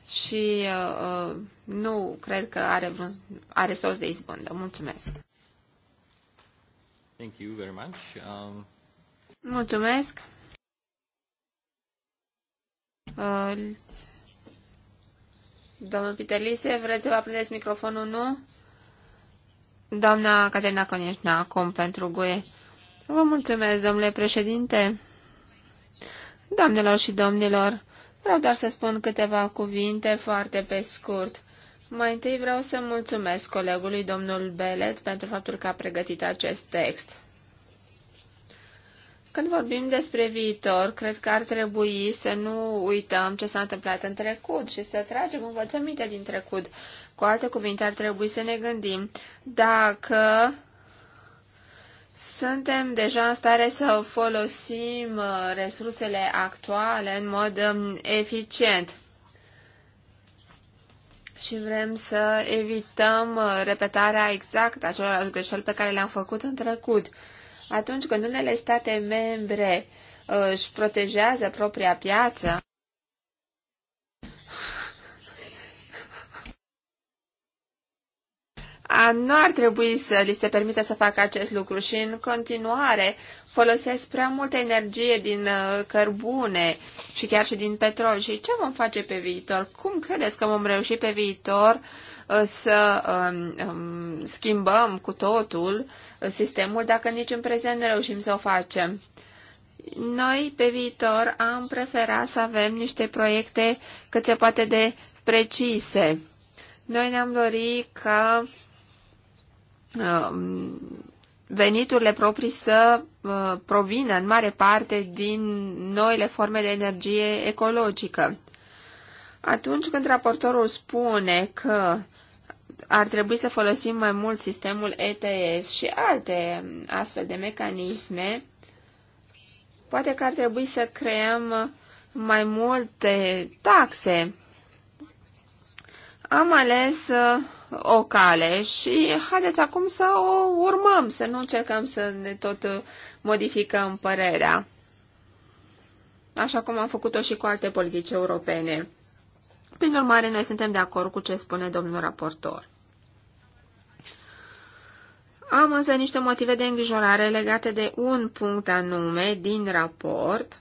și uh, uh nu cred că are, vreun, are sos de izbândă. Mulțumesc! Thank you very much. Um... Mulțumesc! Uh, domnul Lise, vreți să vă aprindeți microfonul, nu? Doamna Caterina Coneșna, acum pentru GUE. Vă mulțumesc, domnule președinte. Doamnelor și domnilor, vreau doar să spun câteva cuvinte foarte pe scurt. Mai întâi vreau să mulțumesc colegului domnul Belet pentru faptul că a pregătit acest text. Când vorbim despre viitor, cred că ar trebui să nu uităm ce s-a întâmplat în trecut și să tragem învățăminte din trecut. Cu alte cuvinte, ar trebui să ne gândim dacă suntem deja în stare să folosim uh, resursele actuale în mod um, eficient și vrem să evităm uh, repetarea exactă a celor greșeli pe care le-am făcut în trecut. Atunci când unele state membre uh, își protejează propria piață, a, nu ar trebui să li se permită să facă acest lucru și în continuare folosesc prea multă energie din uh, cărbune și chiar și din petrol. Și ce vom face pe viitor? Cum credeți că vom reuși pe viitor uh, să um, um, schimbăm cu totul uh, sistemul dacă nici în prezent nu reușim să o facem? Noi pe viitor am preferat să avem niște proiecte cât se poate de precise. Noi ne-am dorit ca Uh, veniturile proprii să uh, provină în mare parte din noile forme de energie ecologică. Atunci când raportorul spune că ar trebui să folosim mai mult sistemul ETS și alte astfel de mecanisme, poate că ar trebui să creăm mai multe taxe. Am ales uh, o cale și haideți acum să o urmăm, să nu încercăm să ne tot uh, modificăm părerea, așa cum am făcut-o și cu alte politici europene. Prin urmare, noi suntem de acord cu ce spune domnul raportor. Am însă niște motive de îngrijorare legate de un punct anume din raport,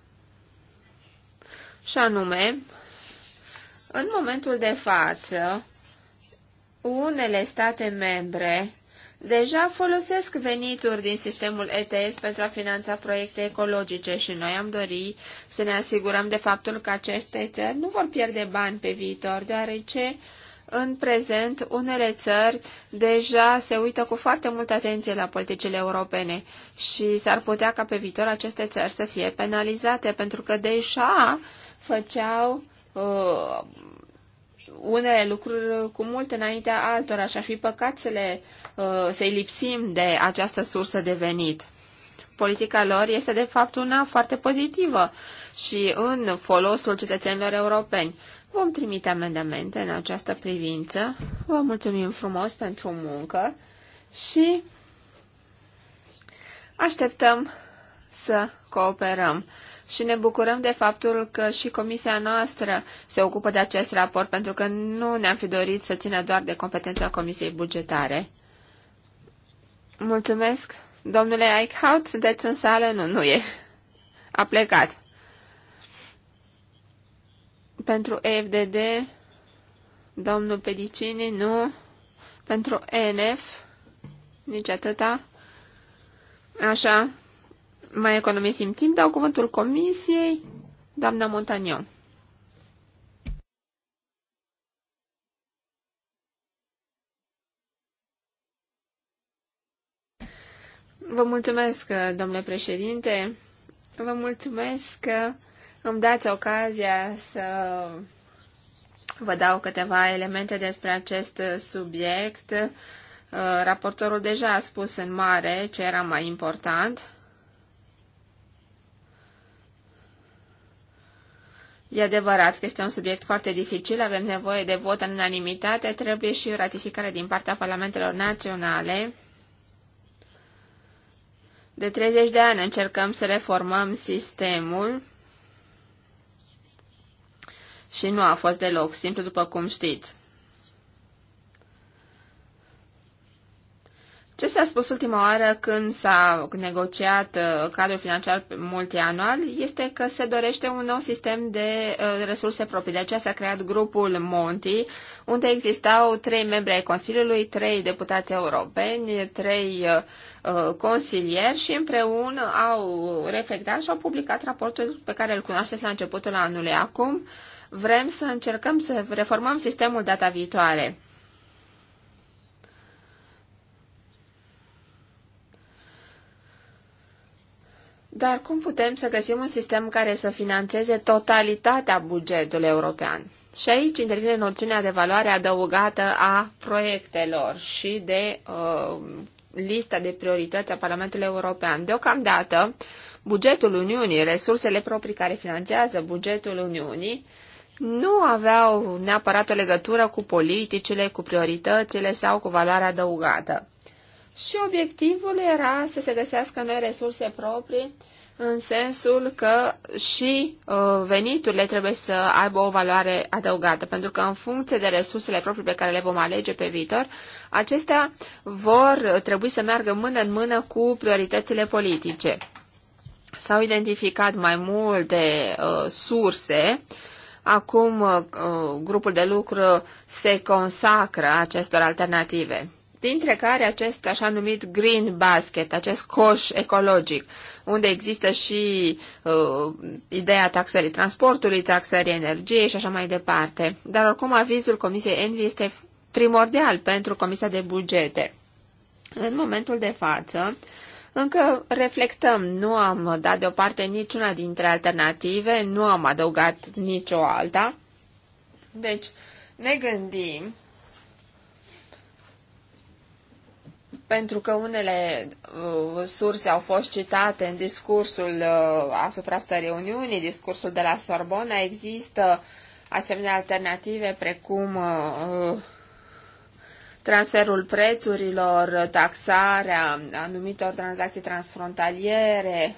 și anume, în momentul de față, unele state membre deja folosesc venituri din sistemul ETS pentru a finanța proiecte ecologice și noi am dori să ne asigurăm de faptul că aceste țări nu vor pierde bani pe viitor, deoarece în prezent unele țări deja se uită cu foarte multă atenție la politicile europene și s-ar putea ca pe viitor aceste țări să fie penalizate pentru că deja făceau uh, unele lucruri cu mult înaintea altora și ar fi păcat să le, uh, să-i lipsim de această sursă de venit. Politica lor este de fapt una foarte pozitivă și în folosul cetățenilor europeni. Vom trimite amendamente în această privință. Vă mulțumim frumos pentru muncă și așteptăm să cooperăm și ne bucurăm de faptul că și comisia noastră se ocupă de acest raport, pentru că nu ne-am fi dorit să țină doar de competența comisiei bugetare. Mulțumesc. Domnule Eichhout, sunteți în sală? Nu, nu e. A plecat. Pentru EFDD, domnul Pedicini, nu. Pentru ENF, nici atâta. Așa, mai economisim timp, dau cuvântul comisiei, doamna Montagnon. Vă mulțumesc, domnule președinte. Vă mulțumesc că îmi dați ocazia să vă dau câteva elemente despre acest subiect. Raportorul deja a spus în mare ce era mai important. E adevărat că este un subiect foarte dificil, avem nevoie de vot în unanimitate, trebuie și ratificare din partea parlamentelor naționale. De 30 de ani încercăm să reformăm sistemul și nu a fost deloc simplu, după cum știți. Ce s-a spus ultima oară când s-a negociat uh, cadrul financiar multianual este că se dorește un nou sistem de uh, resurse proprii. De aceea s-a creat grupul Monti, unde existau trei membri ai Consiliului, trei deputați europeni, trei uh, consilieri și împreună au reflectat și au publicat raportul pe care îl cunoașteți la începutul anului. Acum vrem să încercăm să reformăm sistemul data viitoare Dar cum putem să găsim un sistem care să financeze totalitatea bugetului european? Și aici intervine noțiunea de valoare adăugată a proiectelor și de uh, lista de priorități a Parlamentului European. Deocamdată, bugetul Uniunii, resursele proprii care finanțează bugetul Uniunii, nu aveau neapărat o legătură cu politicile, cu prioritățile sau cu valoarea adăugată și obiectivul era să se găsească noi resurse proprii în sensul că și uh, veniturile trebuie să aibă o valoare adăugată, pentru că în funcție de resursele proprii pe care le vom alege pe viitor, acestea vor trebui să meargă mână în mână cu prioritățile politice. S-au identificat mai multe uh, surse Acum uh, uh, grupul de lucru se consacră acestor alternative dintre care acest așa numit green basket, acest coș ecologic, unde există și uh, ideea taxării transportului, taxării energiei și așa mai departe. Dar oricum avizul Comisiei Envi este primordial pentru Comisia de Bugete. În momentul de față, încă reflectăm, nu am dat deoparte niciuna dintre alternative, nu am adăugat nicio alta. Deci, ne gândim pentru că unele uh, surse au fost citate în discursul uh, asupra stării Uniunii, discursul de la Sorbona, există asemenea alternative precum uh, uh, transferul prețurilor, taxarea anumitor tranzacții transfrontaliere.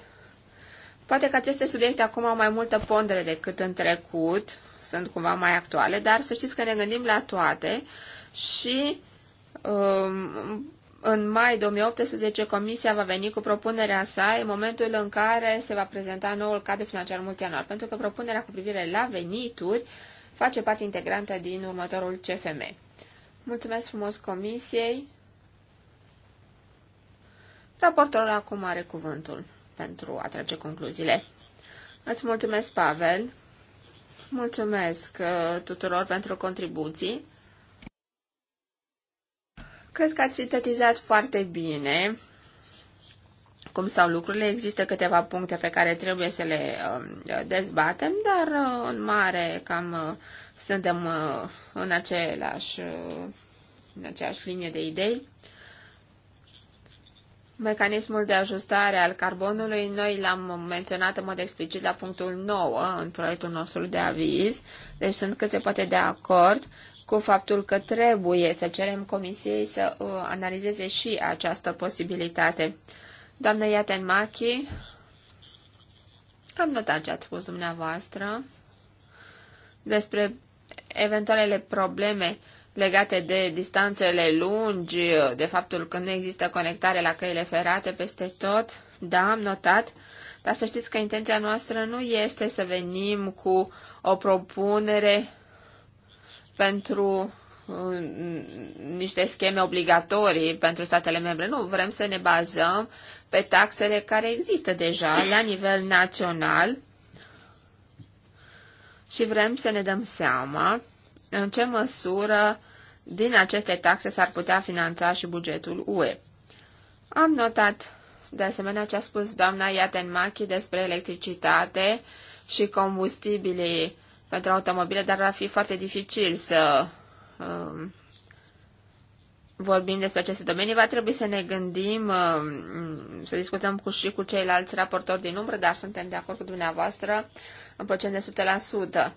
Poate că aceste subiecte acum au mai multă pondere decât în trecut, sunt cumva mai actuale, dar să știți că ne gândim la toate și uh, în mai 2018, Comisia va veni cu propunerea sa în momentul în care se va prezenta noul cadru financiar multianual, pentru că propunerea cu privire la venituri face parte integrantă din următorul CFM. Mulțumesc frumos Comisiei. Raportorul acum are cuvântul pentru a trage concluziile. Îți mulțumesc, Pavel. Mulțumesc uh, tuturor pentru contribuții. Cred că ați sintetizat foarte bine cum stau lucrurile. Există câteva puncte pe care trebuie să le um, dezbatem, dar uh, în mare cam uh, suntem uh, în, același, în aceeași linie de idei. Mecanismul de ajustare al carbonului, noi l-am menționat în mod explicit la punctul 9 în proiectul nostru de aviz, deci sunt cât se poate de acord cu faptul că trebuie să cerem comisiei să uh, analizeze și această posibilitate. Doamnă Iatenmachi, am notat ce ați spus dumneavoastră despre eventualele probleme legate de distanțele lungi, de faptul că nu există conectare la căile ferate peste tot. Da, am notat, dar să știți că intenția noastră nu este să venim cu o propunere pentru uh, niște scheme obligatorii pentru statele membre. Nu, vrem să ne bazăm pe taxele care există deja la nivel național și vrem să ne dăm seama în ce măsură din aceste taxe s-ar putea finanța și bugetul UE. Am notat de asemenea ce a spus doamna Iatenmachi despre electricitate și combustibilii pentru automobile, dar ar fi foarte dificil să um, vorbim despre aceste domenii. Va trebui să ne gândim, um, să discutăm cu și cu ceilalți raportori din umbră, dar suntem de acord cu dumneavoastră în procent de 100%.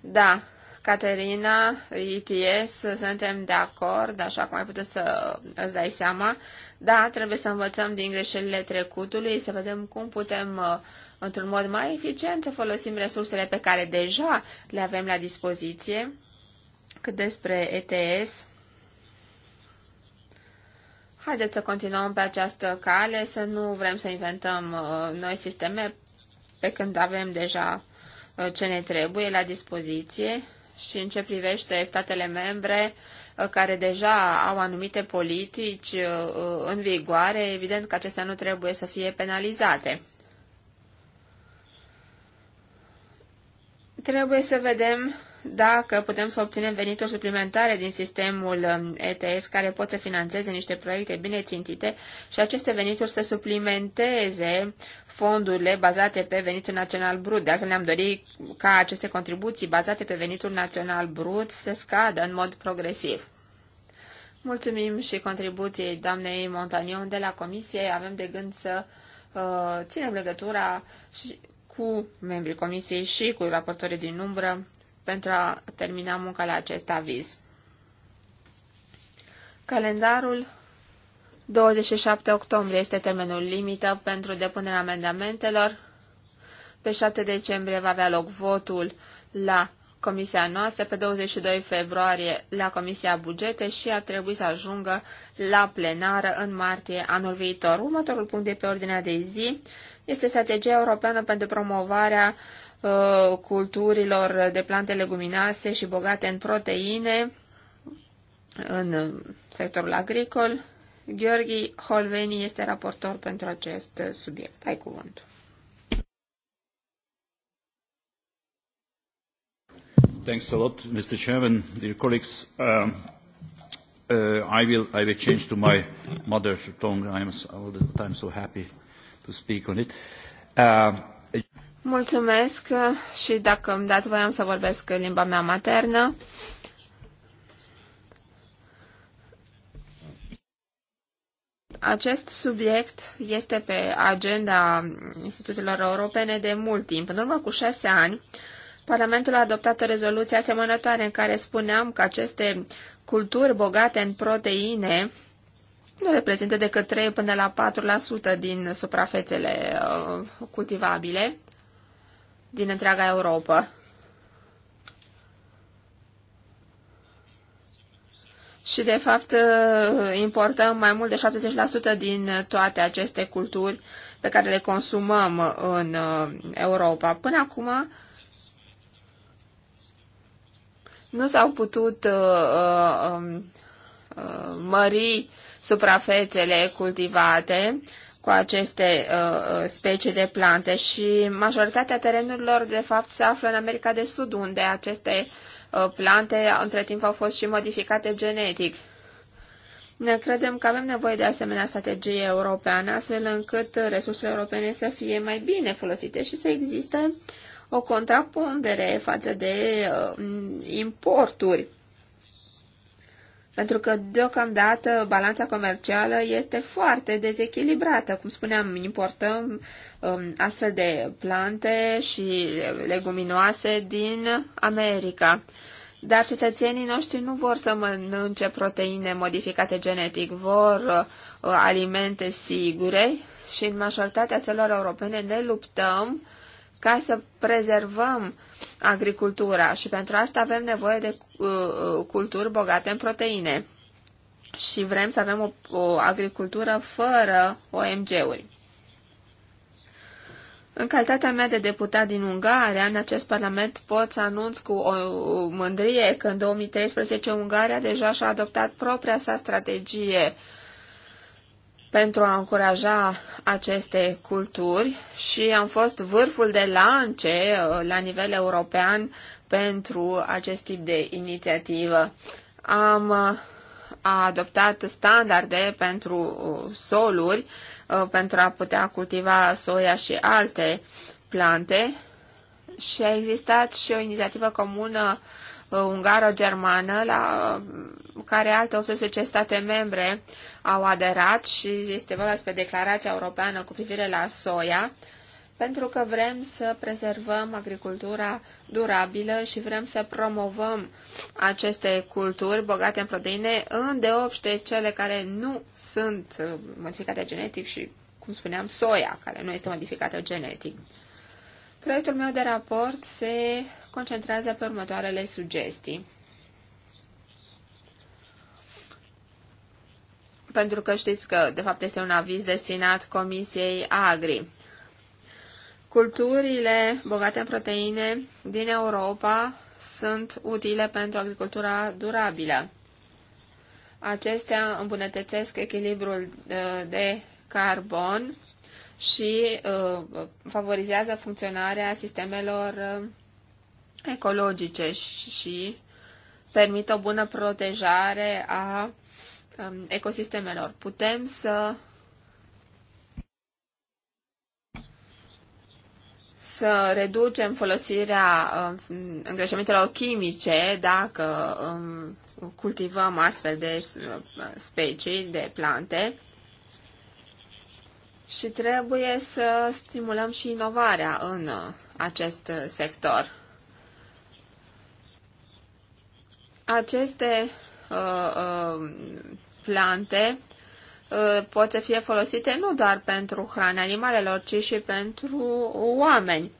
Da, Caterina, ITS, suntem de acord, așa cum ai putut să îți dai seama. Da, trebuie să învățăm din greșelile trecutului, să vedem cum putem uh, într-un mod mai eficient, să folosim resursele pe care deja le avem la dispoziție, cât despre ETS. Haideți să continuăm pe această cale, să nu vrem să inventăm uh, noi sisteme pe când avem deja uh, ce ne trebuie la dispoziție și în ce privește statele membre uh, care deja au anumite politici în vigoare, evident că acestea nu trebuie să fie penalizate. Trebuie să vedem dacă putem să obținem venituri suplimentare din sistemul um, ETS care pot să financeze niște proiecte bine țintite și aceste venituri să suplimenteze fondurile bazate pe venitul național brut. Dacă ne-am dorit ca aceste contribuții bazate pe venitul național brut să scadă în mod progresiv. Mulțumim și contribuției doamnei Montanion de la Comisie. Avem de gând să uh, ținem legătura și cu membrii comisiei și cu raportorii din umbră pentru a termina munca la acest aviz. Calendarul 27 octombrie este termenul limită pentru depunerea amendamentelor. Pe 7 decembrie va avea loc votul la comisia noastră, pe 22 februarie la comisia bugete și ar trebui să ajungă la plenară în martie anul viitor. Următorul punct de pe ordinea de zi este strategia europeană pentru promovarea uh, culturilor de plante leguminoase și bogate în proteine în sectorul agricol. Gheorghi Holveni este raportor pentru acest subiect. Ai cuvântul. Thanks a lot, Mr. Chairman, dear colleagues. Um, uh, I will I will change to my mother tongue. I am all the time so happy to speak on it. Uh... Mulțumesc și dacă îmi dați voiam să vorbesc în limba mea maternă. Acest subiect este pe agenda instituțiilor europene de mult timp. În urmă cu șase ani, Parlamentul a adoptat o rezoluție asemănătoare în care spuneam că aceste culturi bogate în proteine nu reprezintă decât 3 până la 4% din suprafețele uh, cultivabile din întreaga Europa. Și, de fapt, uh, importăm mai mult de 70% din toate aceste culturi pe care le consumăm în uh, Europa. Până acum nu s-au putut uh, uh, um, uh, mări suprafețele cultivate cu aceste uh, uh specii de plante și majoritatea terenurilor, de fapt, se află în America de Sud, unde aceste uh, plante între timp au fost și modificate genetic. Ne credem că avem nevoie de asemenea strategie europeană, astfel încât resursele europene să fie mai bine folosite și să existe o contrapondere față de uh, importuri pentru că deocamdată balanța comercială este foarte dezechilibrată. Cum spuneam, importăm um, astfel de plante și leguminoase din America. Dar cetățenii noștri nu vor să mănânce proteine modificate genetic, vor uh, alimente sigure și în majoritatea țărilor europene ne luptăm ca să prezervăm uh, agricultura și pentru asta avem nevoie de uh, uh, culturi bogate în proteine și vrem să avem o, o agricultură fără OMG-uri. În calitatea mea de deputat din Ungaria, în acest parlament pot să anunț cu o mândrie că în 2013 Ungaria deja și-a adoptat propria sa strategie uh, pentru a încuraja aceste culturi și am fost vârful de lance uh, la nivel european pentru acest tip de inițiativă. Am uh, adoptat standarde pentru uh, soluri, pentru a putea cultiva soia și alte plante și a existat și o inițiativă comună ungară-germană la care alte 18 state membre au aderat și este vorba despre declarația europeană cu privire la soia, pentru că vrem să prezervăm agricultura durabilă și vrem să promovăm aceste culturi bogate în proteine, îndeopște cele care nu sunt uh, modificate genetic și, cum spuneam, soia, care nu este modificată genetic. Proiectul meu de raport se concentrează pe următoarele sugestii. pentru că știți că, de fapt, este un aviz destinat Comisiei Agri. Culturile bogate în proteine din Europa sunt utile pentru agricultura durabilă. Acestea îmbunătățesc echilibrul uh, de carbon și uh, favorizează funcționarea sistemelor uh, ecologice și permit o bună protejare a Um, ecosistemelor. Putem să să reducem folosirea um, îngrășămintelor chimice dacă um, cultivăm astfel de uh, specii de plante și trebuie să stimulăm și inovarea în uh, acest sector. Aceste uh, uh, plante uh, pot să fie folosite nu doar pentru hrana animalelor, ci și pentru oameni.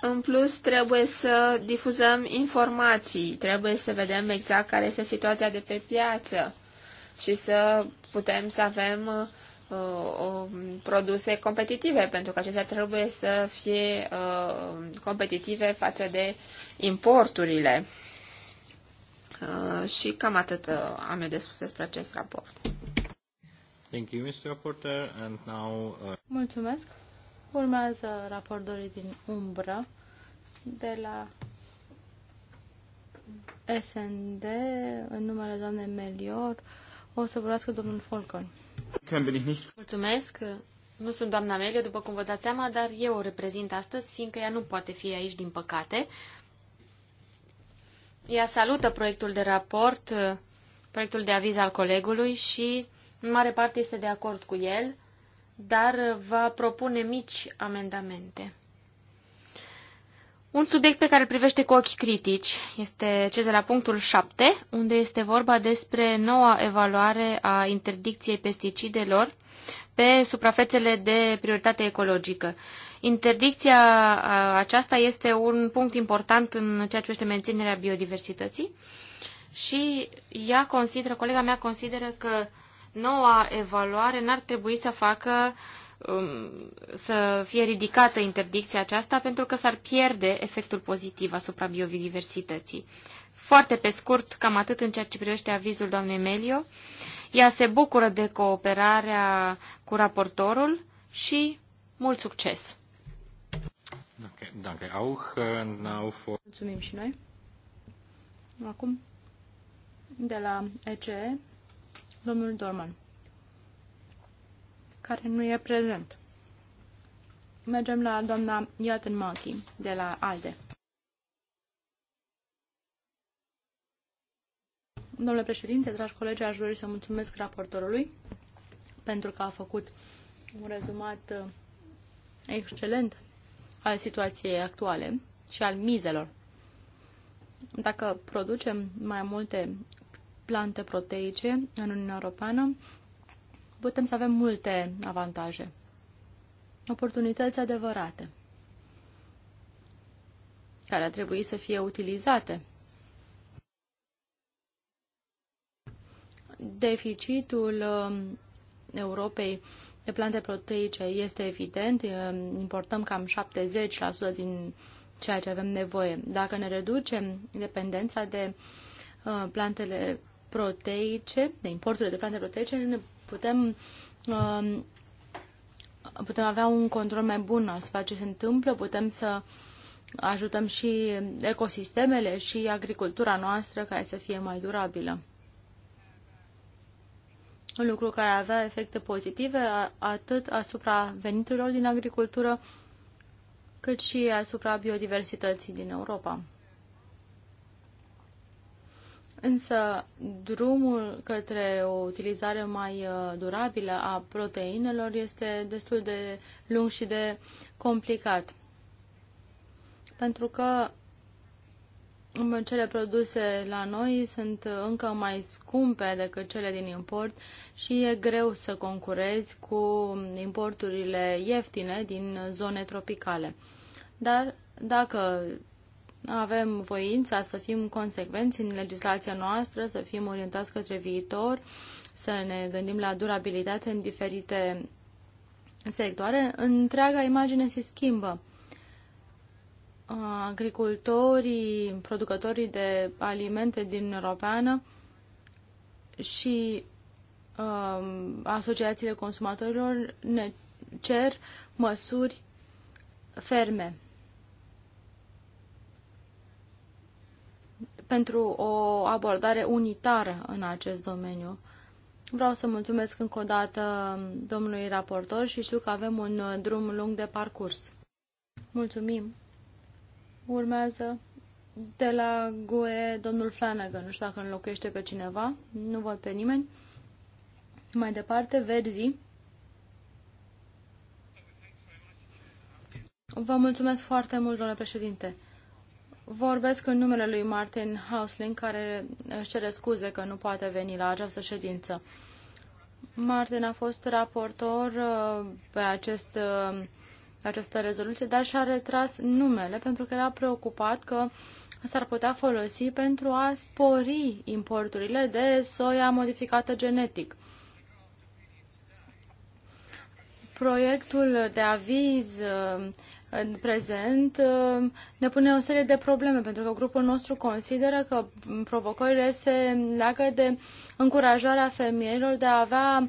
În plus, trebuie să difuzăm informații, trebuie să vedem exact care este situația de pe piață și să putem să avem uh, uh, produse competitive, pentru că acestea trebuie să fie uh, competitive față de importurile Uh, și cam atât uh, am eu de spus despre acest raport. Thank you, Mr. Reporter. And now, uh... Mulțumesc. Urmează raportorii din umbră de la SND, în numele doamnei Melior, o să vorbească domnul Folcon. Mulțumesc. Nu sunt doamna Melior după cum vă dați seama, dar eu o reprezint astăzi, fiindcă ea nu poate fi aici, din păcate. Ea salută proiectul de raport, proiectul de aviz al colegului și în mare parte este de acord cu el, dar va propune mici amendamente. Un subiect pe care îl privește cu ochi critici este cel de la punctul 7, unde este vorba despre noua evaluare a interdicției pesticidelor pe suprafețele de prioritate ecologică. Interdicția aceasta este un punct important în ceea ce privește menținerea biodiversității și ea consideră, colega mea consideră că noua evaluare n-ar trebui să facă um, să fie ridicată interdicția aceasta pentru că s-ar pierde efectul pozitiv asupra biodiversității. Foarte pe scurt, cam atât în ceea ce privește avizul doamnei Melio. Ea se bucură de cooperarea cu raportorul și mult succes! danke auch. Now äh, for... Mulțumim și noi. Acum, de la ECE, domnul Dorman, care nu e prezent. Mergem la doamna Iaten Machi, de la ALDE. Domnule președinte, dragi colegi, aș dori să mulțumesc raportorului pentru că a făcut un rezumat uh, excelent al situației actuale și al mizelor. Dacă producem mai multe plante proteice în Uniunea Europeană, putem să avem multe avantaje. Oportunități adevărate care ar trebui să fie utilizate. Deficitul um, Europei de plante proteice este evident, importăm cam 70% din ceea ce avem nevoie. Dacă ne reducem dependența de plantele proteice, de importurile de plante proteice, ne putem putem avea un control mai bun asupra ce se întâmplă, putem să ajutăm și ecosistemele și agricultura noastră care să fie mai durabilă un lucru care avea efecte pozitive atât asupra veniturilor din agricultură, cât și asupra biodiversității din Europa. Însă drumul către o utilizare mai uh, durabilă a proteinelor este destul de lung și de complicat. Pentru că cele produse la noi sunt încă mai scumpe decât cele din import și e greu să concurezi cu importurile ieftine din zone tropicale. Dar dacă avem voința să fim consecvenți în legislația noastră, să fim orientați către viitor, să ne gândim la durabilitate în diferite sectoare, întreaga imagine se schimbă agricultorii, producătorii de alimente din Europeană și um, asociațiile consumatorilor ne cer măsuri ferme pentru o abordare unitară în acest domeniu. Vreau să mulțumesc încă o dată domnului raportor și știu că avem un drum lung de parcurs. Mulțumim! Urmează de la GUE domnul Flanagan. Nu știu dacă înlocuiește pe cineva. Nu văd pe nimeni. Mai departe, Verzi. Vă mulțumesc foarte mult, domnule președinte. Vorbesc în numele lui Martin Hausling, care își cere scuze că nu poate veni la această ședință. Martin a fost raportor uh, pe acest uh, această rezoluție, dar și-a retras numele pentru că era preocupat că s-ar putea folosi pentru a spori importurile de soia modificată genetic. Proiectul de aviz uh, în prezent uh, ne pune o serie de probleme, pentru că grupul nostru consideră că provocările se leagă de încurajarea fermierilor de a avea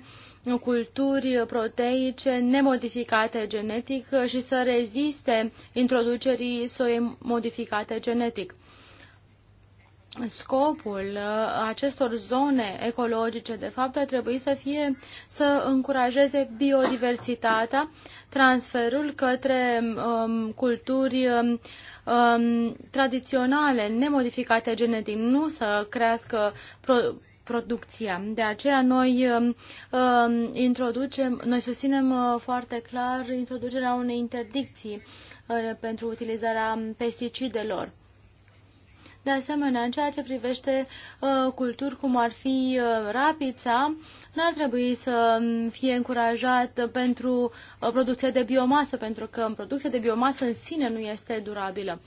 culturi proteice nemodificate genetic și să reziste introducerii soi modificate genetic. Scopul uh, acestor zone ecologice, de fapt, ar trebui să fie să încurajeze biodiversitatea, transferul către um, culturi um, um tradiționale, nemodificate genetic, nu să crească pro- producția. De aceea noi um, um, introducem, noi susținem uh, foarte clar introducerea unei interdicții uh, pentru utilizarea pesticidelor. De asemenea, în ceea ce privește uh, culturi cum ar fi uh, rapița, nu ar trebui să um, fie încurajat pentru uh, producția de biomasă, pentru că producția de biomasă în sine nu este durabilă.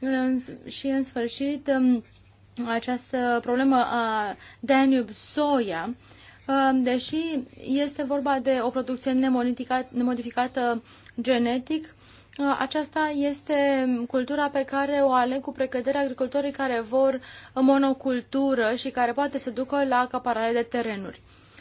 În, și, în sfârșit, această problemă a Danube-soia, um, deși este vorba de o producție nemodificată genetic, uh, aceasta este cultura pe care o aleg cu precădere agricultorii care vor monocultură și care poate să ducă la acaparare de terenuri.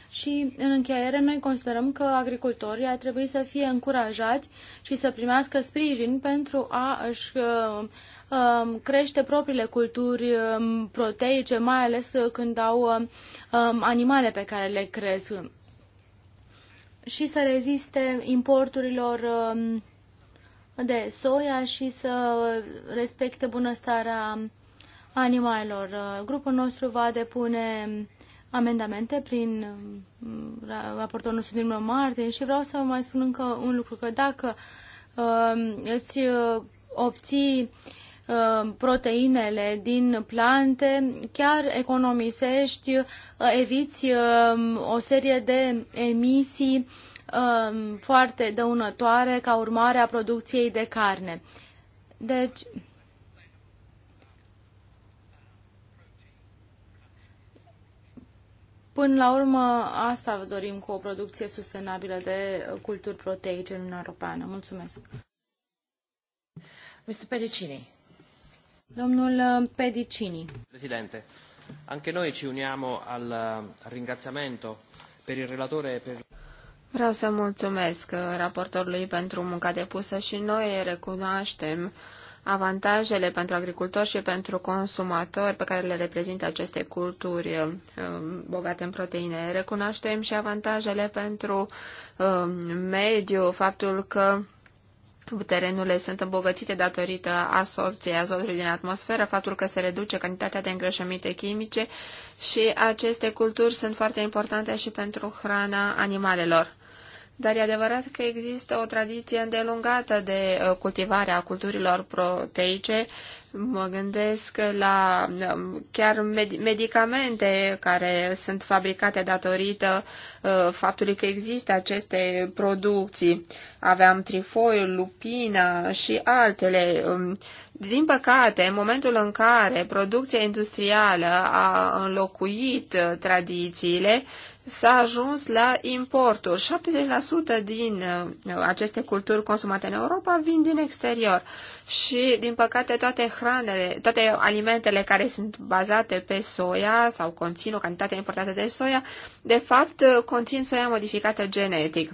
Și, în încheiere, noi considerăm că agricultorii ar trebui să fie încurajați și să primească sprijin pentru a își uh, um, crește propriile culturi um, proteice, mai ales când au uh, um, animale pe care le cresc și să reziste importurilor de soia și să respecte bunăstarea animalelor. Grupul nostru va depune amendamente prin mm, raportorul nostru din Martin și vreau să mai spun încă un lucru, că dacă um, uh, îți obții uh, proteinele din plante, chiar economisești, uh, eviți uh, o serie de emisii foarte dăunătoare ca urmare a producției de carne. Deci, Până la urmă, asta dorim cu o producție sustenabilă de culturi proteice în Uniunea Europeană. Mulțumesc. Mr. Pedicini. Domnul uh, Pedicini. Presidente, anche noi ci uniamo al uh, ringraziamento per il relatore per... Vreau să mulțumesc uh, raportorului pentru munca depusă și noi recunoaștem avantajele pentru agricultori și pentru consumatori pe care le reprezintă aceste culturi um, bogate în proteine. Recunoaștem și avantajele pentru um, mediu, faptul că terenurile sunt îmbogățite datorită absorbției azotului din atmosferă, faptul că se reduce cantitatea de îngrășăminte chimice și aceste culturi sunt foarte importante și pentru hrana animalelor. Dar e adevărat că există o tradiție îndelungată de uh, cultivare a culturilor proteice. Mă gândesc la um, chiar medicamente care sunt fabricate datorită uh, faptului că există aceste producții. Aveam trifoiul, lupina și altele. Um, din păcate, în momentul în care producția industrială a înlocuit uh, tradițiile, s-a ajuns la importuri. 70% din uh, aceste culturi consumate în Europa vin din exterior și, din păcate, toate hranele, toate alimentele care sunt bazate pe soia sau conțin o cantitate importată de soia, de fapt, uh, conțin soia modificată genetic.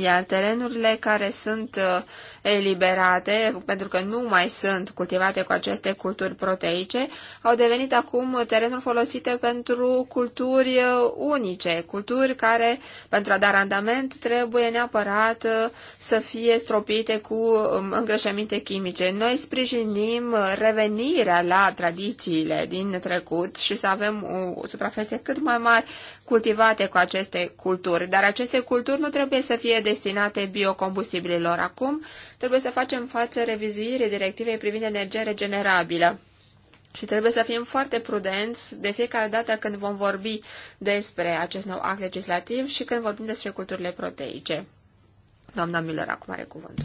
Iar terenurile care sunt uh, eliberate, pentru că nu mai sunt cultivate cu aceste culturi proteice, au devenit acum terenuri folosite pentru culturi uh, unice, culturi care, pentru a da randament, trebuie neapărat uh, să fie stropite cu um, îngrășăminte chimice. Noi sprijinim revenirea la tradițiile din trecut și să avem o suprafețe cât mai mari cultivate cu aceste culturi, dar aceste culturi nu trebuie să fie destinate biocombustibililor. Acum trebuie să facem față revizuirii directivei privind energia regenerabilă. Și trebuie să fim foarte prudenți de fiecare dată când vom vorbi despre acest nou act legislativ și când vorbim despre culturile proteice. Doamna Miller, acum are cuvântul.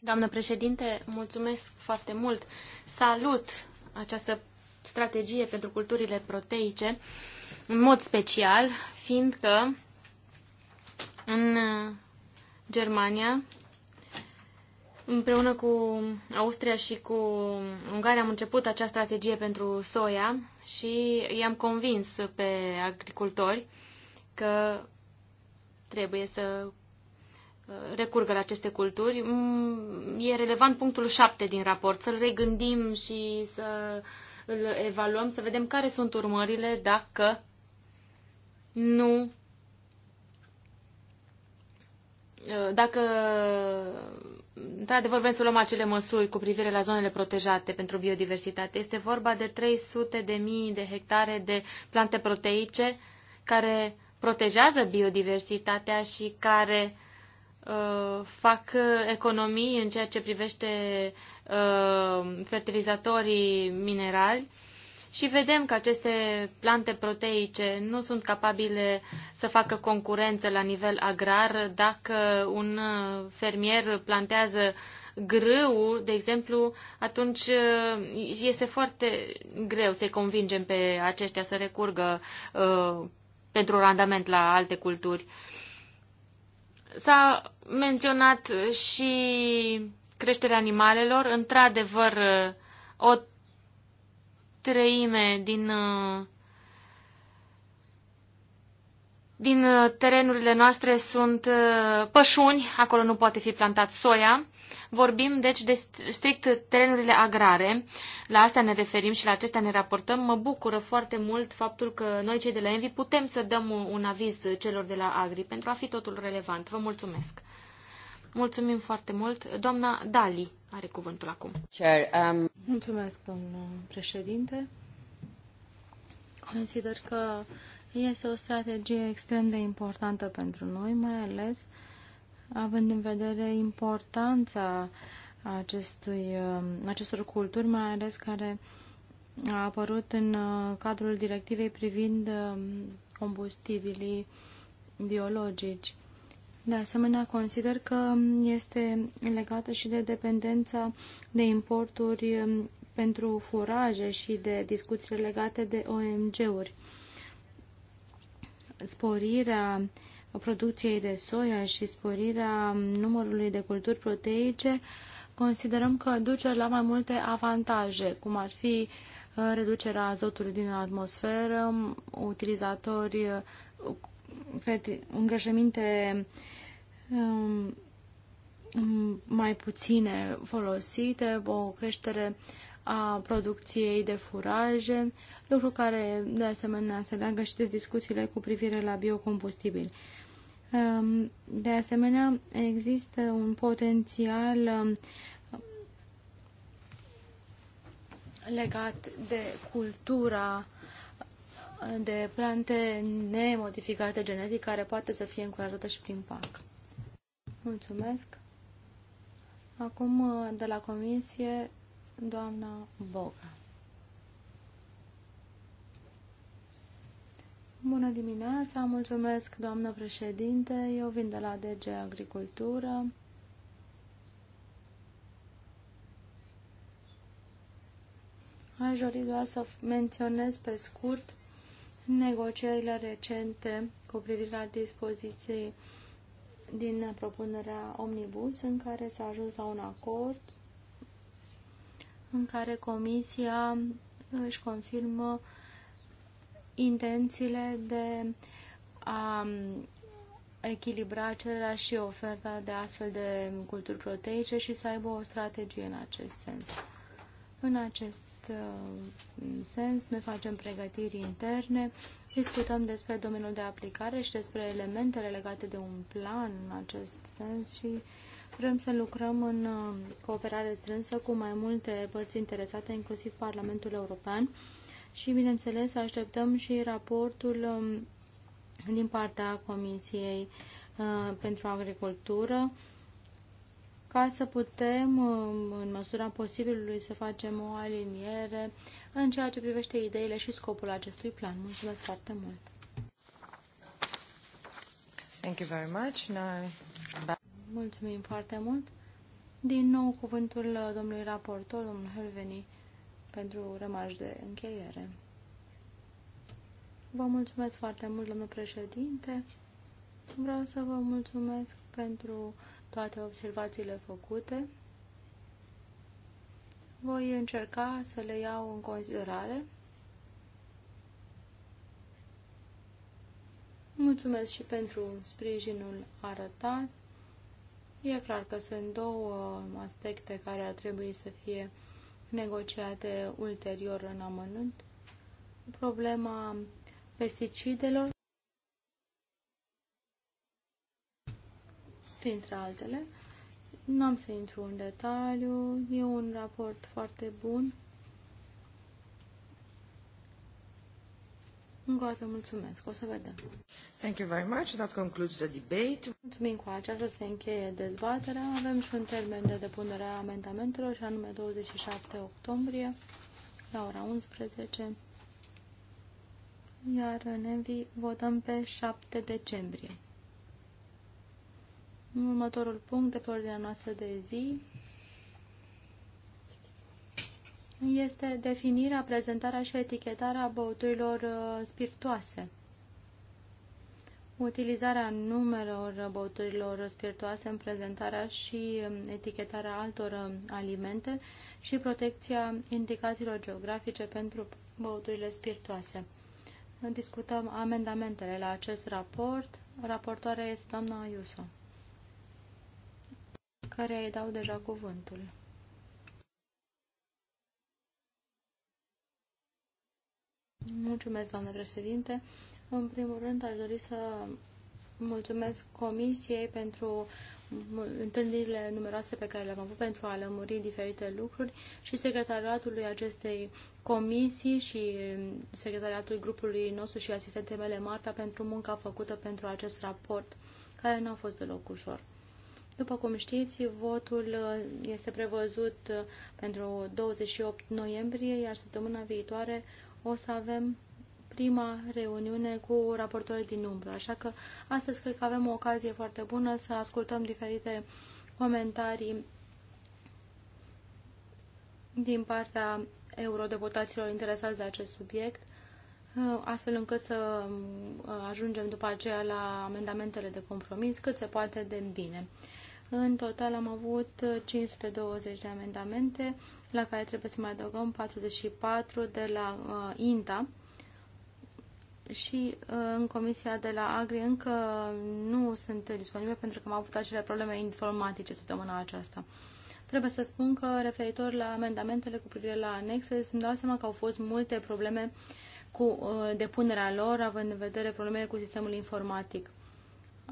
Doamnă președinte, mulțumesc foarte mult. Salut această strategie pentru culturile proteice, în mod special, fiindcă în Germania Împreună cu Austria și cu Ungaria am început acea strategie pentru soia și i-am convins pe agricultori că trebuie să uh, recurgă la aceste culturi. Mm, e relevant punctul 7 din raport, să-l regândim și să îl evaluăm, să vedem care sunt urmările dacă nu uh, dacă într-adevăr, vrem să luăm acele măsuri cu privire la zonele protejate pentru biodiversitate. Este vorba de 300 de mii de hectare de plante proteice care protejează biodiversitatea și care uh, fac economii în ceea ce privește uh, fertilizatorii minerali și vedem că aceste plante proteice nu sunt capabile să facă concurență la nivel agrar dacă un fermier plantează grâu, de exemplu, atunci uh, este foarte greu să-i convingem pe aceștia să recurgă uh, pentru randament la alte culturi. S-a menționat și creșterea animalelor. Într-adevăr, o treime din, uh, din uh, terenurile noastre sunt uh, pășuni, acolo nu poate fi plantat soia. Vorbim, deci, de strict terenurile agrare. La asta ne referim și la acestea ne raportăm. Mă bucură foarte mult faptul că noi, cei de la Envi, putem să dăm un aviz celor de la Agri pentru a fi totul relevant. Vă mulțumesc! Mulțumim foarte mult, doamna Dali are cuvântul acum. Chair, um... Mulțumesc, domnul președinte. Consider că este o strategie extrem de importantă pentru noi, mai ales având în vedere importanța acestui, um, acestor culturi, mai ales care a apărut în uh, cadrul directivei privind um, combustibilii biologici. De asemenea, consider că este legată și de dependența de importuri um, pentru furaje și de discuțiile legate de OMG-uri. Sporirea producției de soia și sporirea numărului de culturi proteice considerăm că duce la mai multe avantaje, cum ar fi uh, reducerea azotului din atmosferă, um, utilizatori uh, îngrășăminte Um, mai puține folosite, o creștere a producției de furaje, lucru care de asemenea se leagă și de discuțiile cu privire la biocombustibili. Um, de asemenea, există un potențial um, legat de cultura de plante nemodificate genetic care poate să fie încurajată și prin PAC. Mulțumesc. Acum, de la comisie, doamna Boga. Bună dimineața, mulțumesc, doamnă președinte. Eu vin de la DG Agricultură. Aș dori doar să menționez pe scurt negocierile recente cu privire la dispoziției din propunerea Omnibus în care s-a ajuns la un acord în care Comisia își confirmă intențiile de a echilibra cererea și oferta de astfel de culturi proteice și să aibă o strategie în acest sens. În acest uh, sens, ne facem pregătiri interne Discutăm despre domeniul de aplicare și despre elementele legate de un plan în acest sens și vrem să lucrăm în uh, cooperare strânsă cu mai multe părți interesate, inclusiv Parlamentul European și, bineînțeles, așteptăm și raportul um, din partea Comisiei uh, pentru Agricultură ca să putem, um, în măsura posibilului, să facem o aliniere în ceea ce privește ideile și scopul acestui plan. Mulțumesc foarte mult! Thank you very much. No. Mulțumim foarte mult! Din nou cuvântul domnului raportor, domnul Helveni, pentru rămași de încheiere. Vă mulțumesc foarte mult, domnul președinte. Vreau să vă mulțumesc pentru toate observațiile făcute. Voi încerca să le iau în considerare. Mulțumesc și pentru sprijinul arătat. E clar că sunt două aspecte care ar trebui să fie negociate ulterior în amănunt. Problema pesticidelor printre altele. Nu am să intru în detaliu, e un raport foarte bun. Încă o dată mulțumesc, o să vedem. Thank you very much. That concludes the debate. Mulțumim cu aceasta se încheie dezbaterea. Avem și un termen de depunere a amendamentelor și anume 27 octombrie la ora 11. Iar în Envi votăm pe 7 decembrie. Următorul punct de pe ordinea noastră de zi este definirea, prezentarea și etichetarea băuturilor uh, spiritoase. Utilizarea numelor băuturilor spiritoase în prezentarea și um, etichetarea altor um, alimente și protecția indicațiilor geografice pentru băuturile spiritoase. Discutăm amendamentele la acest raport. Raportoarea este doamna Iuso care îi dau deja cuvântul. Mulțumesc, doamnă președinte. În primul rând, aș dori să mulțumesc Comisiei pentru întâlnirile numeroase pe care le-am avut pentru a lămuri diferite lucruri și secretariatului acestei comisii și secretariatul grupului nostru și asistentele mele Marta pentru munca făcută pentru acest raport, care nu a fost deloc ușor. După cum știți, votul uh, este prevăzut uh, pentru 28 noiembrie, iar săptămâna viitoare o să avem prima reuniune cu raportorii din umbră. Așa că astăzi cred că avem o ocazie foarte bună să ascultăm diferite comentarii din partea eurodeputaților interesați de acest subiect, uh, astfel încât să ajungem după aceea la amendamentele de compromis cât se poate de bine. În total am avut 520 de amendamente, la care trebuie să mai adăugăm 44 de la uh, INTA și uh, în comisia de la Agri încă nu sunt disponibile pentru că am avut acele probleme informatice săptămâna aceasta. Trebuie să spun că referitor la amendamentele cu privire la anexe, îmi dau seama că au fost multe probleme cu uh, depunerea lor, având în vedere problemele cu sistemul informatic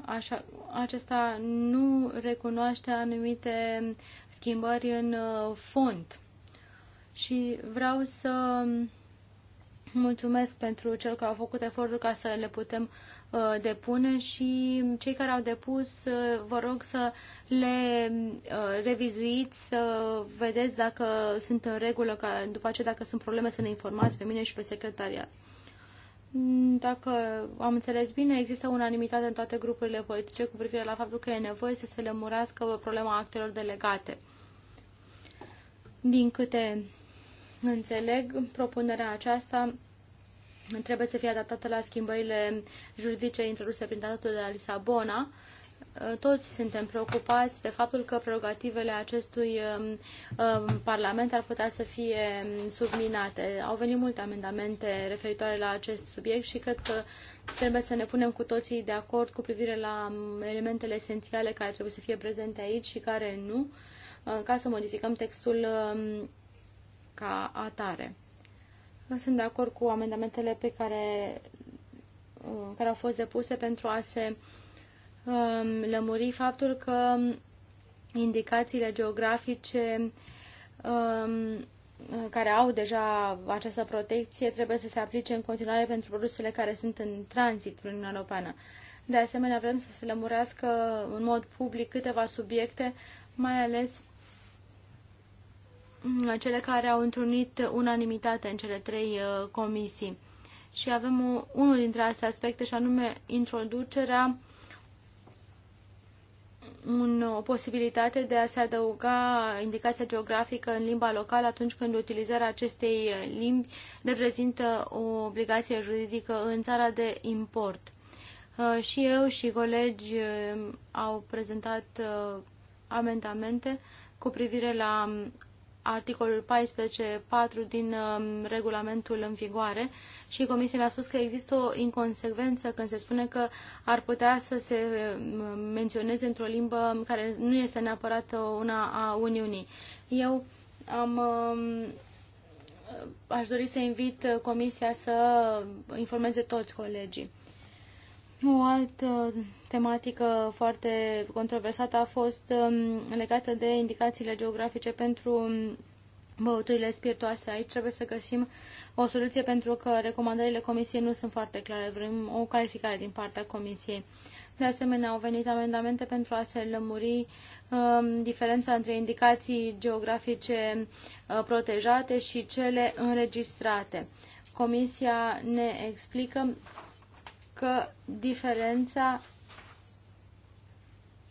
așa, acesta nu recunoaște anumite schimbări în uh, fond. Și vreau să mulțumesc pentru cel care au făcut efortul ca să le putem uh, depune și cei care au depus, uh, vă rog să le uh, revizuiți, să vedeți dacă sunt în regulă, ca, după aceea dacă sunt probleme să ne informați pe mine și pe secretariat. Mm, dacă am înțeles bine, există unanimitate în toate grupurile politice cu privire la faptul că e nevoie să se lămurească problema actelor delegate. Din câte înțeleg, propunerea aceasta trebuie să fie adaptată la schimbările juridice introduse prin tratatul de la Lisabona Uh, toți suntem preocupați de faptul că prerogativele acestui um, um, Parlament ar putea să fie um, subminate. Au venit multe amendamente referitoare la acest subiect și cred că trebuie să ne punem cu toții de acord cu privire la elementele esențiale care trebuie să fie prezente aici și care nu, uh, ca să modificăm textul ca atare. Sunt de acord cu amendamentele pe care, uh, care au fost depuse pentru a se uh, Um, lămuri faptul că indicațiile geografice um, care au deja această protecție trebuie să se aplice în continuare pentru produsele care sunt în tranzit prin Uniunea Europeană. De asemenea, vrem să se lămurească în mod public câteva subiecte, mai ales cele care au întrunit unanimitate în cele trei uh, comisii. Și avem uh, unul dintre aceste aspecte, și anume introducerea un, o posibilitate de a se adăuga indicația geografică în limba locală atunci când utilizarea acestei limbi reprezintă o obligație juridică în țara de import. Uh, și eu și colegi uh, au prezentat uh, amendamente cu privire la articolul 14.4 din um, regulamentul în vigoare și Comisia mi-a spus că există o inconsecvență când se spune că ar putea să se um, menționeze într-o limbă care nu este neapărat uh, una a Uniunii. Eu am um, aș dori să invit uh, Comisia să informeze toți colegii. O altă tematică foarte controversată a fost um, legată de indicațiile geografice pentru um, băuturile spiritoase. Aici trebuie să găsim o soluție pentru că recomandările comisiei nu sunt foarte clare. Vrem o calificare din partea comisiei. De asemenea, au venit amendamente pentru a se lămuri um, diferența între indicații geografice uh, protejate și cele înregistrate. Comisia ne explică că diferența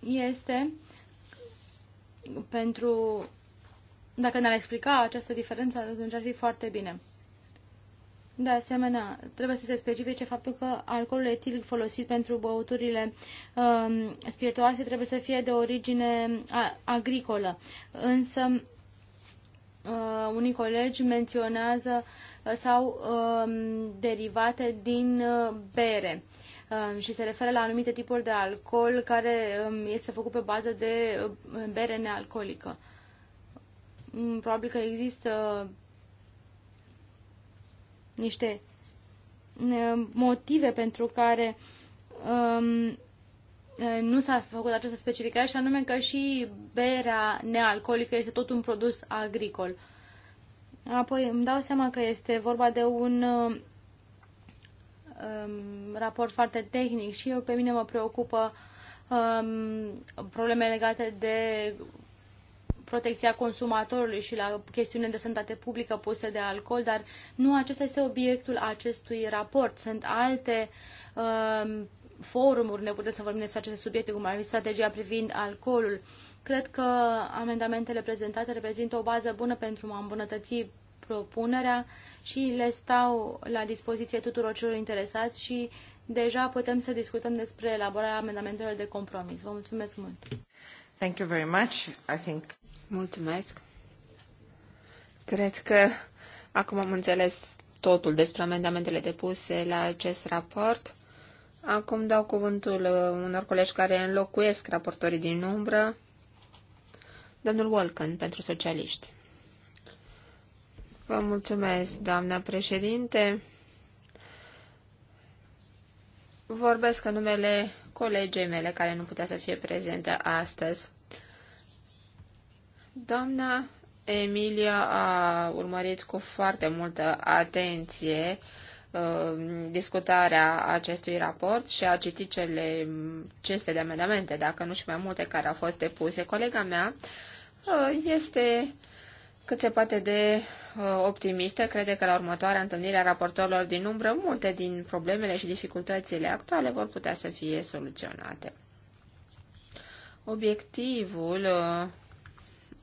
este pentru... Dacă ne-ar explica această diferență, atunci ar fi foarte bine. De asemenea, trebuie să se specifice faptul că alcoolul etilic folosit pentru băuturile um, spiritoase trebuie să fie de origine agricolă. Însă, uh, unii colegi menționează Uh, sau um, derivate din uh, bere um, și se referă la anumite tipuri de alcool care um, este făcut pe bază de uh, bere nealcoolică. Mm, probabil că există niște motive pentru care um, nu s-a făcut această specificare și anume că și berea nealcoolică este tot un produs agricol. Apoi îmi dau seama că este vorba de un um, raport foarte tehnic și eu pe mine mă preocupă um, probleme legate de protecția consumatorului și la chestiune de sănătate publică puse de alcool, dar nu acesta este obiectul acestui raport. Sunt alte um, forumuri ne putem să vorbim despre aceste subiecte, cum ar fi strategia privind alcoolul. Uh, Cred că amendamentele prezentate reprezintă o bază bună pentru a îmbunătăți propunerea și le stau la dispoziție tuturor celor interesați și deja putem să discutăm despre elaborarea amendamentelor de compromis. Vă mulțumesc mult! Thank you very much. I think... Mulțumesc! Cred că acum am înțeles totul despre amendamentele depuse la acest raport. Acum dau cuvântul uh, unor colegi care înlocuiesc raportorii din umbră. Domnul Walken, pentru socialiști. Vă mulțumesc, doamna președinte. Vorbesc în numele colegei mele, care nu putea să fie prezentă astăzi. Doamna Emilia a urmărit cu foarte multă atenție uh, Uh, discutarea acestui raport și a citit cele ceste de amendamente, dacă nu și mai multe care au fost depuse. Colega mea uh, este cât se poate de uh, optimistă, crede că la următoarea întâlnire a raportorilor din umbră, multe din problemele și dificultățile actuale vor putea să fie soluționate. Obiectivul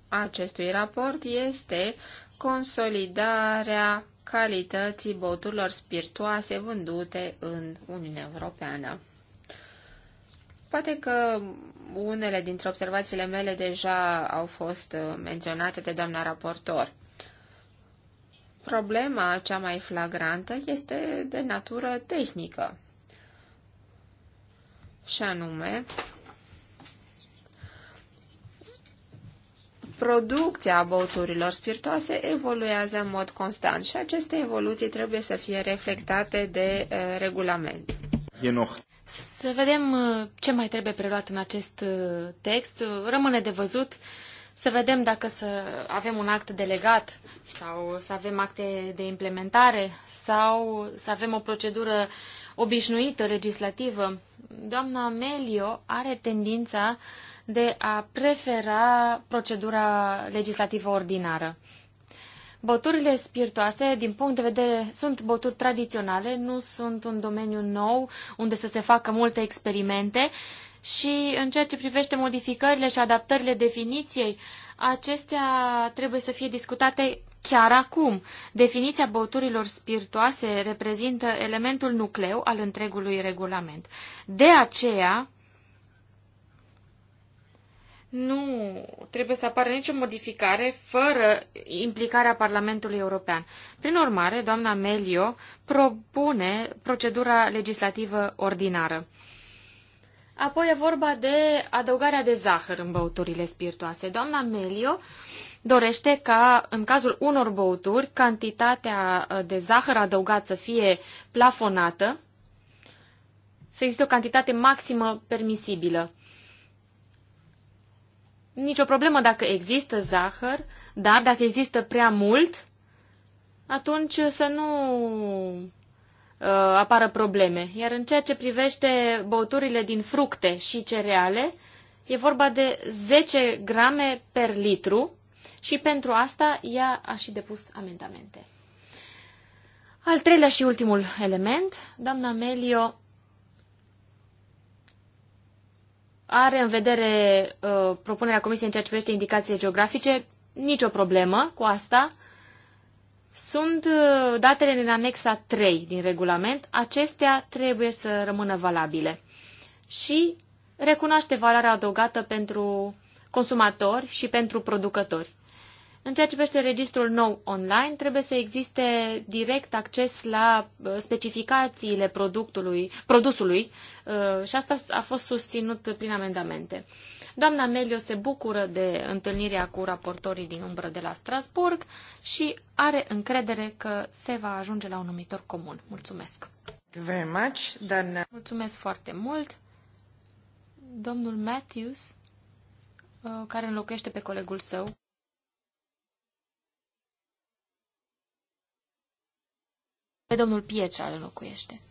acestui raport este consolidarea calității băuturilor spiritoase vândute în Uniunea Europeană. Poate că unele dintre observațiile mele deja au fost uh, menționate de doamna raportor. Problema cea mai flagrantă este de natură tehnică. Și anume, producția băuturilor spiritoase evoluează în mod constant și aceste evoluții trebuie să fie reflectate de uh, regulament. Să vedem uh, ce mai trebuie preluat în acest uh, text. Rămâne de văzut să vedem dacă să avem un act delegat sau să avem acte de implementare sau să avem o procedură obișnuită legislativă. Doamna Melio are tendința uh, de a prefera procedura legislativă ordinară. Băuturile spiritoase, din punct de vedere, sunt băuturi tradiționale, nu sunt un domeniu nou unde să se facă multe experimente și în ceea ce privește modificările și adaptările definiției, acestea trebuie să fie discutate chiar acum. Definiția băuturilor spiritoase reprezintă elementul nucleu al întregului regulament. De aceea, nu trebuie să apară nicio modificare fără implicarea Parlamentului European. Prin urmare, doamna Melio propune procedura legislativă ordinară. Apoi e vorba de adăugarea de zahăr în băuturile spiritoase. Doamna Melio dorește ca, în cazul unor băuturi, cantitatea uh, de zahăr adăugat să fie plafonată, să existe o cantitate maximă permisibilă nicio problemă dacă există zahăr, dar dacă există prea mult, atunci să nu uh, apară probleme. Iar în ceea ce privește băuturile din fructe și cereale, e vorba de 10 grame per litru și pentru asta ea a și depus amendamente. Al treilea și ultimul element, doamna Melio are în vedere uh, propunerea Comisiei în ceea ce privește indicațiile geografice, nicio problemă cu asta. Sunt uh, datele din anexa 3 din regulament, acestea trebuie să rămână valabile. Și recunoaște valoarea adăugată pentru consumatori și pentru producători. În ceea ce privește registrul nou online, trebuie să existe direct acces la uh, specificațiile produsului, produsului uh, și asta a fost susținut prin amendamente. Doamna Melio se bucură de întâlnirea cu raportorii din umbră de la Strasburg și are încredere că se va ajunge la un numitor comun. Mulțumesc! Very much, Dan. Uh, Mulțumesc foarte mult! Domnul Matthews, care înlocuiește pe colegul său, Pe domnul Pietra le locuiește.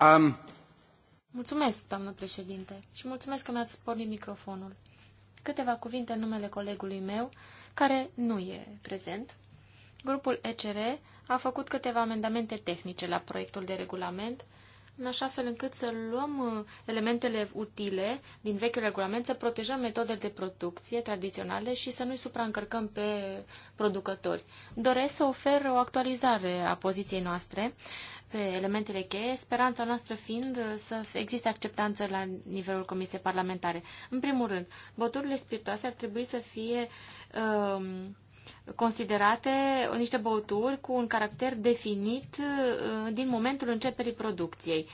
Um, mulțumesc, doamnă președinte, și mulțumesc că mi-ați pornit microfonul. Câteva cuvinte în numele colegului meu, care nu e prezent. Grupul ECR a făcut câteva amendamente tehnice la proiectul de regulament în așa fel încât să luăm uh, elementele utile din vechiul regulament, să protejăm metodele de producție tradiționale și să nu-i supraîncărcăm pe producători. Doresc să ofer o actualizare a poziției noastre pe elementele cheie, speranța noastră fiind uh, să existe acceptanță la nivelul Comisiei Parlamentare. În primul rând, băuturile spiritoase ar trebui să fie Uh, considerate niște băuturi cu un caracter definit uh, din momentul începerii producției.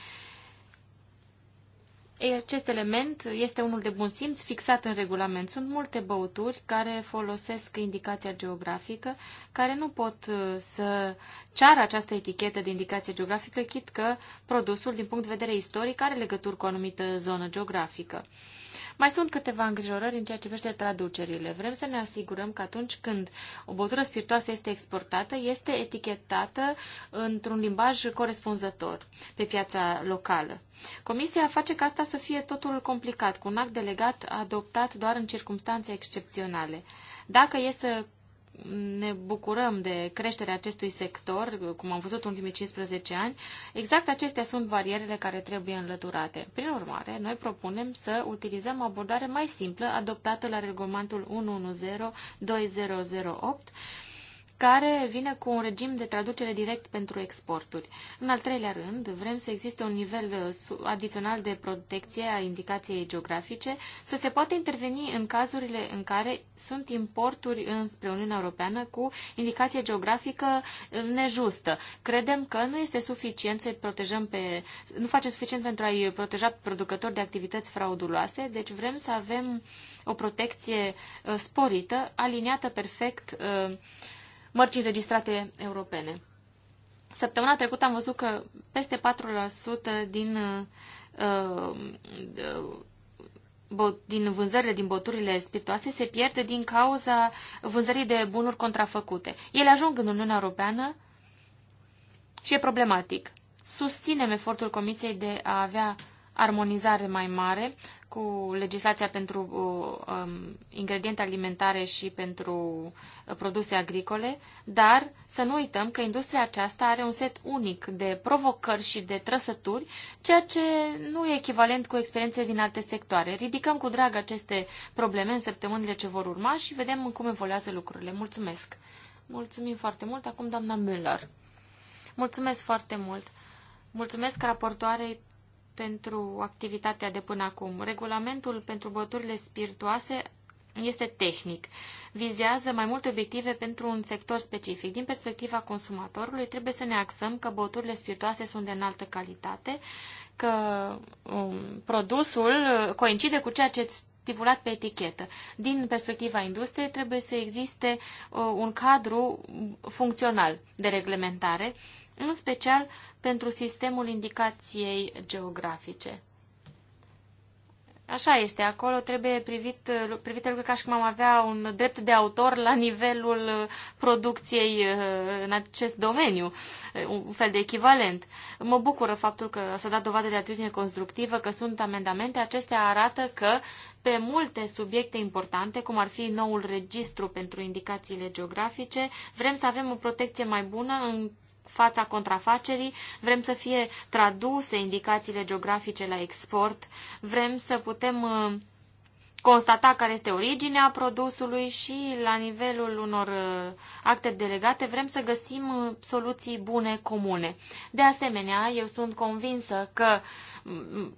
Acest element este unul de bun simț fixat în regulament. Sunt multe băuturi care folosesc indicația geografică, care nu pot uh, să ceară această etichetă de indicație geografică, chit că produsul, din punct de vedere istoric, are legături cu o anumită zonă geografică. Mai sunt câteva îngrijorări în ceea ce privește traducerile. Vrem să ne asigurăm că atunci când o băutură spiritoasă este exportată, este etichetată într-un limbaj corespunzător pe piața locală. Comisia face ca asta să fie totul complicat, cu un act delegat adoptat doar în circunstanțe excepționale. Dacă e să ne bucurăm de creșterea acestui sector, cum am văzut ultimii 15 ani, exact acestea sunt barierele care trebuie înlăturate. Prin urmare, noi propunem să utilizăm o abordare mai simplă adoptată la regulamentul 110-2008 care vine cu un regim de traducere direct pentru exporturi. În al treilea rând, vrem să existe un nivel uh, adițional de protecție a indicației geografice, să se poată interveni în cazurile în care sunt importuri înspre Uniunea Europeană cu indicație geografică uh, nejustă. Credem că nu este suficient să protejăm pe, nu face suficient pentru a-i proteja producători de activități frauduloase, deci vrem să avem o protecție uh, sporită, aliniată perfect uh, mărci înregistrate europene. Săptămâna trecută am văzut că peste 4% din, uh, uh, din vânzările din boturile spiritoase se pierde din cauza vânzării de bunuri contrafăcute. Ele ajung în Uniunea Europeană și e problematic. Susținem efortul Comisiei de a avea armonizare mai mare, cu legislația pentru um, ingrediente alimentare și pentru uh, produse agricole, dar să nu uităm că industria aceasta are un set unic de provocări și de trăsături, ceea ce nu e echivalent cu experiențe din alte sectoare. Ridicăm cu drag aceste probleme în săptămânile ce vor urma și vedem cum evoluează lucrurile. Mulțumesc! Mulțumim foarte mult. Acum doamna Müller. Mulțumesc foarte mult. Mulțumesc raportoarei pentru activitatea de până acum. Regulamentul pentru băturile spiritoase este tehnic. Vizează mai multe obiective pentru un sector specific. Din perspectiva consumatorului, trebuie să ne axăm că băuturile spiritoase sunt de înaltă calitate, că um, produsul uh, coincide cu ceea ce îți stipulat pe etichetă. Din perspectiva industriei, trebuie să existe uh, un cadru funcțional de reglementare în special pentru sistemul indicației geografice. Așa este, acolo trebuie privit, privit lucrurile ca și cum am avea un drept de autor la nivelul producției uh, în acest domeniu, uh, un fel de echivalent. Mă bucură faptul că s-a dat dovadă de atitudine constructivă, că sunt amendamente. Acestea arată că pe multe subiecte importante, cum ar fi noul registru pentru indicațiile geografice, vrem să avem o protecție mai bună în fața contrafacerii, vrem să fie traduse indicațiile geografice la export, vrem să putem uh, constata care este originea produsului și la nivelul unor uh, acte delegate vrem să găsim uh, soluții bune comune. De asemenea, eu sunt convinsă că mm,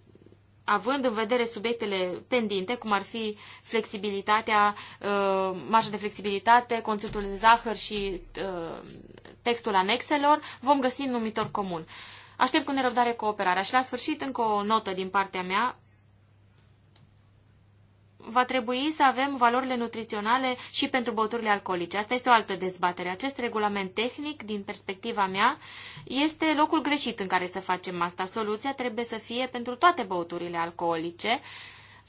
având în vedere subiectele pendinte, cum ar fi flexibilitatea, marja de flexibilitate, conținutul de zahăr și textul anexelor, vom găsi un numitor comun. Aștept cu nerăbdare cooperarea și la sfârșit încă o notă din partea mea. Va trebui să avem valorile nutriționale și pentru băuturile alcoolice. Asta este o altă dezbatere. Acest regulament tehnic, din perspectiva mea, este locul greșit în care să facem asta. Soluția trebuie să fie pentru toate băuturile alcoolice,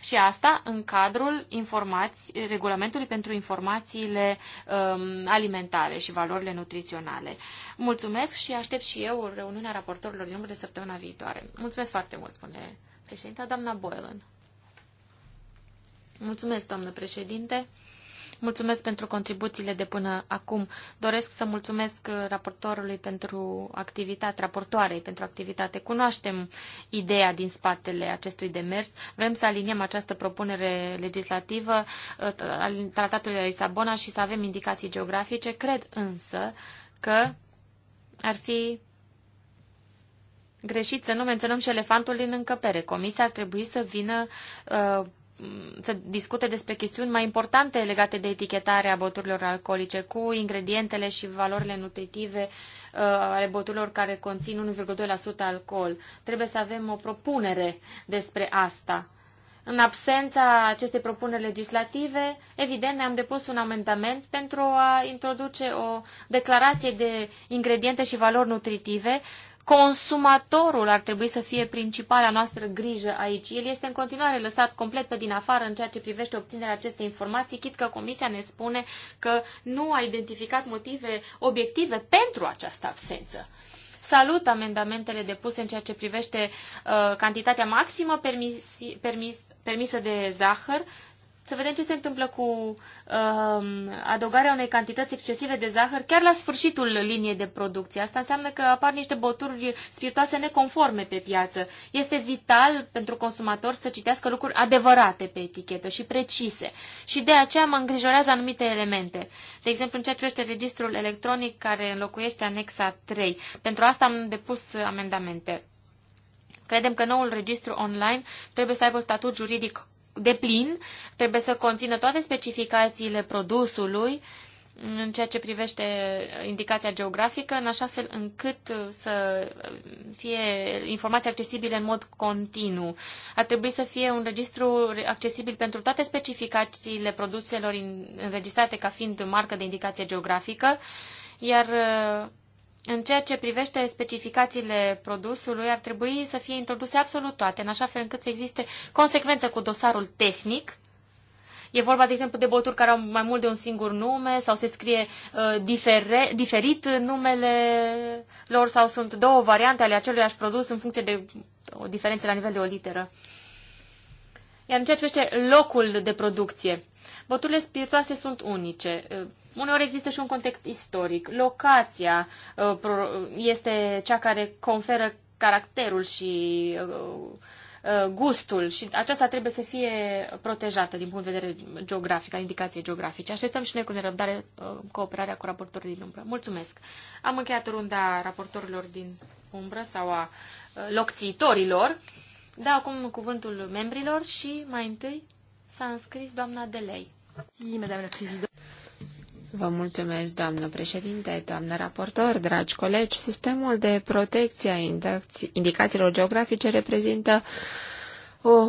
și asta în cadrul informații, regulamentului pentru informațiile um, alimentare și valorile nutriționale. Mulțumesc și aștept și eu reuniunea raportorilor din de săptămâna viitoare. Mulțumesc foarte mult, spune președinta, doamna Boylan. Mulțumesc, doamnă președinte. Mulțumesc pentru contribuțiile de până acum. Doresc să mulțumesc uh, raportorului pentru activitate, raportoarei pentru activitate. Cunoaștem ideea din spatele acestui demers. Vrem să aliniem această propunere legislativă uh, al Tratatului de Lisabona și să avem indicații geografice. Cred însă că ar fi greșit să nu menționăm și elefantul din încăpere. Comisia ar trebui să vină uh, să discute despre chestiuni mai importante legate de etichetarea băuturilor alcoolice cu ingredientele și valorile nutritive uh, ale băuturilor care conțin 1,2% alcool. Trebuie să avem o propunere despre asta. În absența acestei propuneri legislative, evident, ne-am depus un amendament pentru a introduce o declarație de ingrediente și valori nutritive uh, Consumatorul ar trebui să fie principala noastră grijă aici. El este în continuare lăsat complet pe din afară în ceea ce privește obținerea acestei informații, chit că Comisia ne spune că nu a identificat motive obiective pentru această absență. Salut amendamentele depuse în ceea ce privește uh, cantitatea maximă permis, permis, permisă de zahăr să vedem ce se întâmplă cu um, adăugarea unei cantități excesive de zahăr chiar la sfârșitul liniei de producție. Asta înseamnă că apar niște băuturi spiritoase neconforme pe piață. Este vital pentru consumator să citească lucruri adevărate pe etichetă și precise. Și de aceea mă îngrijorează anumite elemente. De exemplu, în ceea ce privește registrul electronic care înlocuiește anexa 3. Pentru asta am depus amendamente. Credem că noul registru online trebuie să aibă statut juridic de plin, trebuie să conțină toate specificațiile produsului în ceea ce privește indicația geografică, în așa fel încât să fie informații accesibile în mod continuu. Ar trebui să fie un registru accesibil pentru toate specificațiile produselor înregistrate ca fiind marcă de indicație geografică, iar în ceea ce privește specificațiile produsului, ar trebui să fie introduse absolut toate, în așa fel încât să existe consecvență cu dosarul tehnic. E vorba, de exemplu, de băuturi care au mai mult de un singur nume sau se scrie uh, difere, diferit numele lor sau sunt două variante ale aceluiași produs în funcție de o diferență la nivel de o literă. Iar în ceea ce privește locul de producție, băuturile spiritoase sunt unice. Uh, Uneori există și un context istoric. Locația uh, este cea care conferă caracterul și uh, uh, gustul și aceasta trebuie să fie protejată din punct de vedere geografic, a indicației geografice. Așteptăm și noi cu nerăbdare cooperarea cu raportorii din umbră. Mulțumesc! Am încheiat runda raportorilor din umbră sau a locțiitorilor. Da, acum cuvântul membrilor și mai întâi s-a înscris doamna Delei. Si, madame la Vă mulțumesc, doamnă președinte, doamnă raportor, dragi colegi. Sistemul de protecție a indicațiilor geografice reprezintă o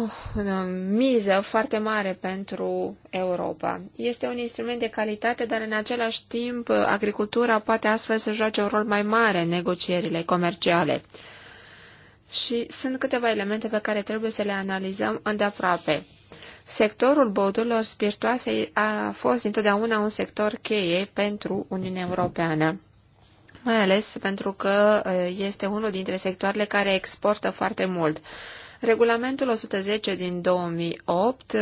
miză foarte mare pentru Europa. Este un instrument de calitate, dar în același timp agricultura poate astfel să joace un rol mai mare în negocierile comerciale. Și sunt câteva elemente pe care trebuie să le analizăm îndeaproape sectorul băuturilor spiritoase a fost întotdeauna un sector cheie pentru Uniunea Europeană mai ales pentru că este unul dintre sectoarele care exportă foarte mult. Regulamentul 110 din 2008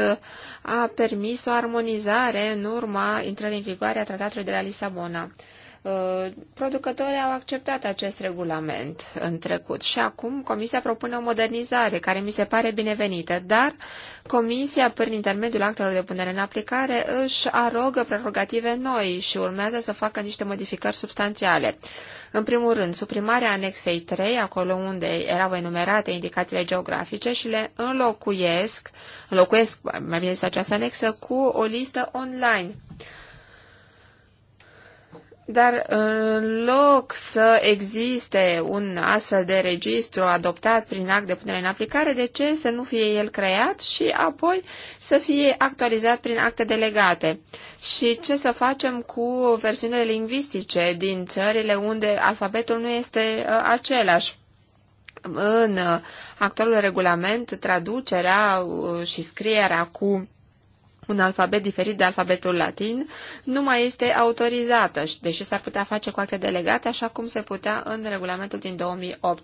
a permis o armonizare în urma intrării în vigoare a Tratatului de la Lisabona. Uh, producătorii au acceptat acest regulament în trecut și acum Comisia propune o modernizare care mi se pare binevenită, dar Comisia, prin intermediul actelor de punere în aplicare, își arogă prerogative noi și urmează să facă niște modificări substanțiale. În primul rând, suprimarea anexei 3, acolo unde erau enumerate indicațiile geografice și le înlocuiesc, înlocuiesc, mai bine zis, această anexă cu o listă online dar în loc să existe un astfel de registru adoptat prin act de punere în aplicare, de ce să nu fie el creat și apoi să fie actualizat prin acte delegate? Și ce să facem cu versiunile lingvistice din țările unde alfabetul nu este uh, același? În uh, actualul regulament, traducerea uh, și scrierea cu un alfabet diferit de alfabetul latin, nu mai este autorizată, deși s-ar putea face cu acte delegate, așa cum se putea în regulamentul din 2008.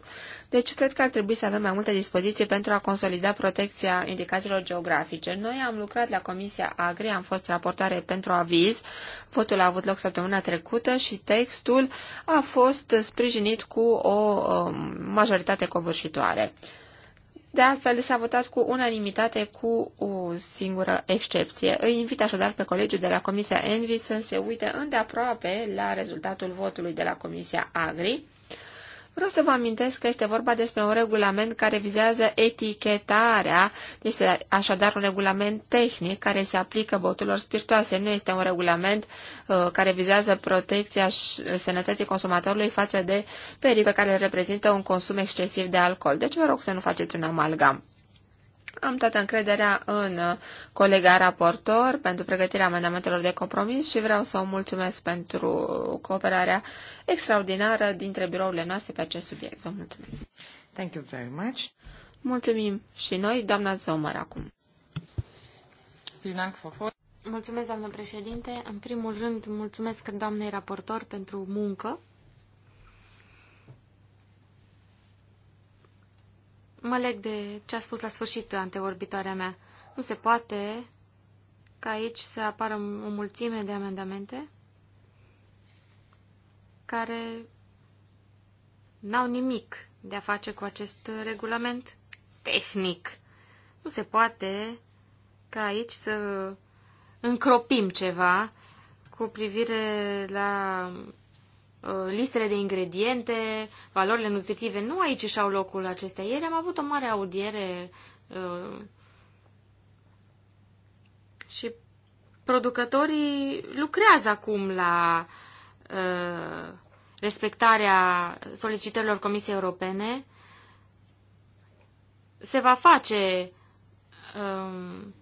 Deci, cred că ar trebui să avem mai multe dispoziții pentru a consolida protecția indicațiilor geografice. Noi am lucrat la Comisia Agri, am fost raportare pentru aviz, votul a avut loc săptămâna trecută și textul a fost sprijinit cu o um, majoritate covârșitoare. De altfel, s-a votat cu unanimitate cu o singură excepție. Îi invit așadar pe colegii de la Comisia Envi să se uite îndeaproape la rezultatul votului de la Comisia Agri Vreau să vă amintesc că este vorba despre un regulament care vizează etichetarea, este așadar un regulament tehnic care se aplică băuturilor spiritoase. Nu este un regulament uh, care vizează protecția uh, sănătății consumatorului față de pericole care reprezintă un consum excesiv de alcool. Deci vă rog să nu faceți un amalgam. Am toată încrederea în uh, colega raportor pentru pregătirea amendamentelor de compromis și vreau să o mulțumesc pentru cooperarea extraordinară dintre birourile noastre pe acest subiect. Vă mulțumesc! Thank you very much! Mulțumim și noi, doamna Zomăr, acum. Mulțumesc, doamnă președinte. În primul rând, mulțumesc doamnei raportor pentru muncă Mă leg de ce a spus la sfârșit anteorbitoarea mea. Nu se poate ca aici să apară o mulțime de amendamente care n-au nimic de a face cu acest regulament tehnic. Nu se poate ca aici să încropim ceva cu privire la Uh, listele de ingrediente, valorile nutritive, nu aici și-au locul acestea. Ieri am avut o mare audiere uh, și producătorii lucrează acum la uh, respectarea solicitărilor Comisiei Europene. Se va face um,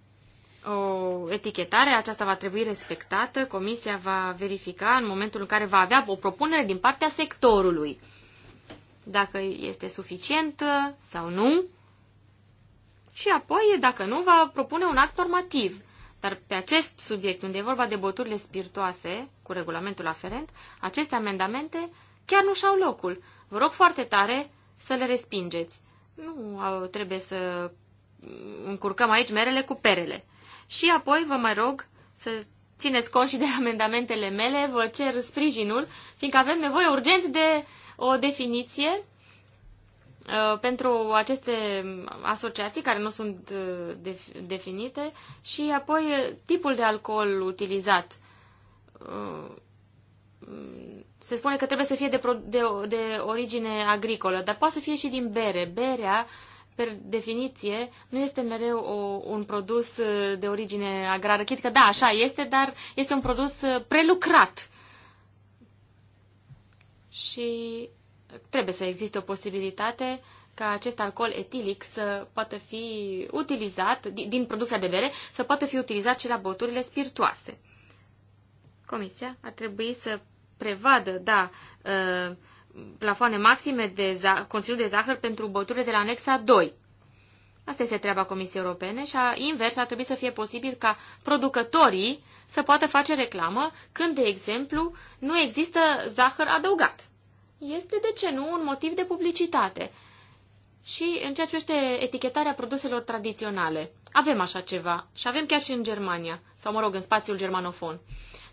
o etichetare, aceasta va trebui respectată, comisia va verifica în momentul în care va avea o propunere din partea sectorului. Dacă este suficientă sau nu. Și apoi, dacă nu, va propune un act normativ. Dar pe acest subiect, unde e vorba de boturile spiritoase, cu regulamentul aferent, aceste amendamente chiar nu și-au locul. Vă rog foarte tare să le respingeți. Nu trebuie să încurcăm aici merele cu perele. Și apoi vă mai rog să țineți cont și de amendamentele mele, vă cer sprijinul, fiindcă avem nevoie urgent de o definiție uh, pentru aceste asociații care nu sunt uh, definite și apoi uh, tipul de alcool utilizat. se spune că trebuie să fie de, de, de origine agricolă, dar poate să fie și din bere. Berea uh, per definiție, nu este mereu o, un produs uh, de origine agrară. Chit că da, așa este, dar este un produs uh, prelucrat. Și trebuie să existe o posibilitate ca acest alcool etilic să poată fi utilizat, din, din producția de bere, să poată fi utilizat și la băuturile spiritoase. Comisia ar trebui să prevadă, da, uh, plafoane maxime de conținut de zahăr pentru băuturile de la anexa 2. Asta este treaba Comisiei Europene și a, invers ar trebui să fie posibil ca producătorii să poată face reclamă când, de exemplu, nu există zahăr adăugat. Este, de ce nu, un motiv de publicitate. Și în ceea ce privește etichetarea produselor tradiționale, avem așa ceva și avem chiar și în Germania, sau mă rog, în spațiul germanofon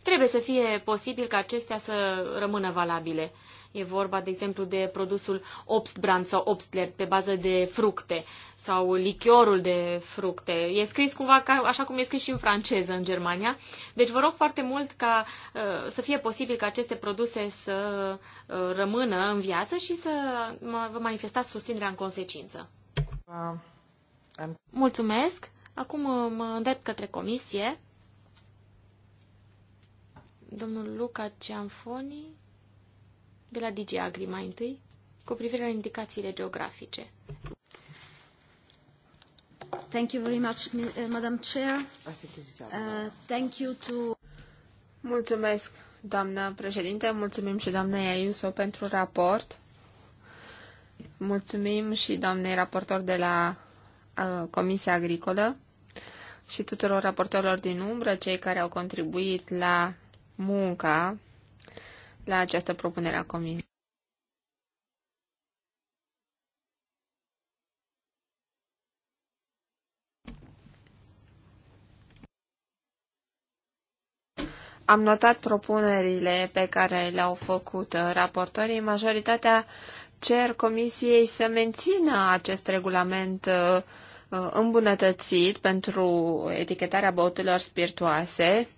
trebuie să fie posibil ca acestea să rămână valabile. E vorba, de exemplu, de produsul Obstbrand sau Obstler pe bază de fructe sau lichiorul de fructe. E scris cumva ca, așa cum e scris și în franceză în Germania. Deci vă rog foarte mult ca uh, să fie posibil ca aceste produse să uh, rămână în viață și să vă manifestați susținerea în consecință. Uh, Mulțumesc! Acum mă îndrept către comisie domnul Luca Cianfoni de la DG Agri mai întâi cu privire la indicațiile geografice. Thank you very much, eh, Madam Chair. Uh, thank you to... Mulțumesc, doamnă președinte, mulțumim și doamnei Ayuso pentru raport. Mulțumim și doamnei raportor de la uh, Comisia Agricolă și tuturor raportorilor din umbră, cei care au contribuit la munca la această propunere a Comisiei. Am notat propunerile pe care le-au făcut raportorii. Majoritatea cer Comisiei să mențină acest regulament uh, uh, îmbunătățit pentru etichetarea băuturilor spiritoase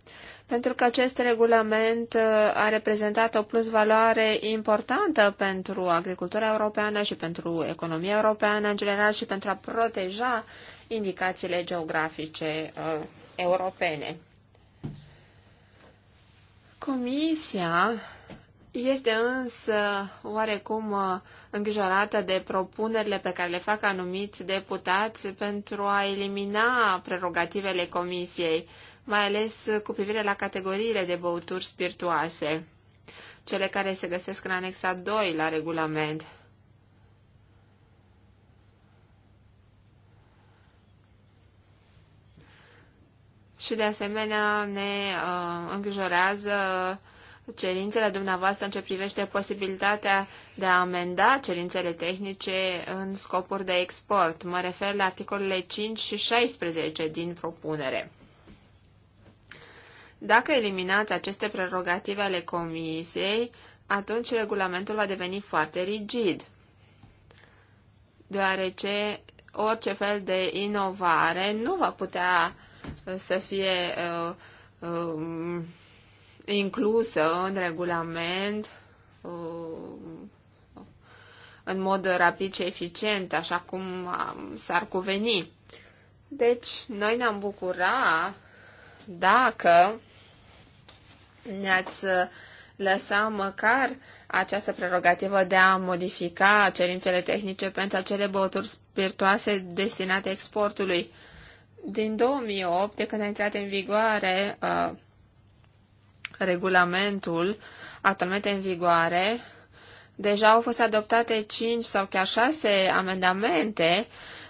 pentru că acest regulament uh, a reprezentat o plusvaloare importantă pentru agricultura europeană și pentru economia europeană în general și pentru a proteja indicațiile geografice uh, europene. Comisia este însă oarecum uh, îngrijorată de propunerile pe care le fac anumiți deputați pentru a elimina prerogativele Comisiei mai ales cu privire la categoriile de băuturi spirituoase, cele care se găsesc în anexa 2 la regulament. Și de asemenea ne uh, îngrijorează cerințele dumneavoastră în ce privește posibilitatea de a amenda cerințele tehnice în scopuri de export. Mă refer la articolele 5 și 16 din propunere. Dacă eliminați aceste prerogative ale comisiei, atunci regulamentul va deveni foarte rigid, deoarece orice fel de inovare nu va putea uh, să fie uh, uh, inclusă în regulament uh, în mod rapid și eficient, așa cum um, s-ar cuveni. Deci, noi ne-am bucura dacă ne-ați uh, lăsa măcar această prerogativă de a modifica cerințele tehnice pentru acele băuturi spiritoase destinate exportului. Din 2008, de când a intrat în vigoare uh, regulamentul actualmente în vigoare, deja au fost adoptate 5 sau chiar 6 amendamente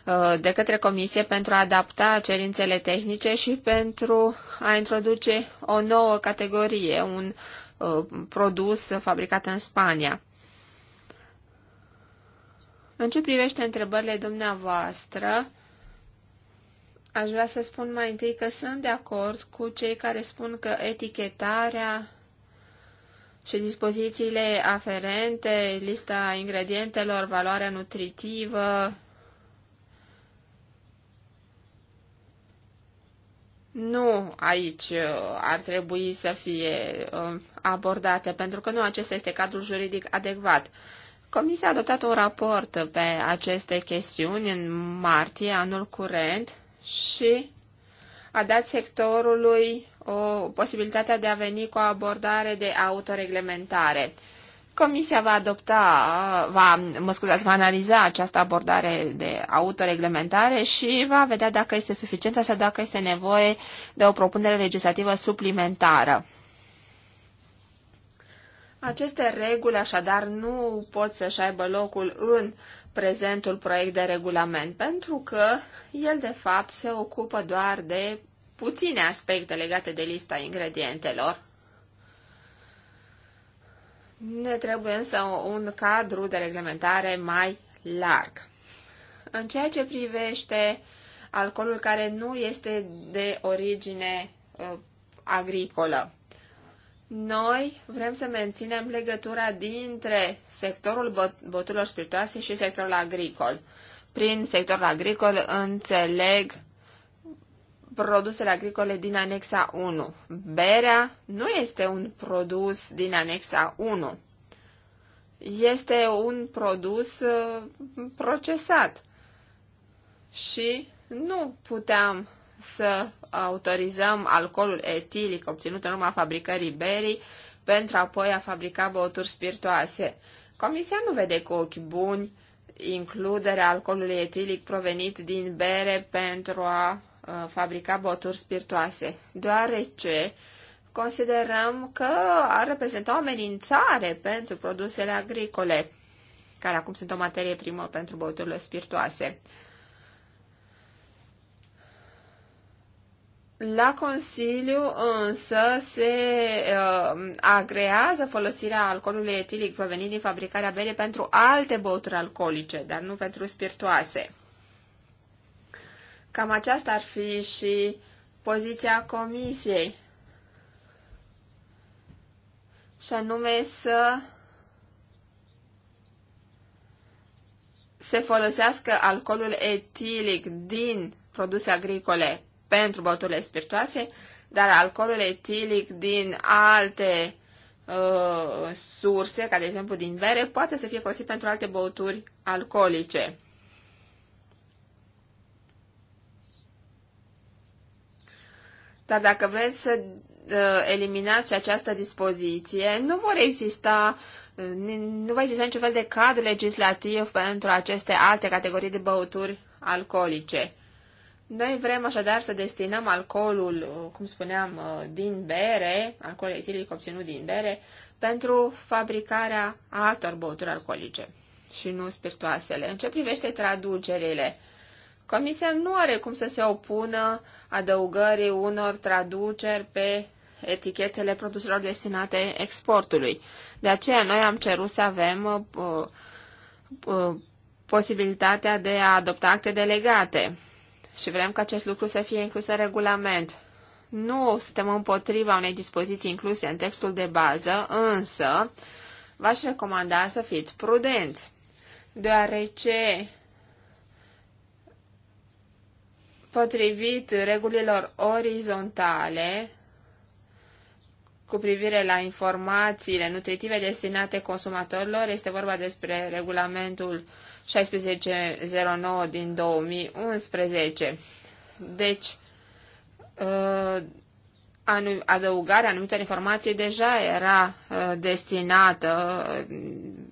Uh, de către Comisie pentru a adapta cerințele tehnice și pentru a introduce o nouă categorie, un uh, produs fabricat în Spania. În ce privește întrebările dumneavoastră, aș vrea să spun mai întâi că sunt de acord cu cei care spun că etichetarea și dispozițiile aferente, lista ingredientelor, valoarea nutritivă nu aici uh, ar trebui să fie uh, abordate, pentru că nu acesta este cadrul juridic adecvat. Comisia a adoptat un raport pe aceste chestiuni în martie anul curent și a dat sectorului o uh, posibilitatea de a veni cu o abordare de autoreglementare. Comisia va adopta, va, mă scuzați, va analiza această abordare de autoreglementare și va vedea dacă este suficientă sau dacă este nevoie de o propunere legislativă suplimentară. Aceste reguli, așadar, nu pot să-și aibă locul în prezentul proiect de regulament, pentru că el, de fapt, se ocupă doar de puține aspecte legate de lista ingredientelor. Ne trebuie însă un cadru de reglementare mai larg. În ceea ce privește alcoolul care nu este de origine uh, agricolă, noi vrem să menținem legătura dintre sectorul bă- băturilor spiritoase și sectorul agricol. Prin sectorul agricol înțeleg produsele agricole din anexa 1. Berea nu este un produs din anexa 1. Este un produs uh, procesat. Și nu puteam să autorizăm alcoolul etilic obținut în urma fabricării berii pentru apoi a fabrica băuturi spiritoase. Comisia nu vede cu ochi buni includerea alcoolului etilic provenit din bere pentru a Uh, fabrica boturi spiritoase, deoarece considerăm că ar reprezenta o amenințare pentru produsele agricole, care acum sunt o materie primă pentru băuturile spiritoase. La Consiliu însă se uh, agrează folosirea alcoolului etilic provenit din fabricarea berii pentru alte băuturi alcoolice, dar nu pentru spiritoase. Cam aceasta ar fi și poziția comisiei. Și anume să se folosească alcoolul etilic din produse agricole pentru băuturile spiritoase, dar alcoolul etilic din alte uh, surse, ca de exemplu din bere, poate să fie folosit pentru alte băuturi alcoolice. Dar dacă vreți să uh, eliminați această dispoziție, nu vor exista uh, nu va exista niciun fel de cadru legislativ pentru aceste alte categorii de băuturi alcoolice. Noi vrem așadar să destinăm alcoolul, uh, cum spuneam, din bere, alcool etilic obținut din bere, pentru fabricarea altor băuturi alcoolice și nu spiritoasele. În ce privește traducerile, Comisia nu are cum să se opună adăugării unor traduceri pe etichetele produselor destinate exportului. De aceea noi am cerut să avem uh, uh, posibilitatea de a adopta acte delegate și vrem ca acest lucru să fie inclus în regulament. Nu suntem împotriva unei dispoziții incluse în textul de bază, însă v-aș recomanda să fiți prudenți, deoarece potrivit regulilor orizontale cu privire la informațiile nutritive destinate consumatorilor, este vorba despre regulamentul 1609 din 2011. Deci, ă, adăugarea anumitor informații deja era ă, destinată ă,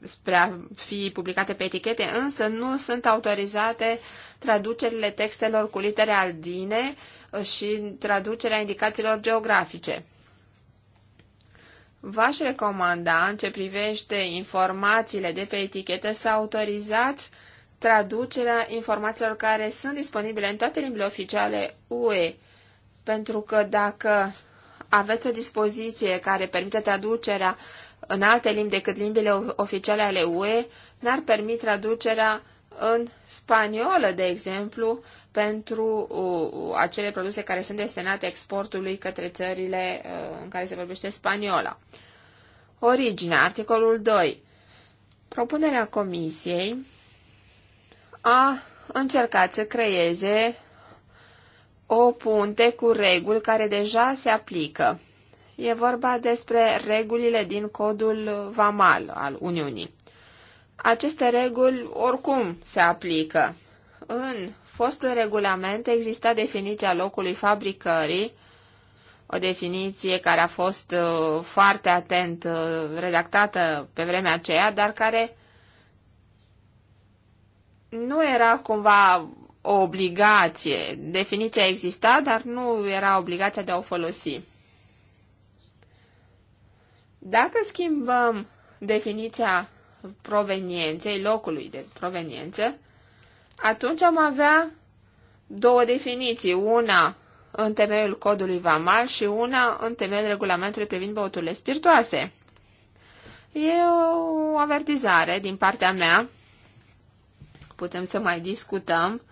spre a fi publicate pe etichete, însă nu sunt autorizate uh, traducerile textelor cu litere aldine uh, și traducerea indicațiilor geografice. V-aș recomanda, în ce privește informațiile de pe etichete, să autorizați traducerea informațiilor care sunt disponibile în toate limbile oficiale UE, pentru că dacă aveți o dispoziție care permite traducerea în alte limbi decât limbile oficiale ale UE, n-ar permite traducerea în spaniolă, de exemplu, pentru uh, uh, acele produse care sunt destinate exportului către țările uh, în care se vorbește spaniola. Originea, articolul 2. Propunerea comisiei a încercat să creeze o punte cu reguli care deja se aplică. E vorba despre regulile din codul VAMAL al Uniunii. Aceste reguli oricum se aplică. În fostul regulament exista definiția locului fabricării, o definiție care a fost uh, foarte atent uh, redactată pe vremea aceea, dar care nu era cumva o obligație. Definiția exista, dar nu era obligația de a o folosi. Dacă schimbăm definiția provenienței, locului de proveniență, atunci am avea două definiții, una în temeiul codului VAMAL și una în temeiul regulamentului privind băuturile spiritoase. E o avertizare din partea mea. Putem să mai discutăm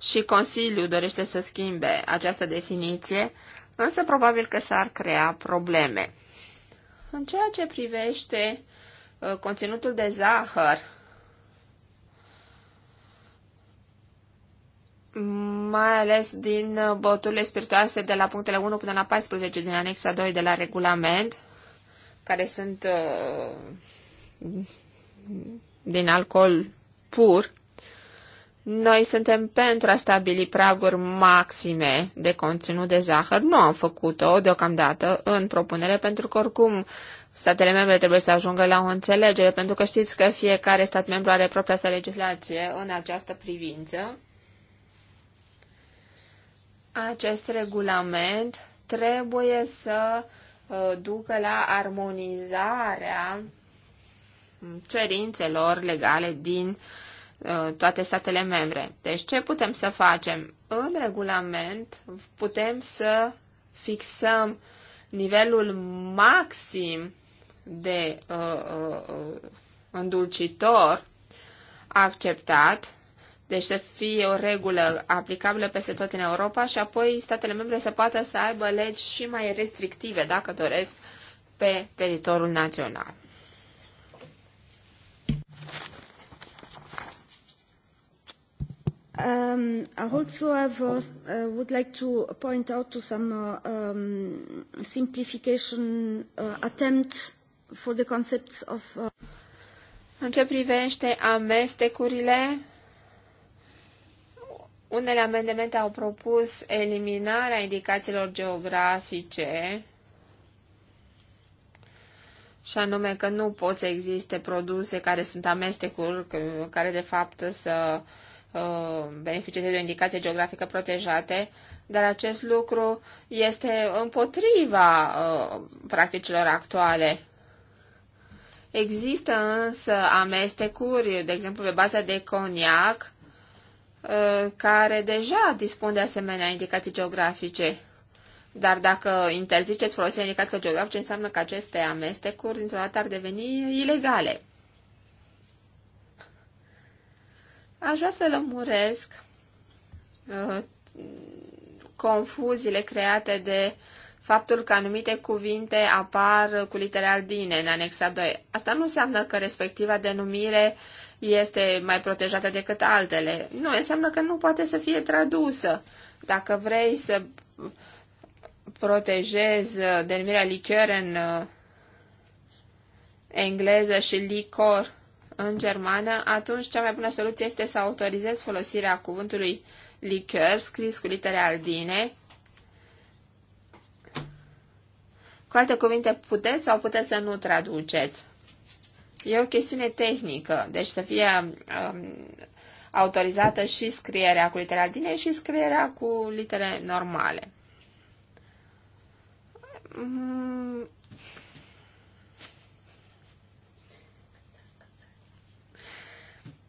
și Consiliul dorește să schimbe această definiție, însă probabil că s-ar crea probleme. În ceea ce privește Uh, conținutul de zahăr, mai ales din uh, băuturile spiritoase de la punctele 1 până la 14 din anexa 2 de la regulament, care sunt uh, din alcool pur, noi suntem pentru a stabili praguri maxime de conținut de zahăr. Nu am făcut-o deocamdată în propunere pentru că oricum statele membre trebuie să ajungă la o înțelegere, pentru că știți că fiecare stat membru are propria sa legislație în această privință. Acest regulament trebuie să uh, ducă la armonizarea cerințelor legale din uh, toate statele membre. Deci ce putem să facem? În regulament putem să fixăm nivelul maxim de uh, uh, uh, îndulcitor acceptat, deci să fie o regulă aplicabilă peste tot în Europa și apoi statele membre să poată să aibă legi și mai restrictive, dacă doresc, pe teritoriul național. Um, I also have, uh, uh would like to point out to some uh, um, simplification uh, attempts for the concepts of, uh... În ce privește amestecurile, unele amendamente au propus eliminarea indicațiilor geografice, și anume că nu pot să existe produse care sunt amestecuri, care de fapt să uh, beneficieze de o indicație geografică protejate, dar acest lucru este împotriva uh, practicilor actuale Există însă amestecuri, de exemplu pe baza de coniac, ă, care deja dispun de asemenea indicații geografice. Dar dacă interziceți folosirea indicațiilor geografice, înseamnă că aceste amestecuri dintr-o dată ar deveni ilegale. Aș vrea să lămuresc uh, confuziile create de faptul că anumite cuvinte apar cu litere aldine în anexa 2. Asta nu înseamnă că respectiva denumire este mai protejată decât altele. Nu, înseamnă că nu poate să fie tradusă. Dacă vrei să protejezi uh, denumirea liqueur în uh, engleză și licor în germană, atunci cea mai bună soluție este să autorizezi folosirea cuvântului liqueur scris cu litere aldine Cu alte cuvinte, puteți sau puteți să nu traduceți. E o chestiune tehnică, deci să fie um, autorizată și scrierea cu litere latine și scrierea cu litere normale. Mm.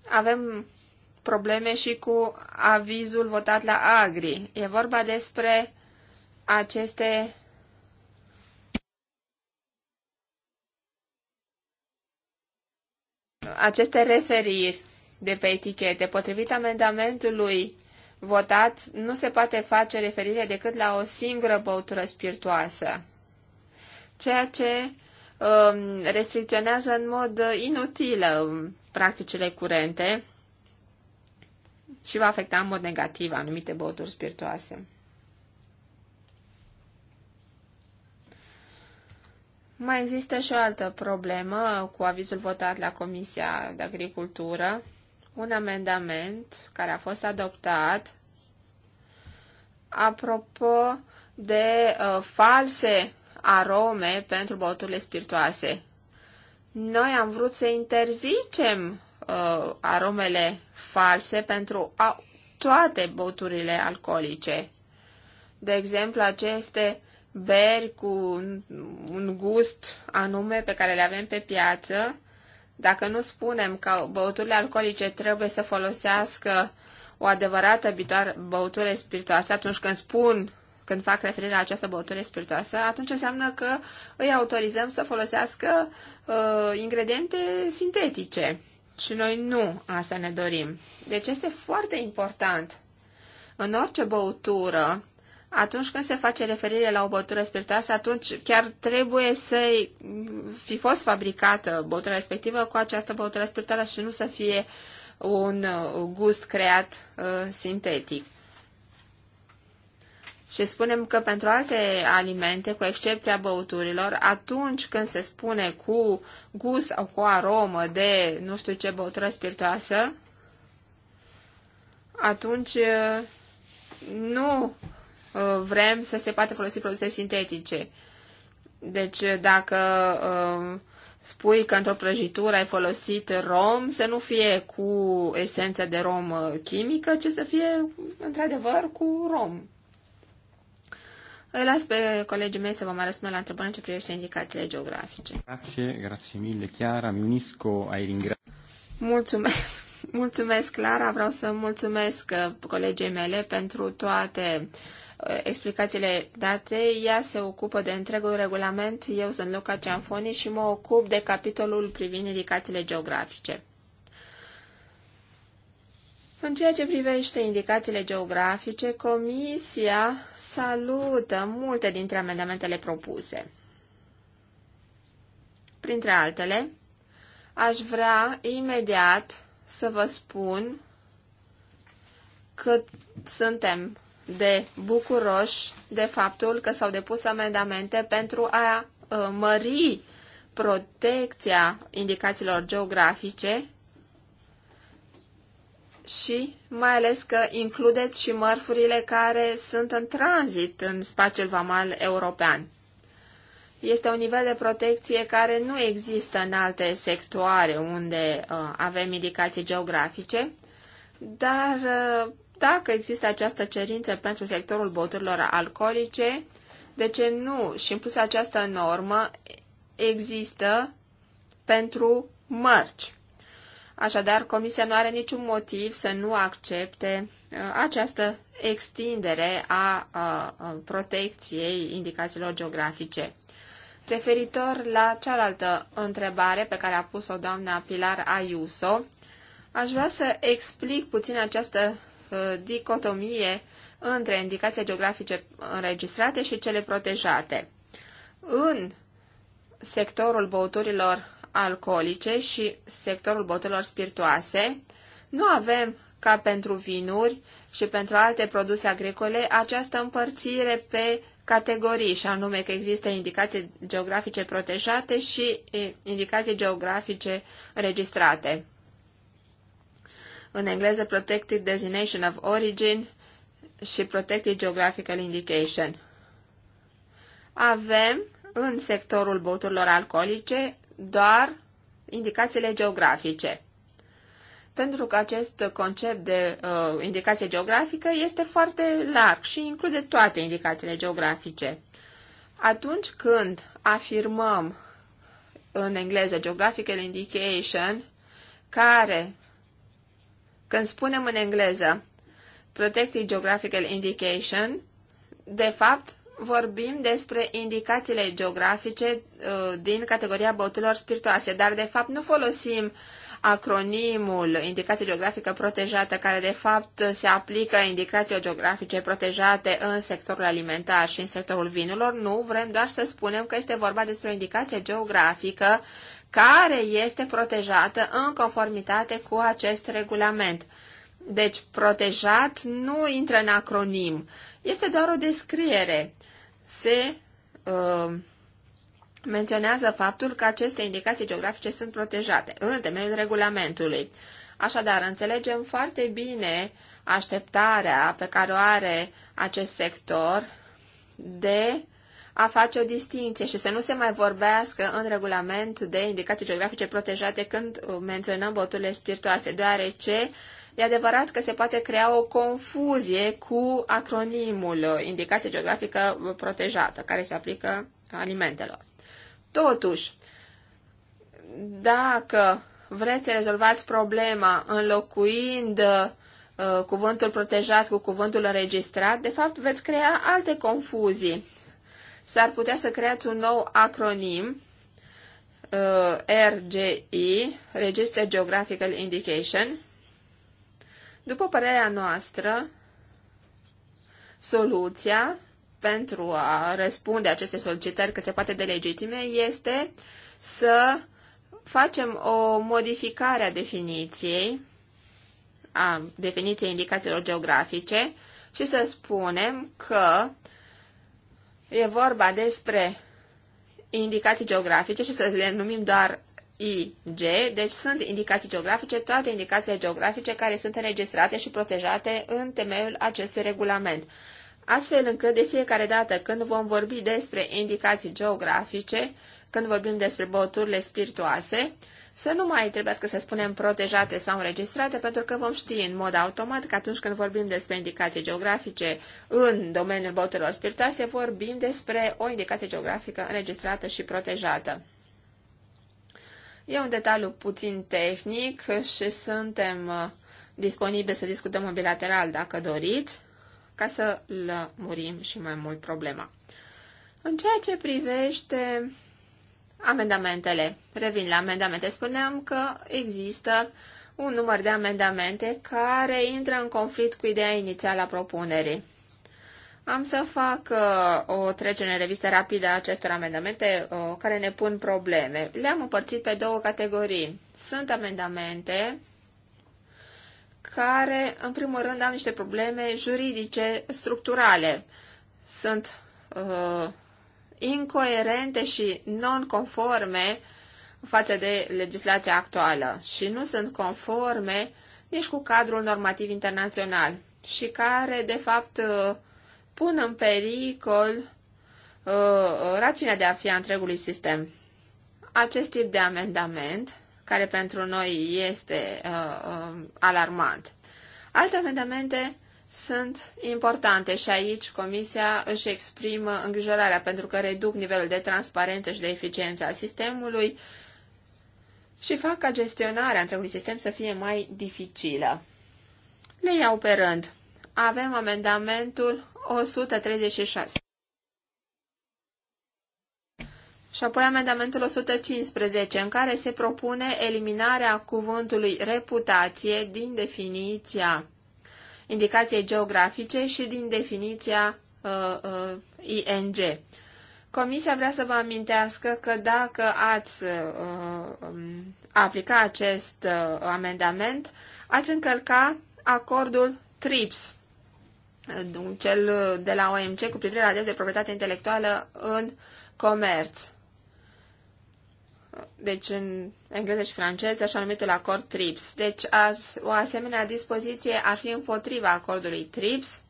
Avem probleme și cu avizul votat la Agri. E vorba despre aceste aceste referiri de pe etichete. Potrivit amendamentului votat, nu se poate face referire decât la o singură băutură spiritoasă, ceea ce um, restricționează în mod inutil um, practicile curente și va afecta în mod negativ anumite băuturi spiritoase. Mai există și o altă problemă cu avizul votat la Comisia de Agricultură, un amendament care a fost adoptat apropo de uh, false arome pentru băuturile spiritoase. Noi am vrut să interzicem uh, aromele false pentru a, toate băuturile alcoolice. De exemplu, aceste beri cu un, un gust anume pe care le avem pe piață, dacă nu spunem că băuturile alcoolice trebuie să folosească o adevărată băutură spiritoasă, atunci când spun, când fac referire la această băutură spiritoasă, atunci înseamnă că îi autorizăm să folosească uh, ingrediente sintetice. Și noi nu asta ne dorim. Deci este foarte important în orice băutură atunci când se face referire la o băutură spiritoasă, atunci chiar trebuie să fi fost fabricată băutura respectivă cu această băutură spiritoasă și nu să fie un uh, gust creat uh, sintetic. Și spunem că pentru alte alimente, cu excepția băuturilor, atunci când se spune cu gust sau cu aromă de nu știu ce băutură spiritoasă, atunci uh, nu Uh, vrem să se poată folosi produse sintetice. Deci dacă uh, spui că într-o prăjitură ai folosit rom, să nu fie cu esență de rom uh, chimică, ci să fie într-adevăr cu rom. Îi las pe colegii mei să vă mai răspundă la întrebări ce privește indicațiile geografice. Grazie, grazie mille, Chiara. Mi unisco ai Mulțumesc. Mulțumesc, Clara. Vreau să mulțumesc colegii mele pentru toate uh, Uh, explicațiile date. Ea se ocupă de întregul regulament, eu sunt Luca Cianfoni și mă ocup de capitolul privind indicațiile geografice. În ceea ce privește indicațiile geografice, Comisia salută multe dintre amendamentele propuse. Printre altele, aș vrea imediat să vă spun că suntem de bucuroși de faptul că s-au depus amendamente pentru a uh, mări protecția indicațiilor geografice și mai ales că includeți și mărfurile care sunt în tranzit în spațiul vamal european. Este un nivel de protecție care nu există în alte sectoare unde uh, avem indicații geografice, dar uh, dacă există această cerință pentru sectorul băuturilor alcoolice, de ce nu? Și în plus această normă există pentru mărci. Așadar, Comisia nu are niciun motiv să nu accepte uh, această extindere a, uh, uh, protecției indicațiilor geografice. Referitor la cealaltă întrebare pe care a pus-o doamna Pilar Ayuso, aș vrea să explic puțin această Uh, dicotomie între indicațiile geografice înregistrate și cele protejate. În sectorul băuturilor alcoolice și sectorul băuturilor spiritoase, nu avem ca pentru vinuri și pentru alte produse agricole această împărțire pe categorii, și anume că există indicații geografice protejate și indicații geografice înregistrate în engleză Protected Designation of Origin și Protected Geographical Indication. Avem în sectorul băuturilor alcoolice doar indicațiile geografice. Pentru că acest concept de uh, indicație geografică este foarte larg și include toate indicațiile geografice. Atunci când afirmăm în engleză geographical indication, care când spunem în engleză Protected Geographical Indication, de fapt vorbim despre indicațiile geografice uh, din categoria băuturilor spiritoase, dar de fapt nu folosim acronimul indicație geografică protejată, care de fapt se aplică indicațiilor geografice protejate în sectorul alimentar și în sectorul vinurilor. Nu, vrem doar să spunem că este vorba despre o indicație geografică care este protejată în conformitate cu acest regulament. Deci, protejat nu intră în acronim, este doar o descriere. Se uh, menționează faptul că aceste indicații geografice sunt protejate în temeiul regulamentului. Așadar, înțelegem foarte bine așteptarea pe care o are acest sector de a face o distinție și să nu se mai vorbească în regulament de indicații geografice protejate când menționăm boturile spiritoase, deoarece e adevărat că se poate crea o confuzie cu acronimul indicație geografică protejată, care se aplică alimentelor. Totuși, dacă vreți să rezolvați problema înlocuind uh, cuvântul protejat cu cuvântul înregistrat, de fapt veți crea alte confuzii s-ar putea să creați un nou acronim uh, RGI, Register Geographical Indication. După părerea noastră, soluția pentru a răspunde aceste solicitări cât se poate de legitime este să facem o modificare a definiției, a definiției indicațiilor geografice și să spunem că uh, E vorba despre indicații geografice și să le numim doar IG, deci sunt indicații geografice, toate indicațiile geografice care sunt înregistrate și protejate în temeiul acestui regulament. Astfel încât de fiecare dată când vom vorbi despre indicații geografice, când vorbim despre băuturile spiritoase, să nu mai trebuiască să spunem protejate sau înregistrate, pentru că vom ști în mod automat că atunci când vorbim despre indicații geografice în domeniul băuturilor spiritoase, vorbim despre o indicație geografică înregistrată și protejată. E un detaliu puțin tehnic și suntem uh, disponibili să discutăm în bilateral dacă doriți, ca să lămurim și mai mult problema. În ceea ce privește Amendamentele. Revin la amendamente. Spuneam că există un număr de amendamente care intră în conflict cu ideea inițială a propunerii. Am să fac uh, o trecere în revistă rapidă a acestor amendamente uh, care ne pun probleme. Le-am împărțit pe două categorii. Sunt amendamente care, în primul rând, au niște probleme juridice structurale. Sunt uh, incoerente și non-conforme față de legislația actuală și nu sunt conforme nici cu cadrul normativ internațional și care, de fapt, uh, pun în pericol uh, rațiunea de a fi a întregului sistem. Acest tip de amendament, care pentru noi este uh, um, alarmant. Alte amendamente sunt importante și aici Comisia își exprimă îngrijorarea pentru că reduc nivelul de transparență și de eficiență a sistemului și fac ca gestionarea întregului sistem să fie mai dificilă. Le iau pe rând. Avem amendamentul 136. Și apoi amendamentul 115, în care se propune eliminarea cuvântului reputație din definiția indicației geografice și din definiția uh, uh, ING. Comisia vrea să vă amintească că dacă ați uh, um, aplica acest uh, amendament, ați încălca acordul TRIPS, uh, cel uh, de la OMC cu privire la drept de proprietate intelectuală în comerț deci în engleză și franceză, așa numitul acord TRIPS. Deci o asemenea dispoziție ar fi împotriva acordului TRIPS,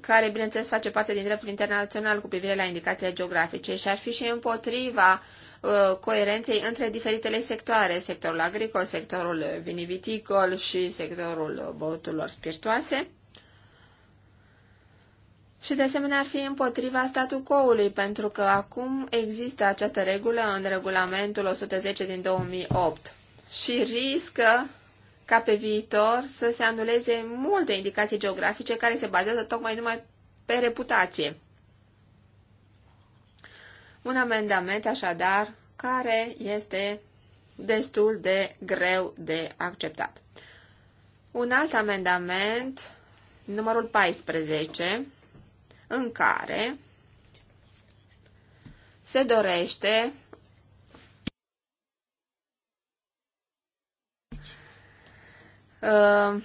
care, bineînțeles, face parte din dreptul internațional cu privire la indicațiile geografice și ar fi și împotriva uh, coerenței între diferitele sectoare, sectorul agricol, sectorul viniviticol și sectorul uh, băuturilor spiritoase. Și de asemenea ar fi împotriva statu pentru că acum există această regulă în regulamentul 110 din 2008 și riscă ca pe viitor să se anuleze multe indicații geografice care se bazează tocmai numai pe reputație. Un amendament, așadar, care este destul de greu de acceptat. Un alt amendament, numărul 14, în care se dorește uh,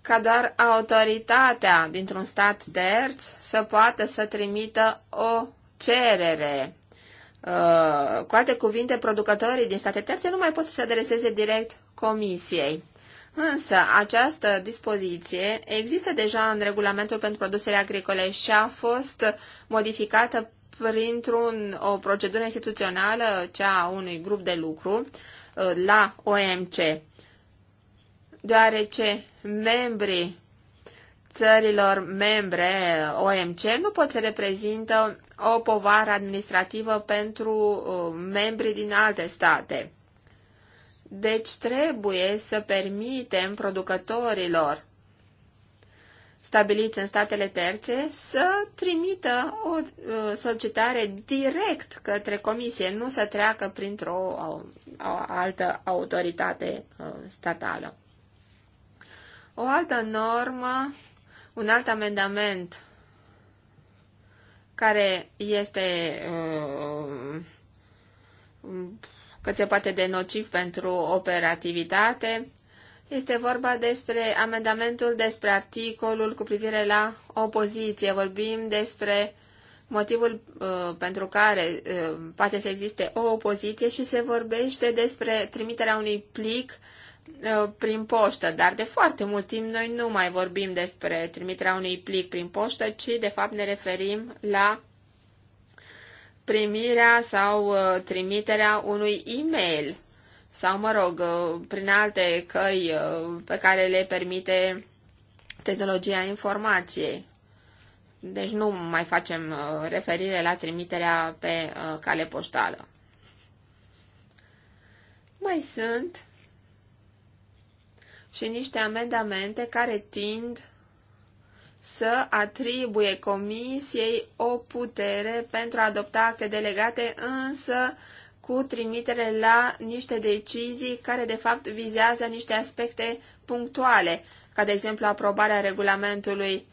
ca doar autoritatea dintr-un stat terț să poată să trimită o cerere. Uh, cu alte cuvinte, producătorii din state terțe nu mai pot să se adreseze direct comisiei. Însă, această dispoziție există deja în regulamentul pentru produsele agricole și a fost modificată printr-un, o procedură instituțională, cea a unui grup de lucru, uh, la OMC, deoarece membrii țărilor membre uh, OMC nu pot să reprezintă o povară administrativă pentru uh, membrii din alte state. Deci trebuie să permitem producătorilor stabiliți în statele terțe să trimită o uh, solicitare direct către comisie, nu să treacă printr-o uh, altă autoritate uh, statală. O altă normă, un alt amendament care este uh, cât se poate de nociv pentru operativitate. Este vorba despre amendamentul despre articolul cu privire la opoziție. Vorbim despre motivul uh, pentru care uh, poate să existe o opoziție și se vorbește despre trimiterea unui plic uh, prin poștă, dar de foarte mult timp noi nu mai vorbim despre trimiterea unui plic prin poștă, ci de fapt ne referim la primirea sau uh, trimiterea unui e-mail sau, mă rog, uh, prin alte căi uh, pe care le permite tehnologia informației. Deci nu mai facem referire la trimiterea pe cale poștală. Mai sunt și niște amendamente care tind să atribuie comisiei o putere pentru a adopta acte delegate, însă cu trimitere la niște decizii care de fapt vizează niște aspecte punctuale, ca de exemplu aprobarea regulamentului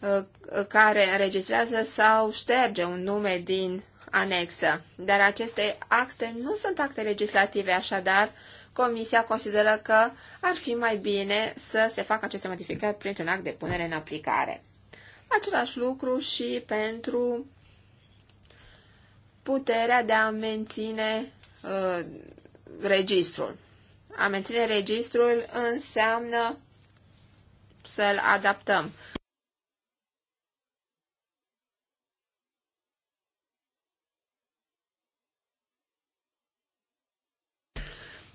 uh, uh, care înregistrează sau șterge un nume din anexă. Dar aceste acte nu sunt acte legislative, așadar Comisia consideră că ar fi mai bine să se facă aceste modificări printr-un act de punere în aplicare. Același lucru și pentru puterea de a menține uh, registrul. A menține registrul înseamnă să-l adaptăm.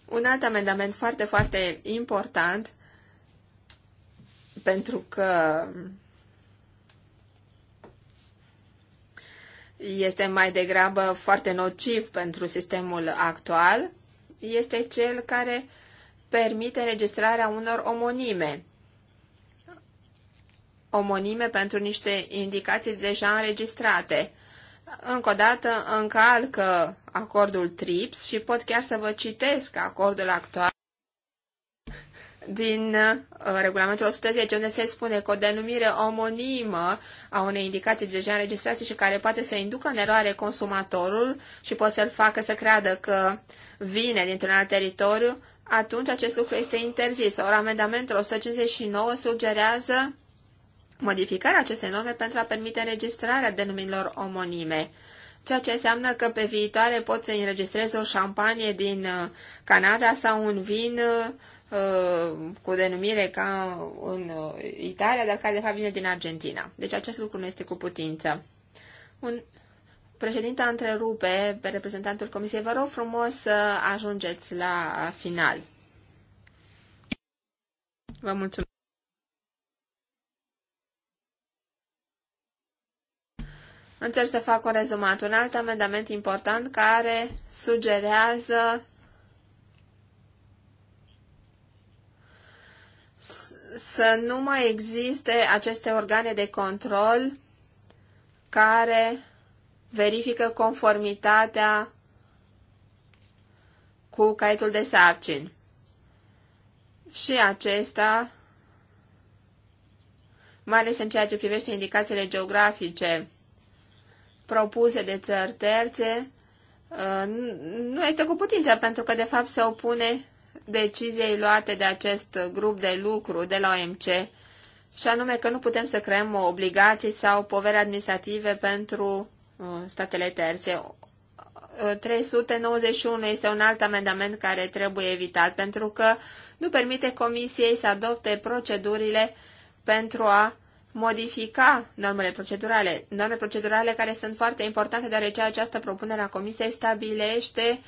Un alt amendament foarte, foarte important, pentru că este mai degrabă foarte nociv pentru sistemul actual, este cel care permite înregistrarea unor omonime. Omonime pentru niște indicații deja înregistrate încă o dată încalcă acordul TRIPS și pot chiar să vă citesc acordul actual din uh, regulamentul 110, unde se spune că o denumire omonimă a unei indicații deja înregistrate și care poate să inducă în eroare consumatorul și poate să-l facă să creadă că vine dintr-un alt teritoriu, atunci acest lucru este interzis. Ori amendamentul 159 sugerează modificarea acestei norme pentru a permite înregistrarea denumirilor omonime, ceea ce înseamnă că pe viitoare poți să înregistrezi o șampanie din uh, Canada sau un vin uh, uh cu denumire ca în uh, Italia, dar care de fapt vine din Argentina. Deci acest lucru nu este cu putință. Un președinte întrerupe pe reprezentantul comisiei. Vă rog frumos să ajungeți la final. Vă mulțumesc. Încerc să fac un rezumat. Un alt amendament important care sugerează să nu mai existe aceste organe de control care verifică conformitatea cu caietul de sarcini. Și acesta, mai ales în ceea ce privește indicațiile geografice propuse de țări terțe uh, nu este cu putință, pentru că de fapt se opune deciziei luate de acest grup de lucru de la OMC, și anume că nu putem să creăm obligații sau povere administrative pentru uh, statele terțe. 391 uh, este un alt amendament care trebuie evitat pentru că nu permite Comisiei să adopte procedurile pentru a modifica normele procedurale, norme procedurale care sunt foarte importante, deoarece această propunere a Comisiei stabilește,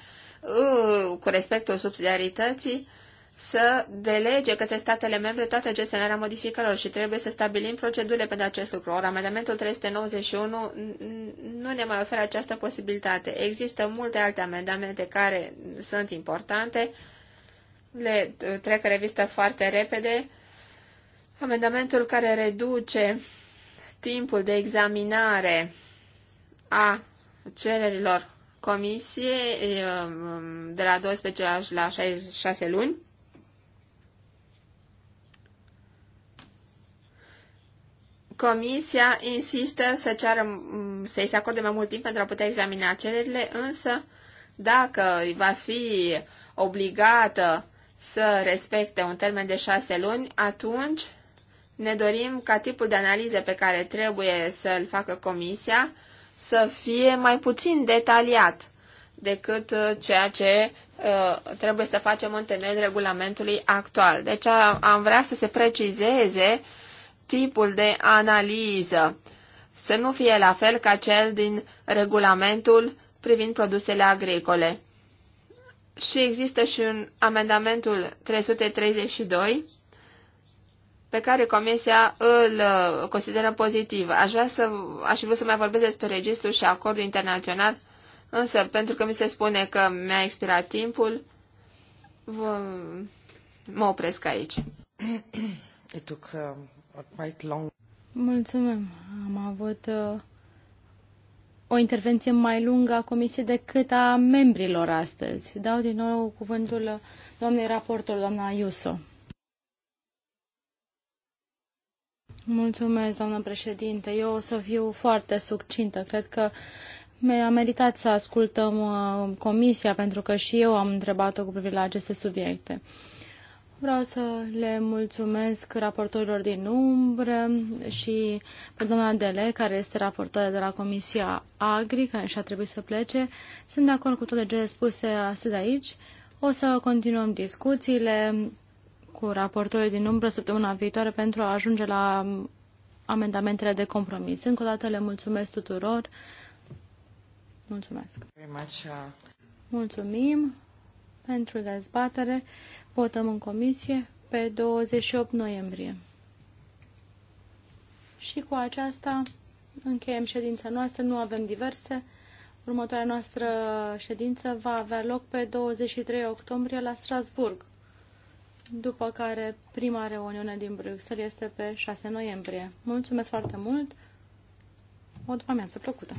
uh, cu respectul subsidiarității, să delege către statele membre toată gestionarea modificărilor și trebuie să stabilim procedurile pentru acest lucru. Or, amendamentul 391 nu ne mai oferă această posibilitate. Există multe alte amendamente care sunt importante, le trec revistă foarte repede Amendamentul care reduce timpul de examinare a cererilor comisiei um, de la 12 la 6 luni. Comisia insistă să ceară, mm, să-i se acorde mai mult timp pentru a putea examina cererile, însă dacă va fi obligată să respecte un termen de șase luni, atunci ne dorim ca tipul de analize pe care trebuie să-l facă comisia să fie mai puțin detaliat decât uh, ceea ce uh, trebuie să facem în temel regulamentului actual. Deci am vrea să se precizeze tipul de analiză, să nu fie la fel ca cel din regulamentul privind produsele agricole. Și există și un amendamentul 332 pe care Comisia îl uh, consideră pozitiv. Aș vrea să, aș vrea să mai vorbesc despre registrul și acordul internațional, însă pentru că mi se spune că mi-a expirat timpul, vă, mă opresc aici. It took, uh, quite long. Mulțumim. Am avut uh, o intervenție mai lungă a Comisiei decât a membrilor astăzi. Dau din nou cuvântul uh, doamnei raportor, doamna Iuso. Mulțumesc, doamnă președinte. Eu o să fiu foarte succintă. Cred că mi-a meritat să ascultăm uh, comisia, pentru că și eu am întrebat-o cu privire la aceste subiecte. Vreau să le mulțumesc raportorilor din umbră și pe doamna Dele, care este raportoare de la Comisia Agri, care și-a trebuit să plece. Sunt de acord cu toate cele spuse astăzi de aici. O să continuăm discuțiile cu raportorii din umbră săptămâna viitoare pentru a ajunge la amendamentele de compromis. Încă o dată le mulțumesc tuturor. Mulțumesc. Uh, Mulțumim pentru dezbatere. Votăm în comisie pe 28 noiembrie. Și cu aceasta încheiem ședința noastră. Nu avem diverse. Următoarea noastră ședință va avea loc pe 23 octombrie la Strasburg după care prima reuniune din Bruxelles este pe 6 noiembrie. Mulțumesc foarte mult! O după amiază plăcută!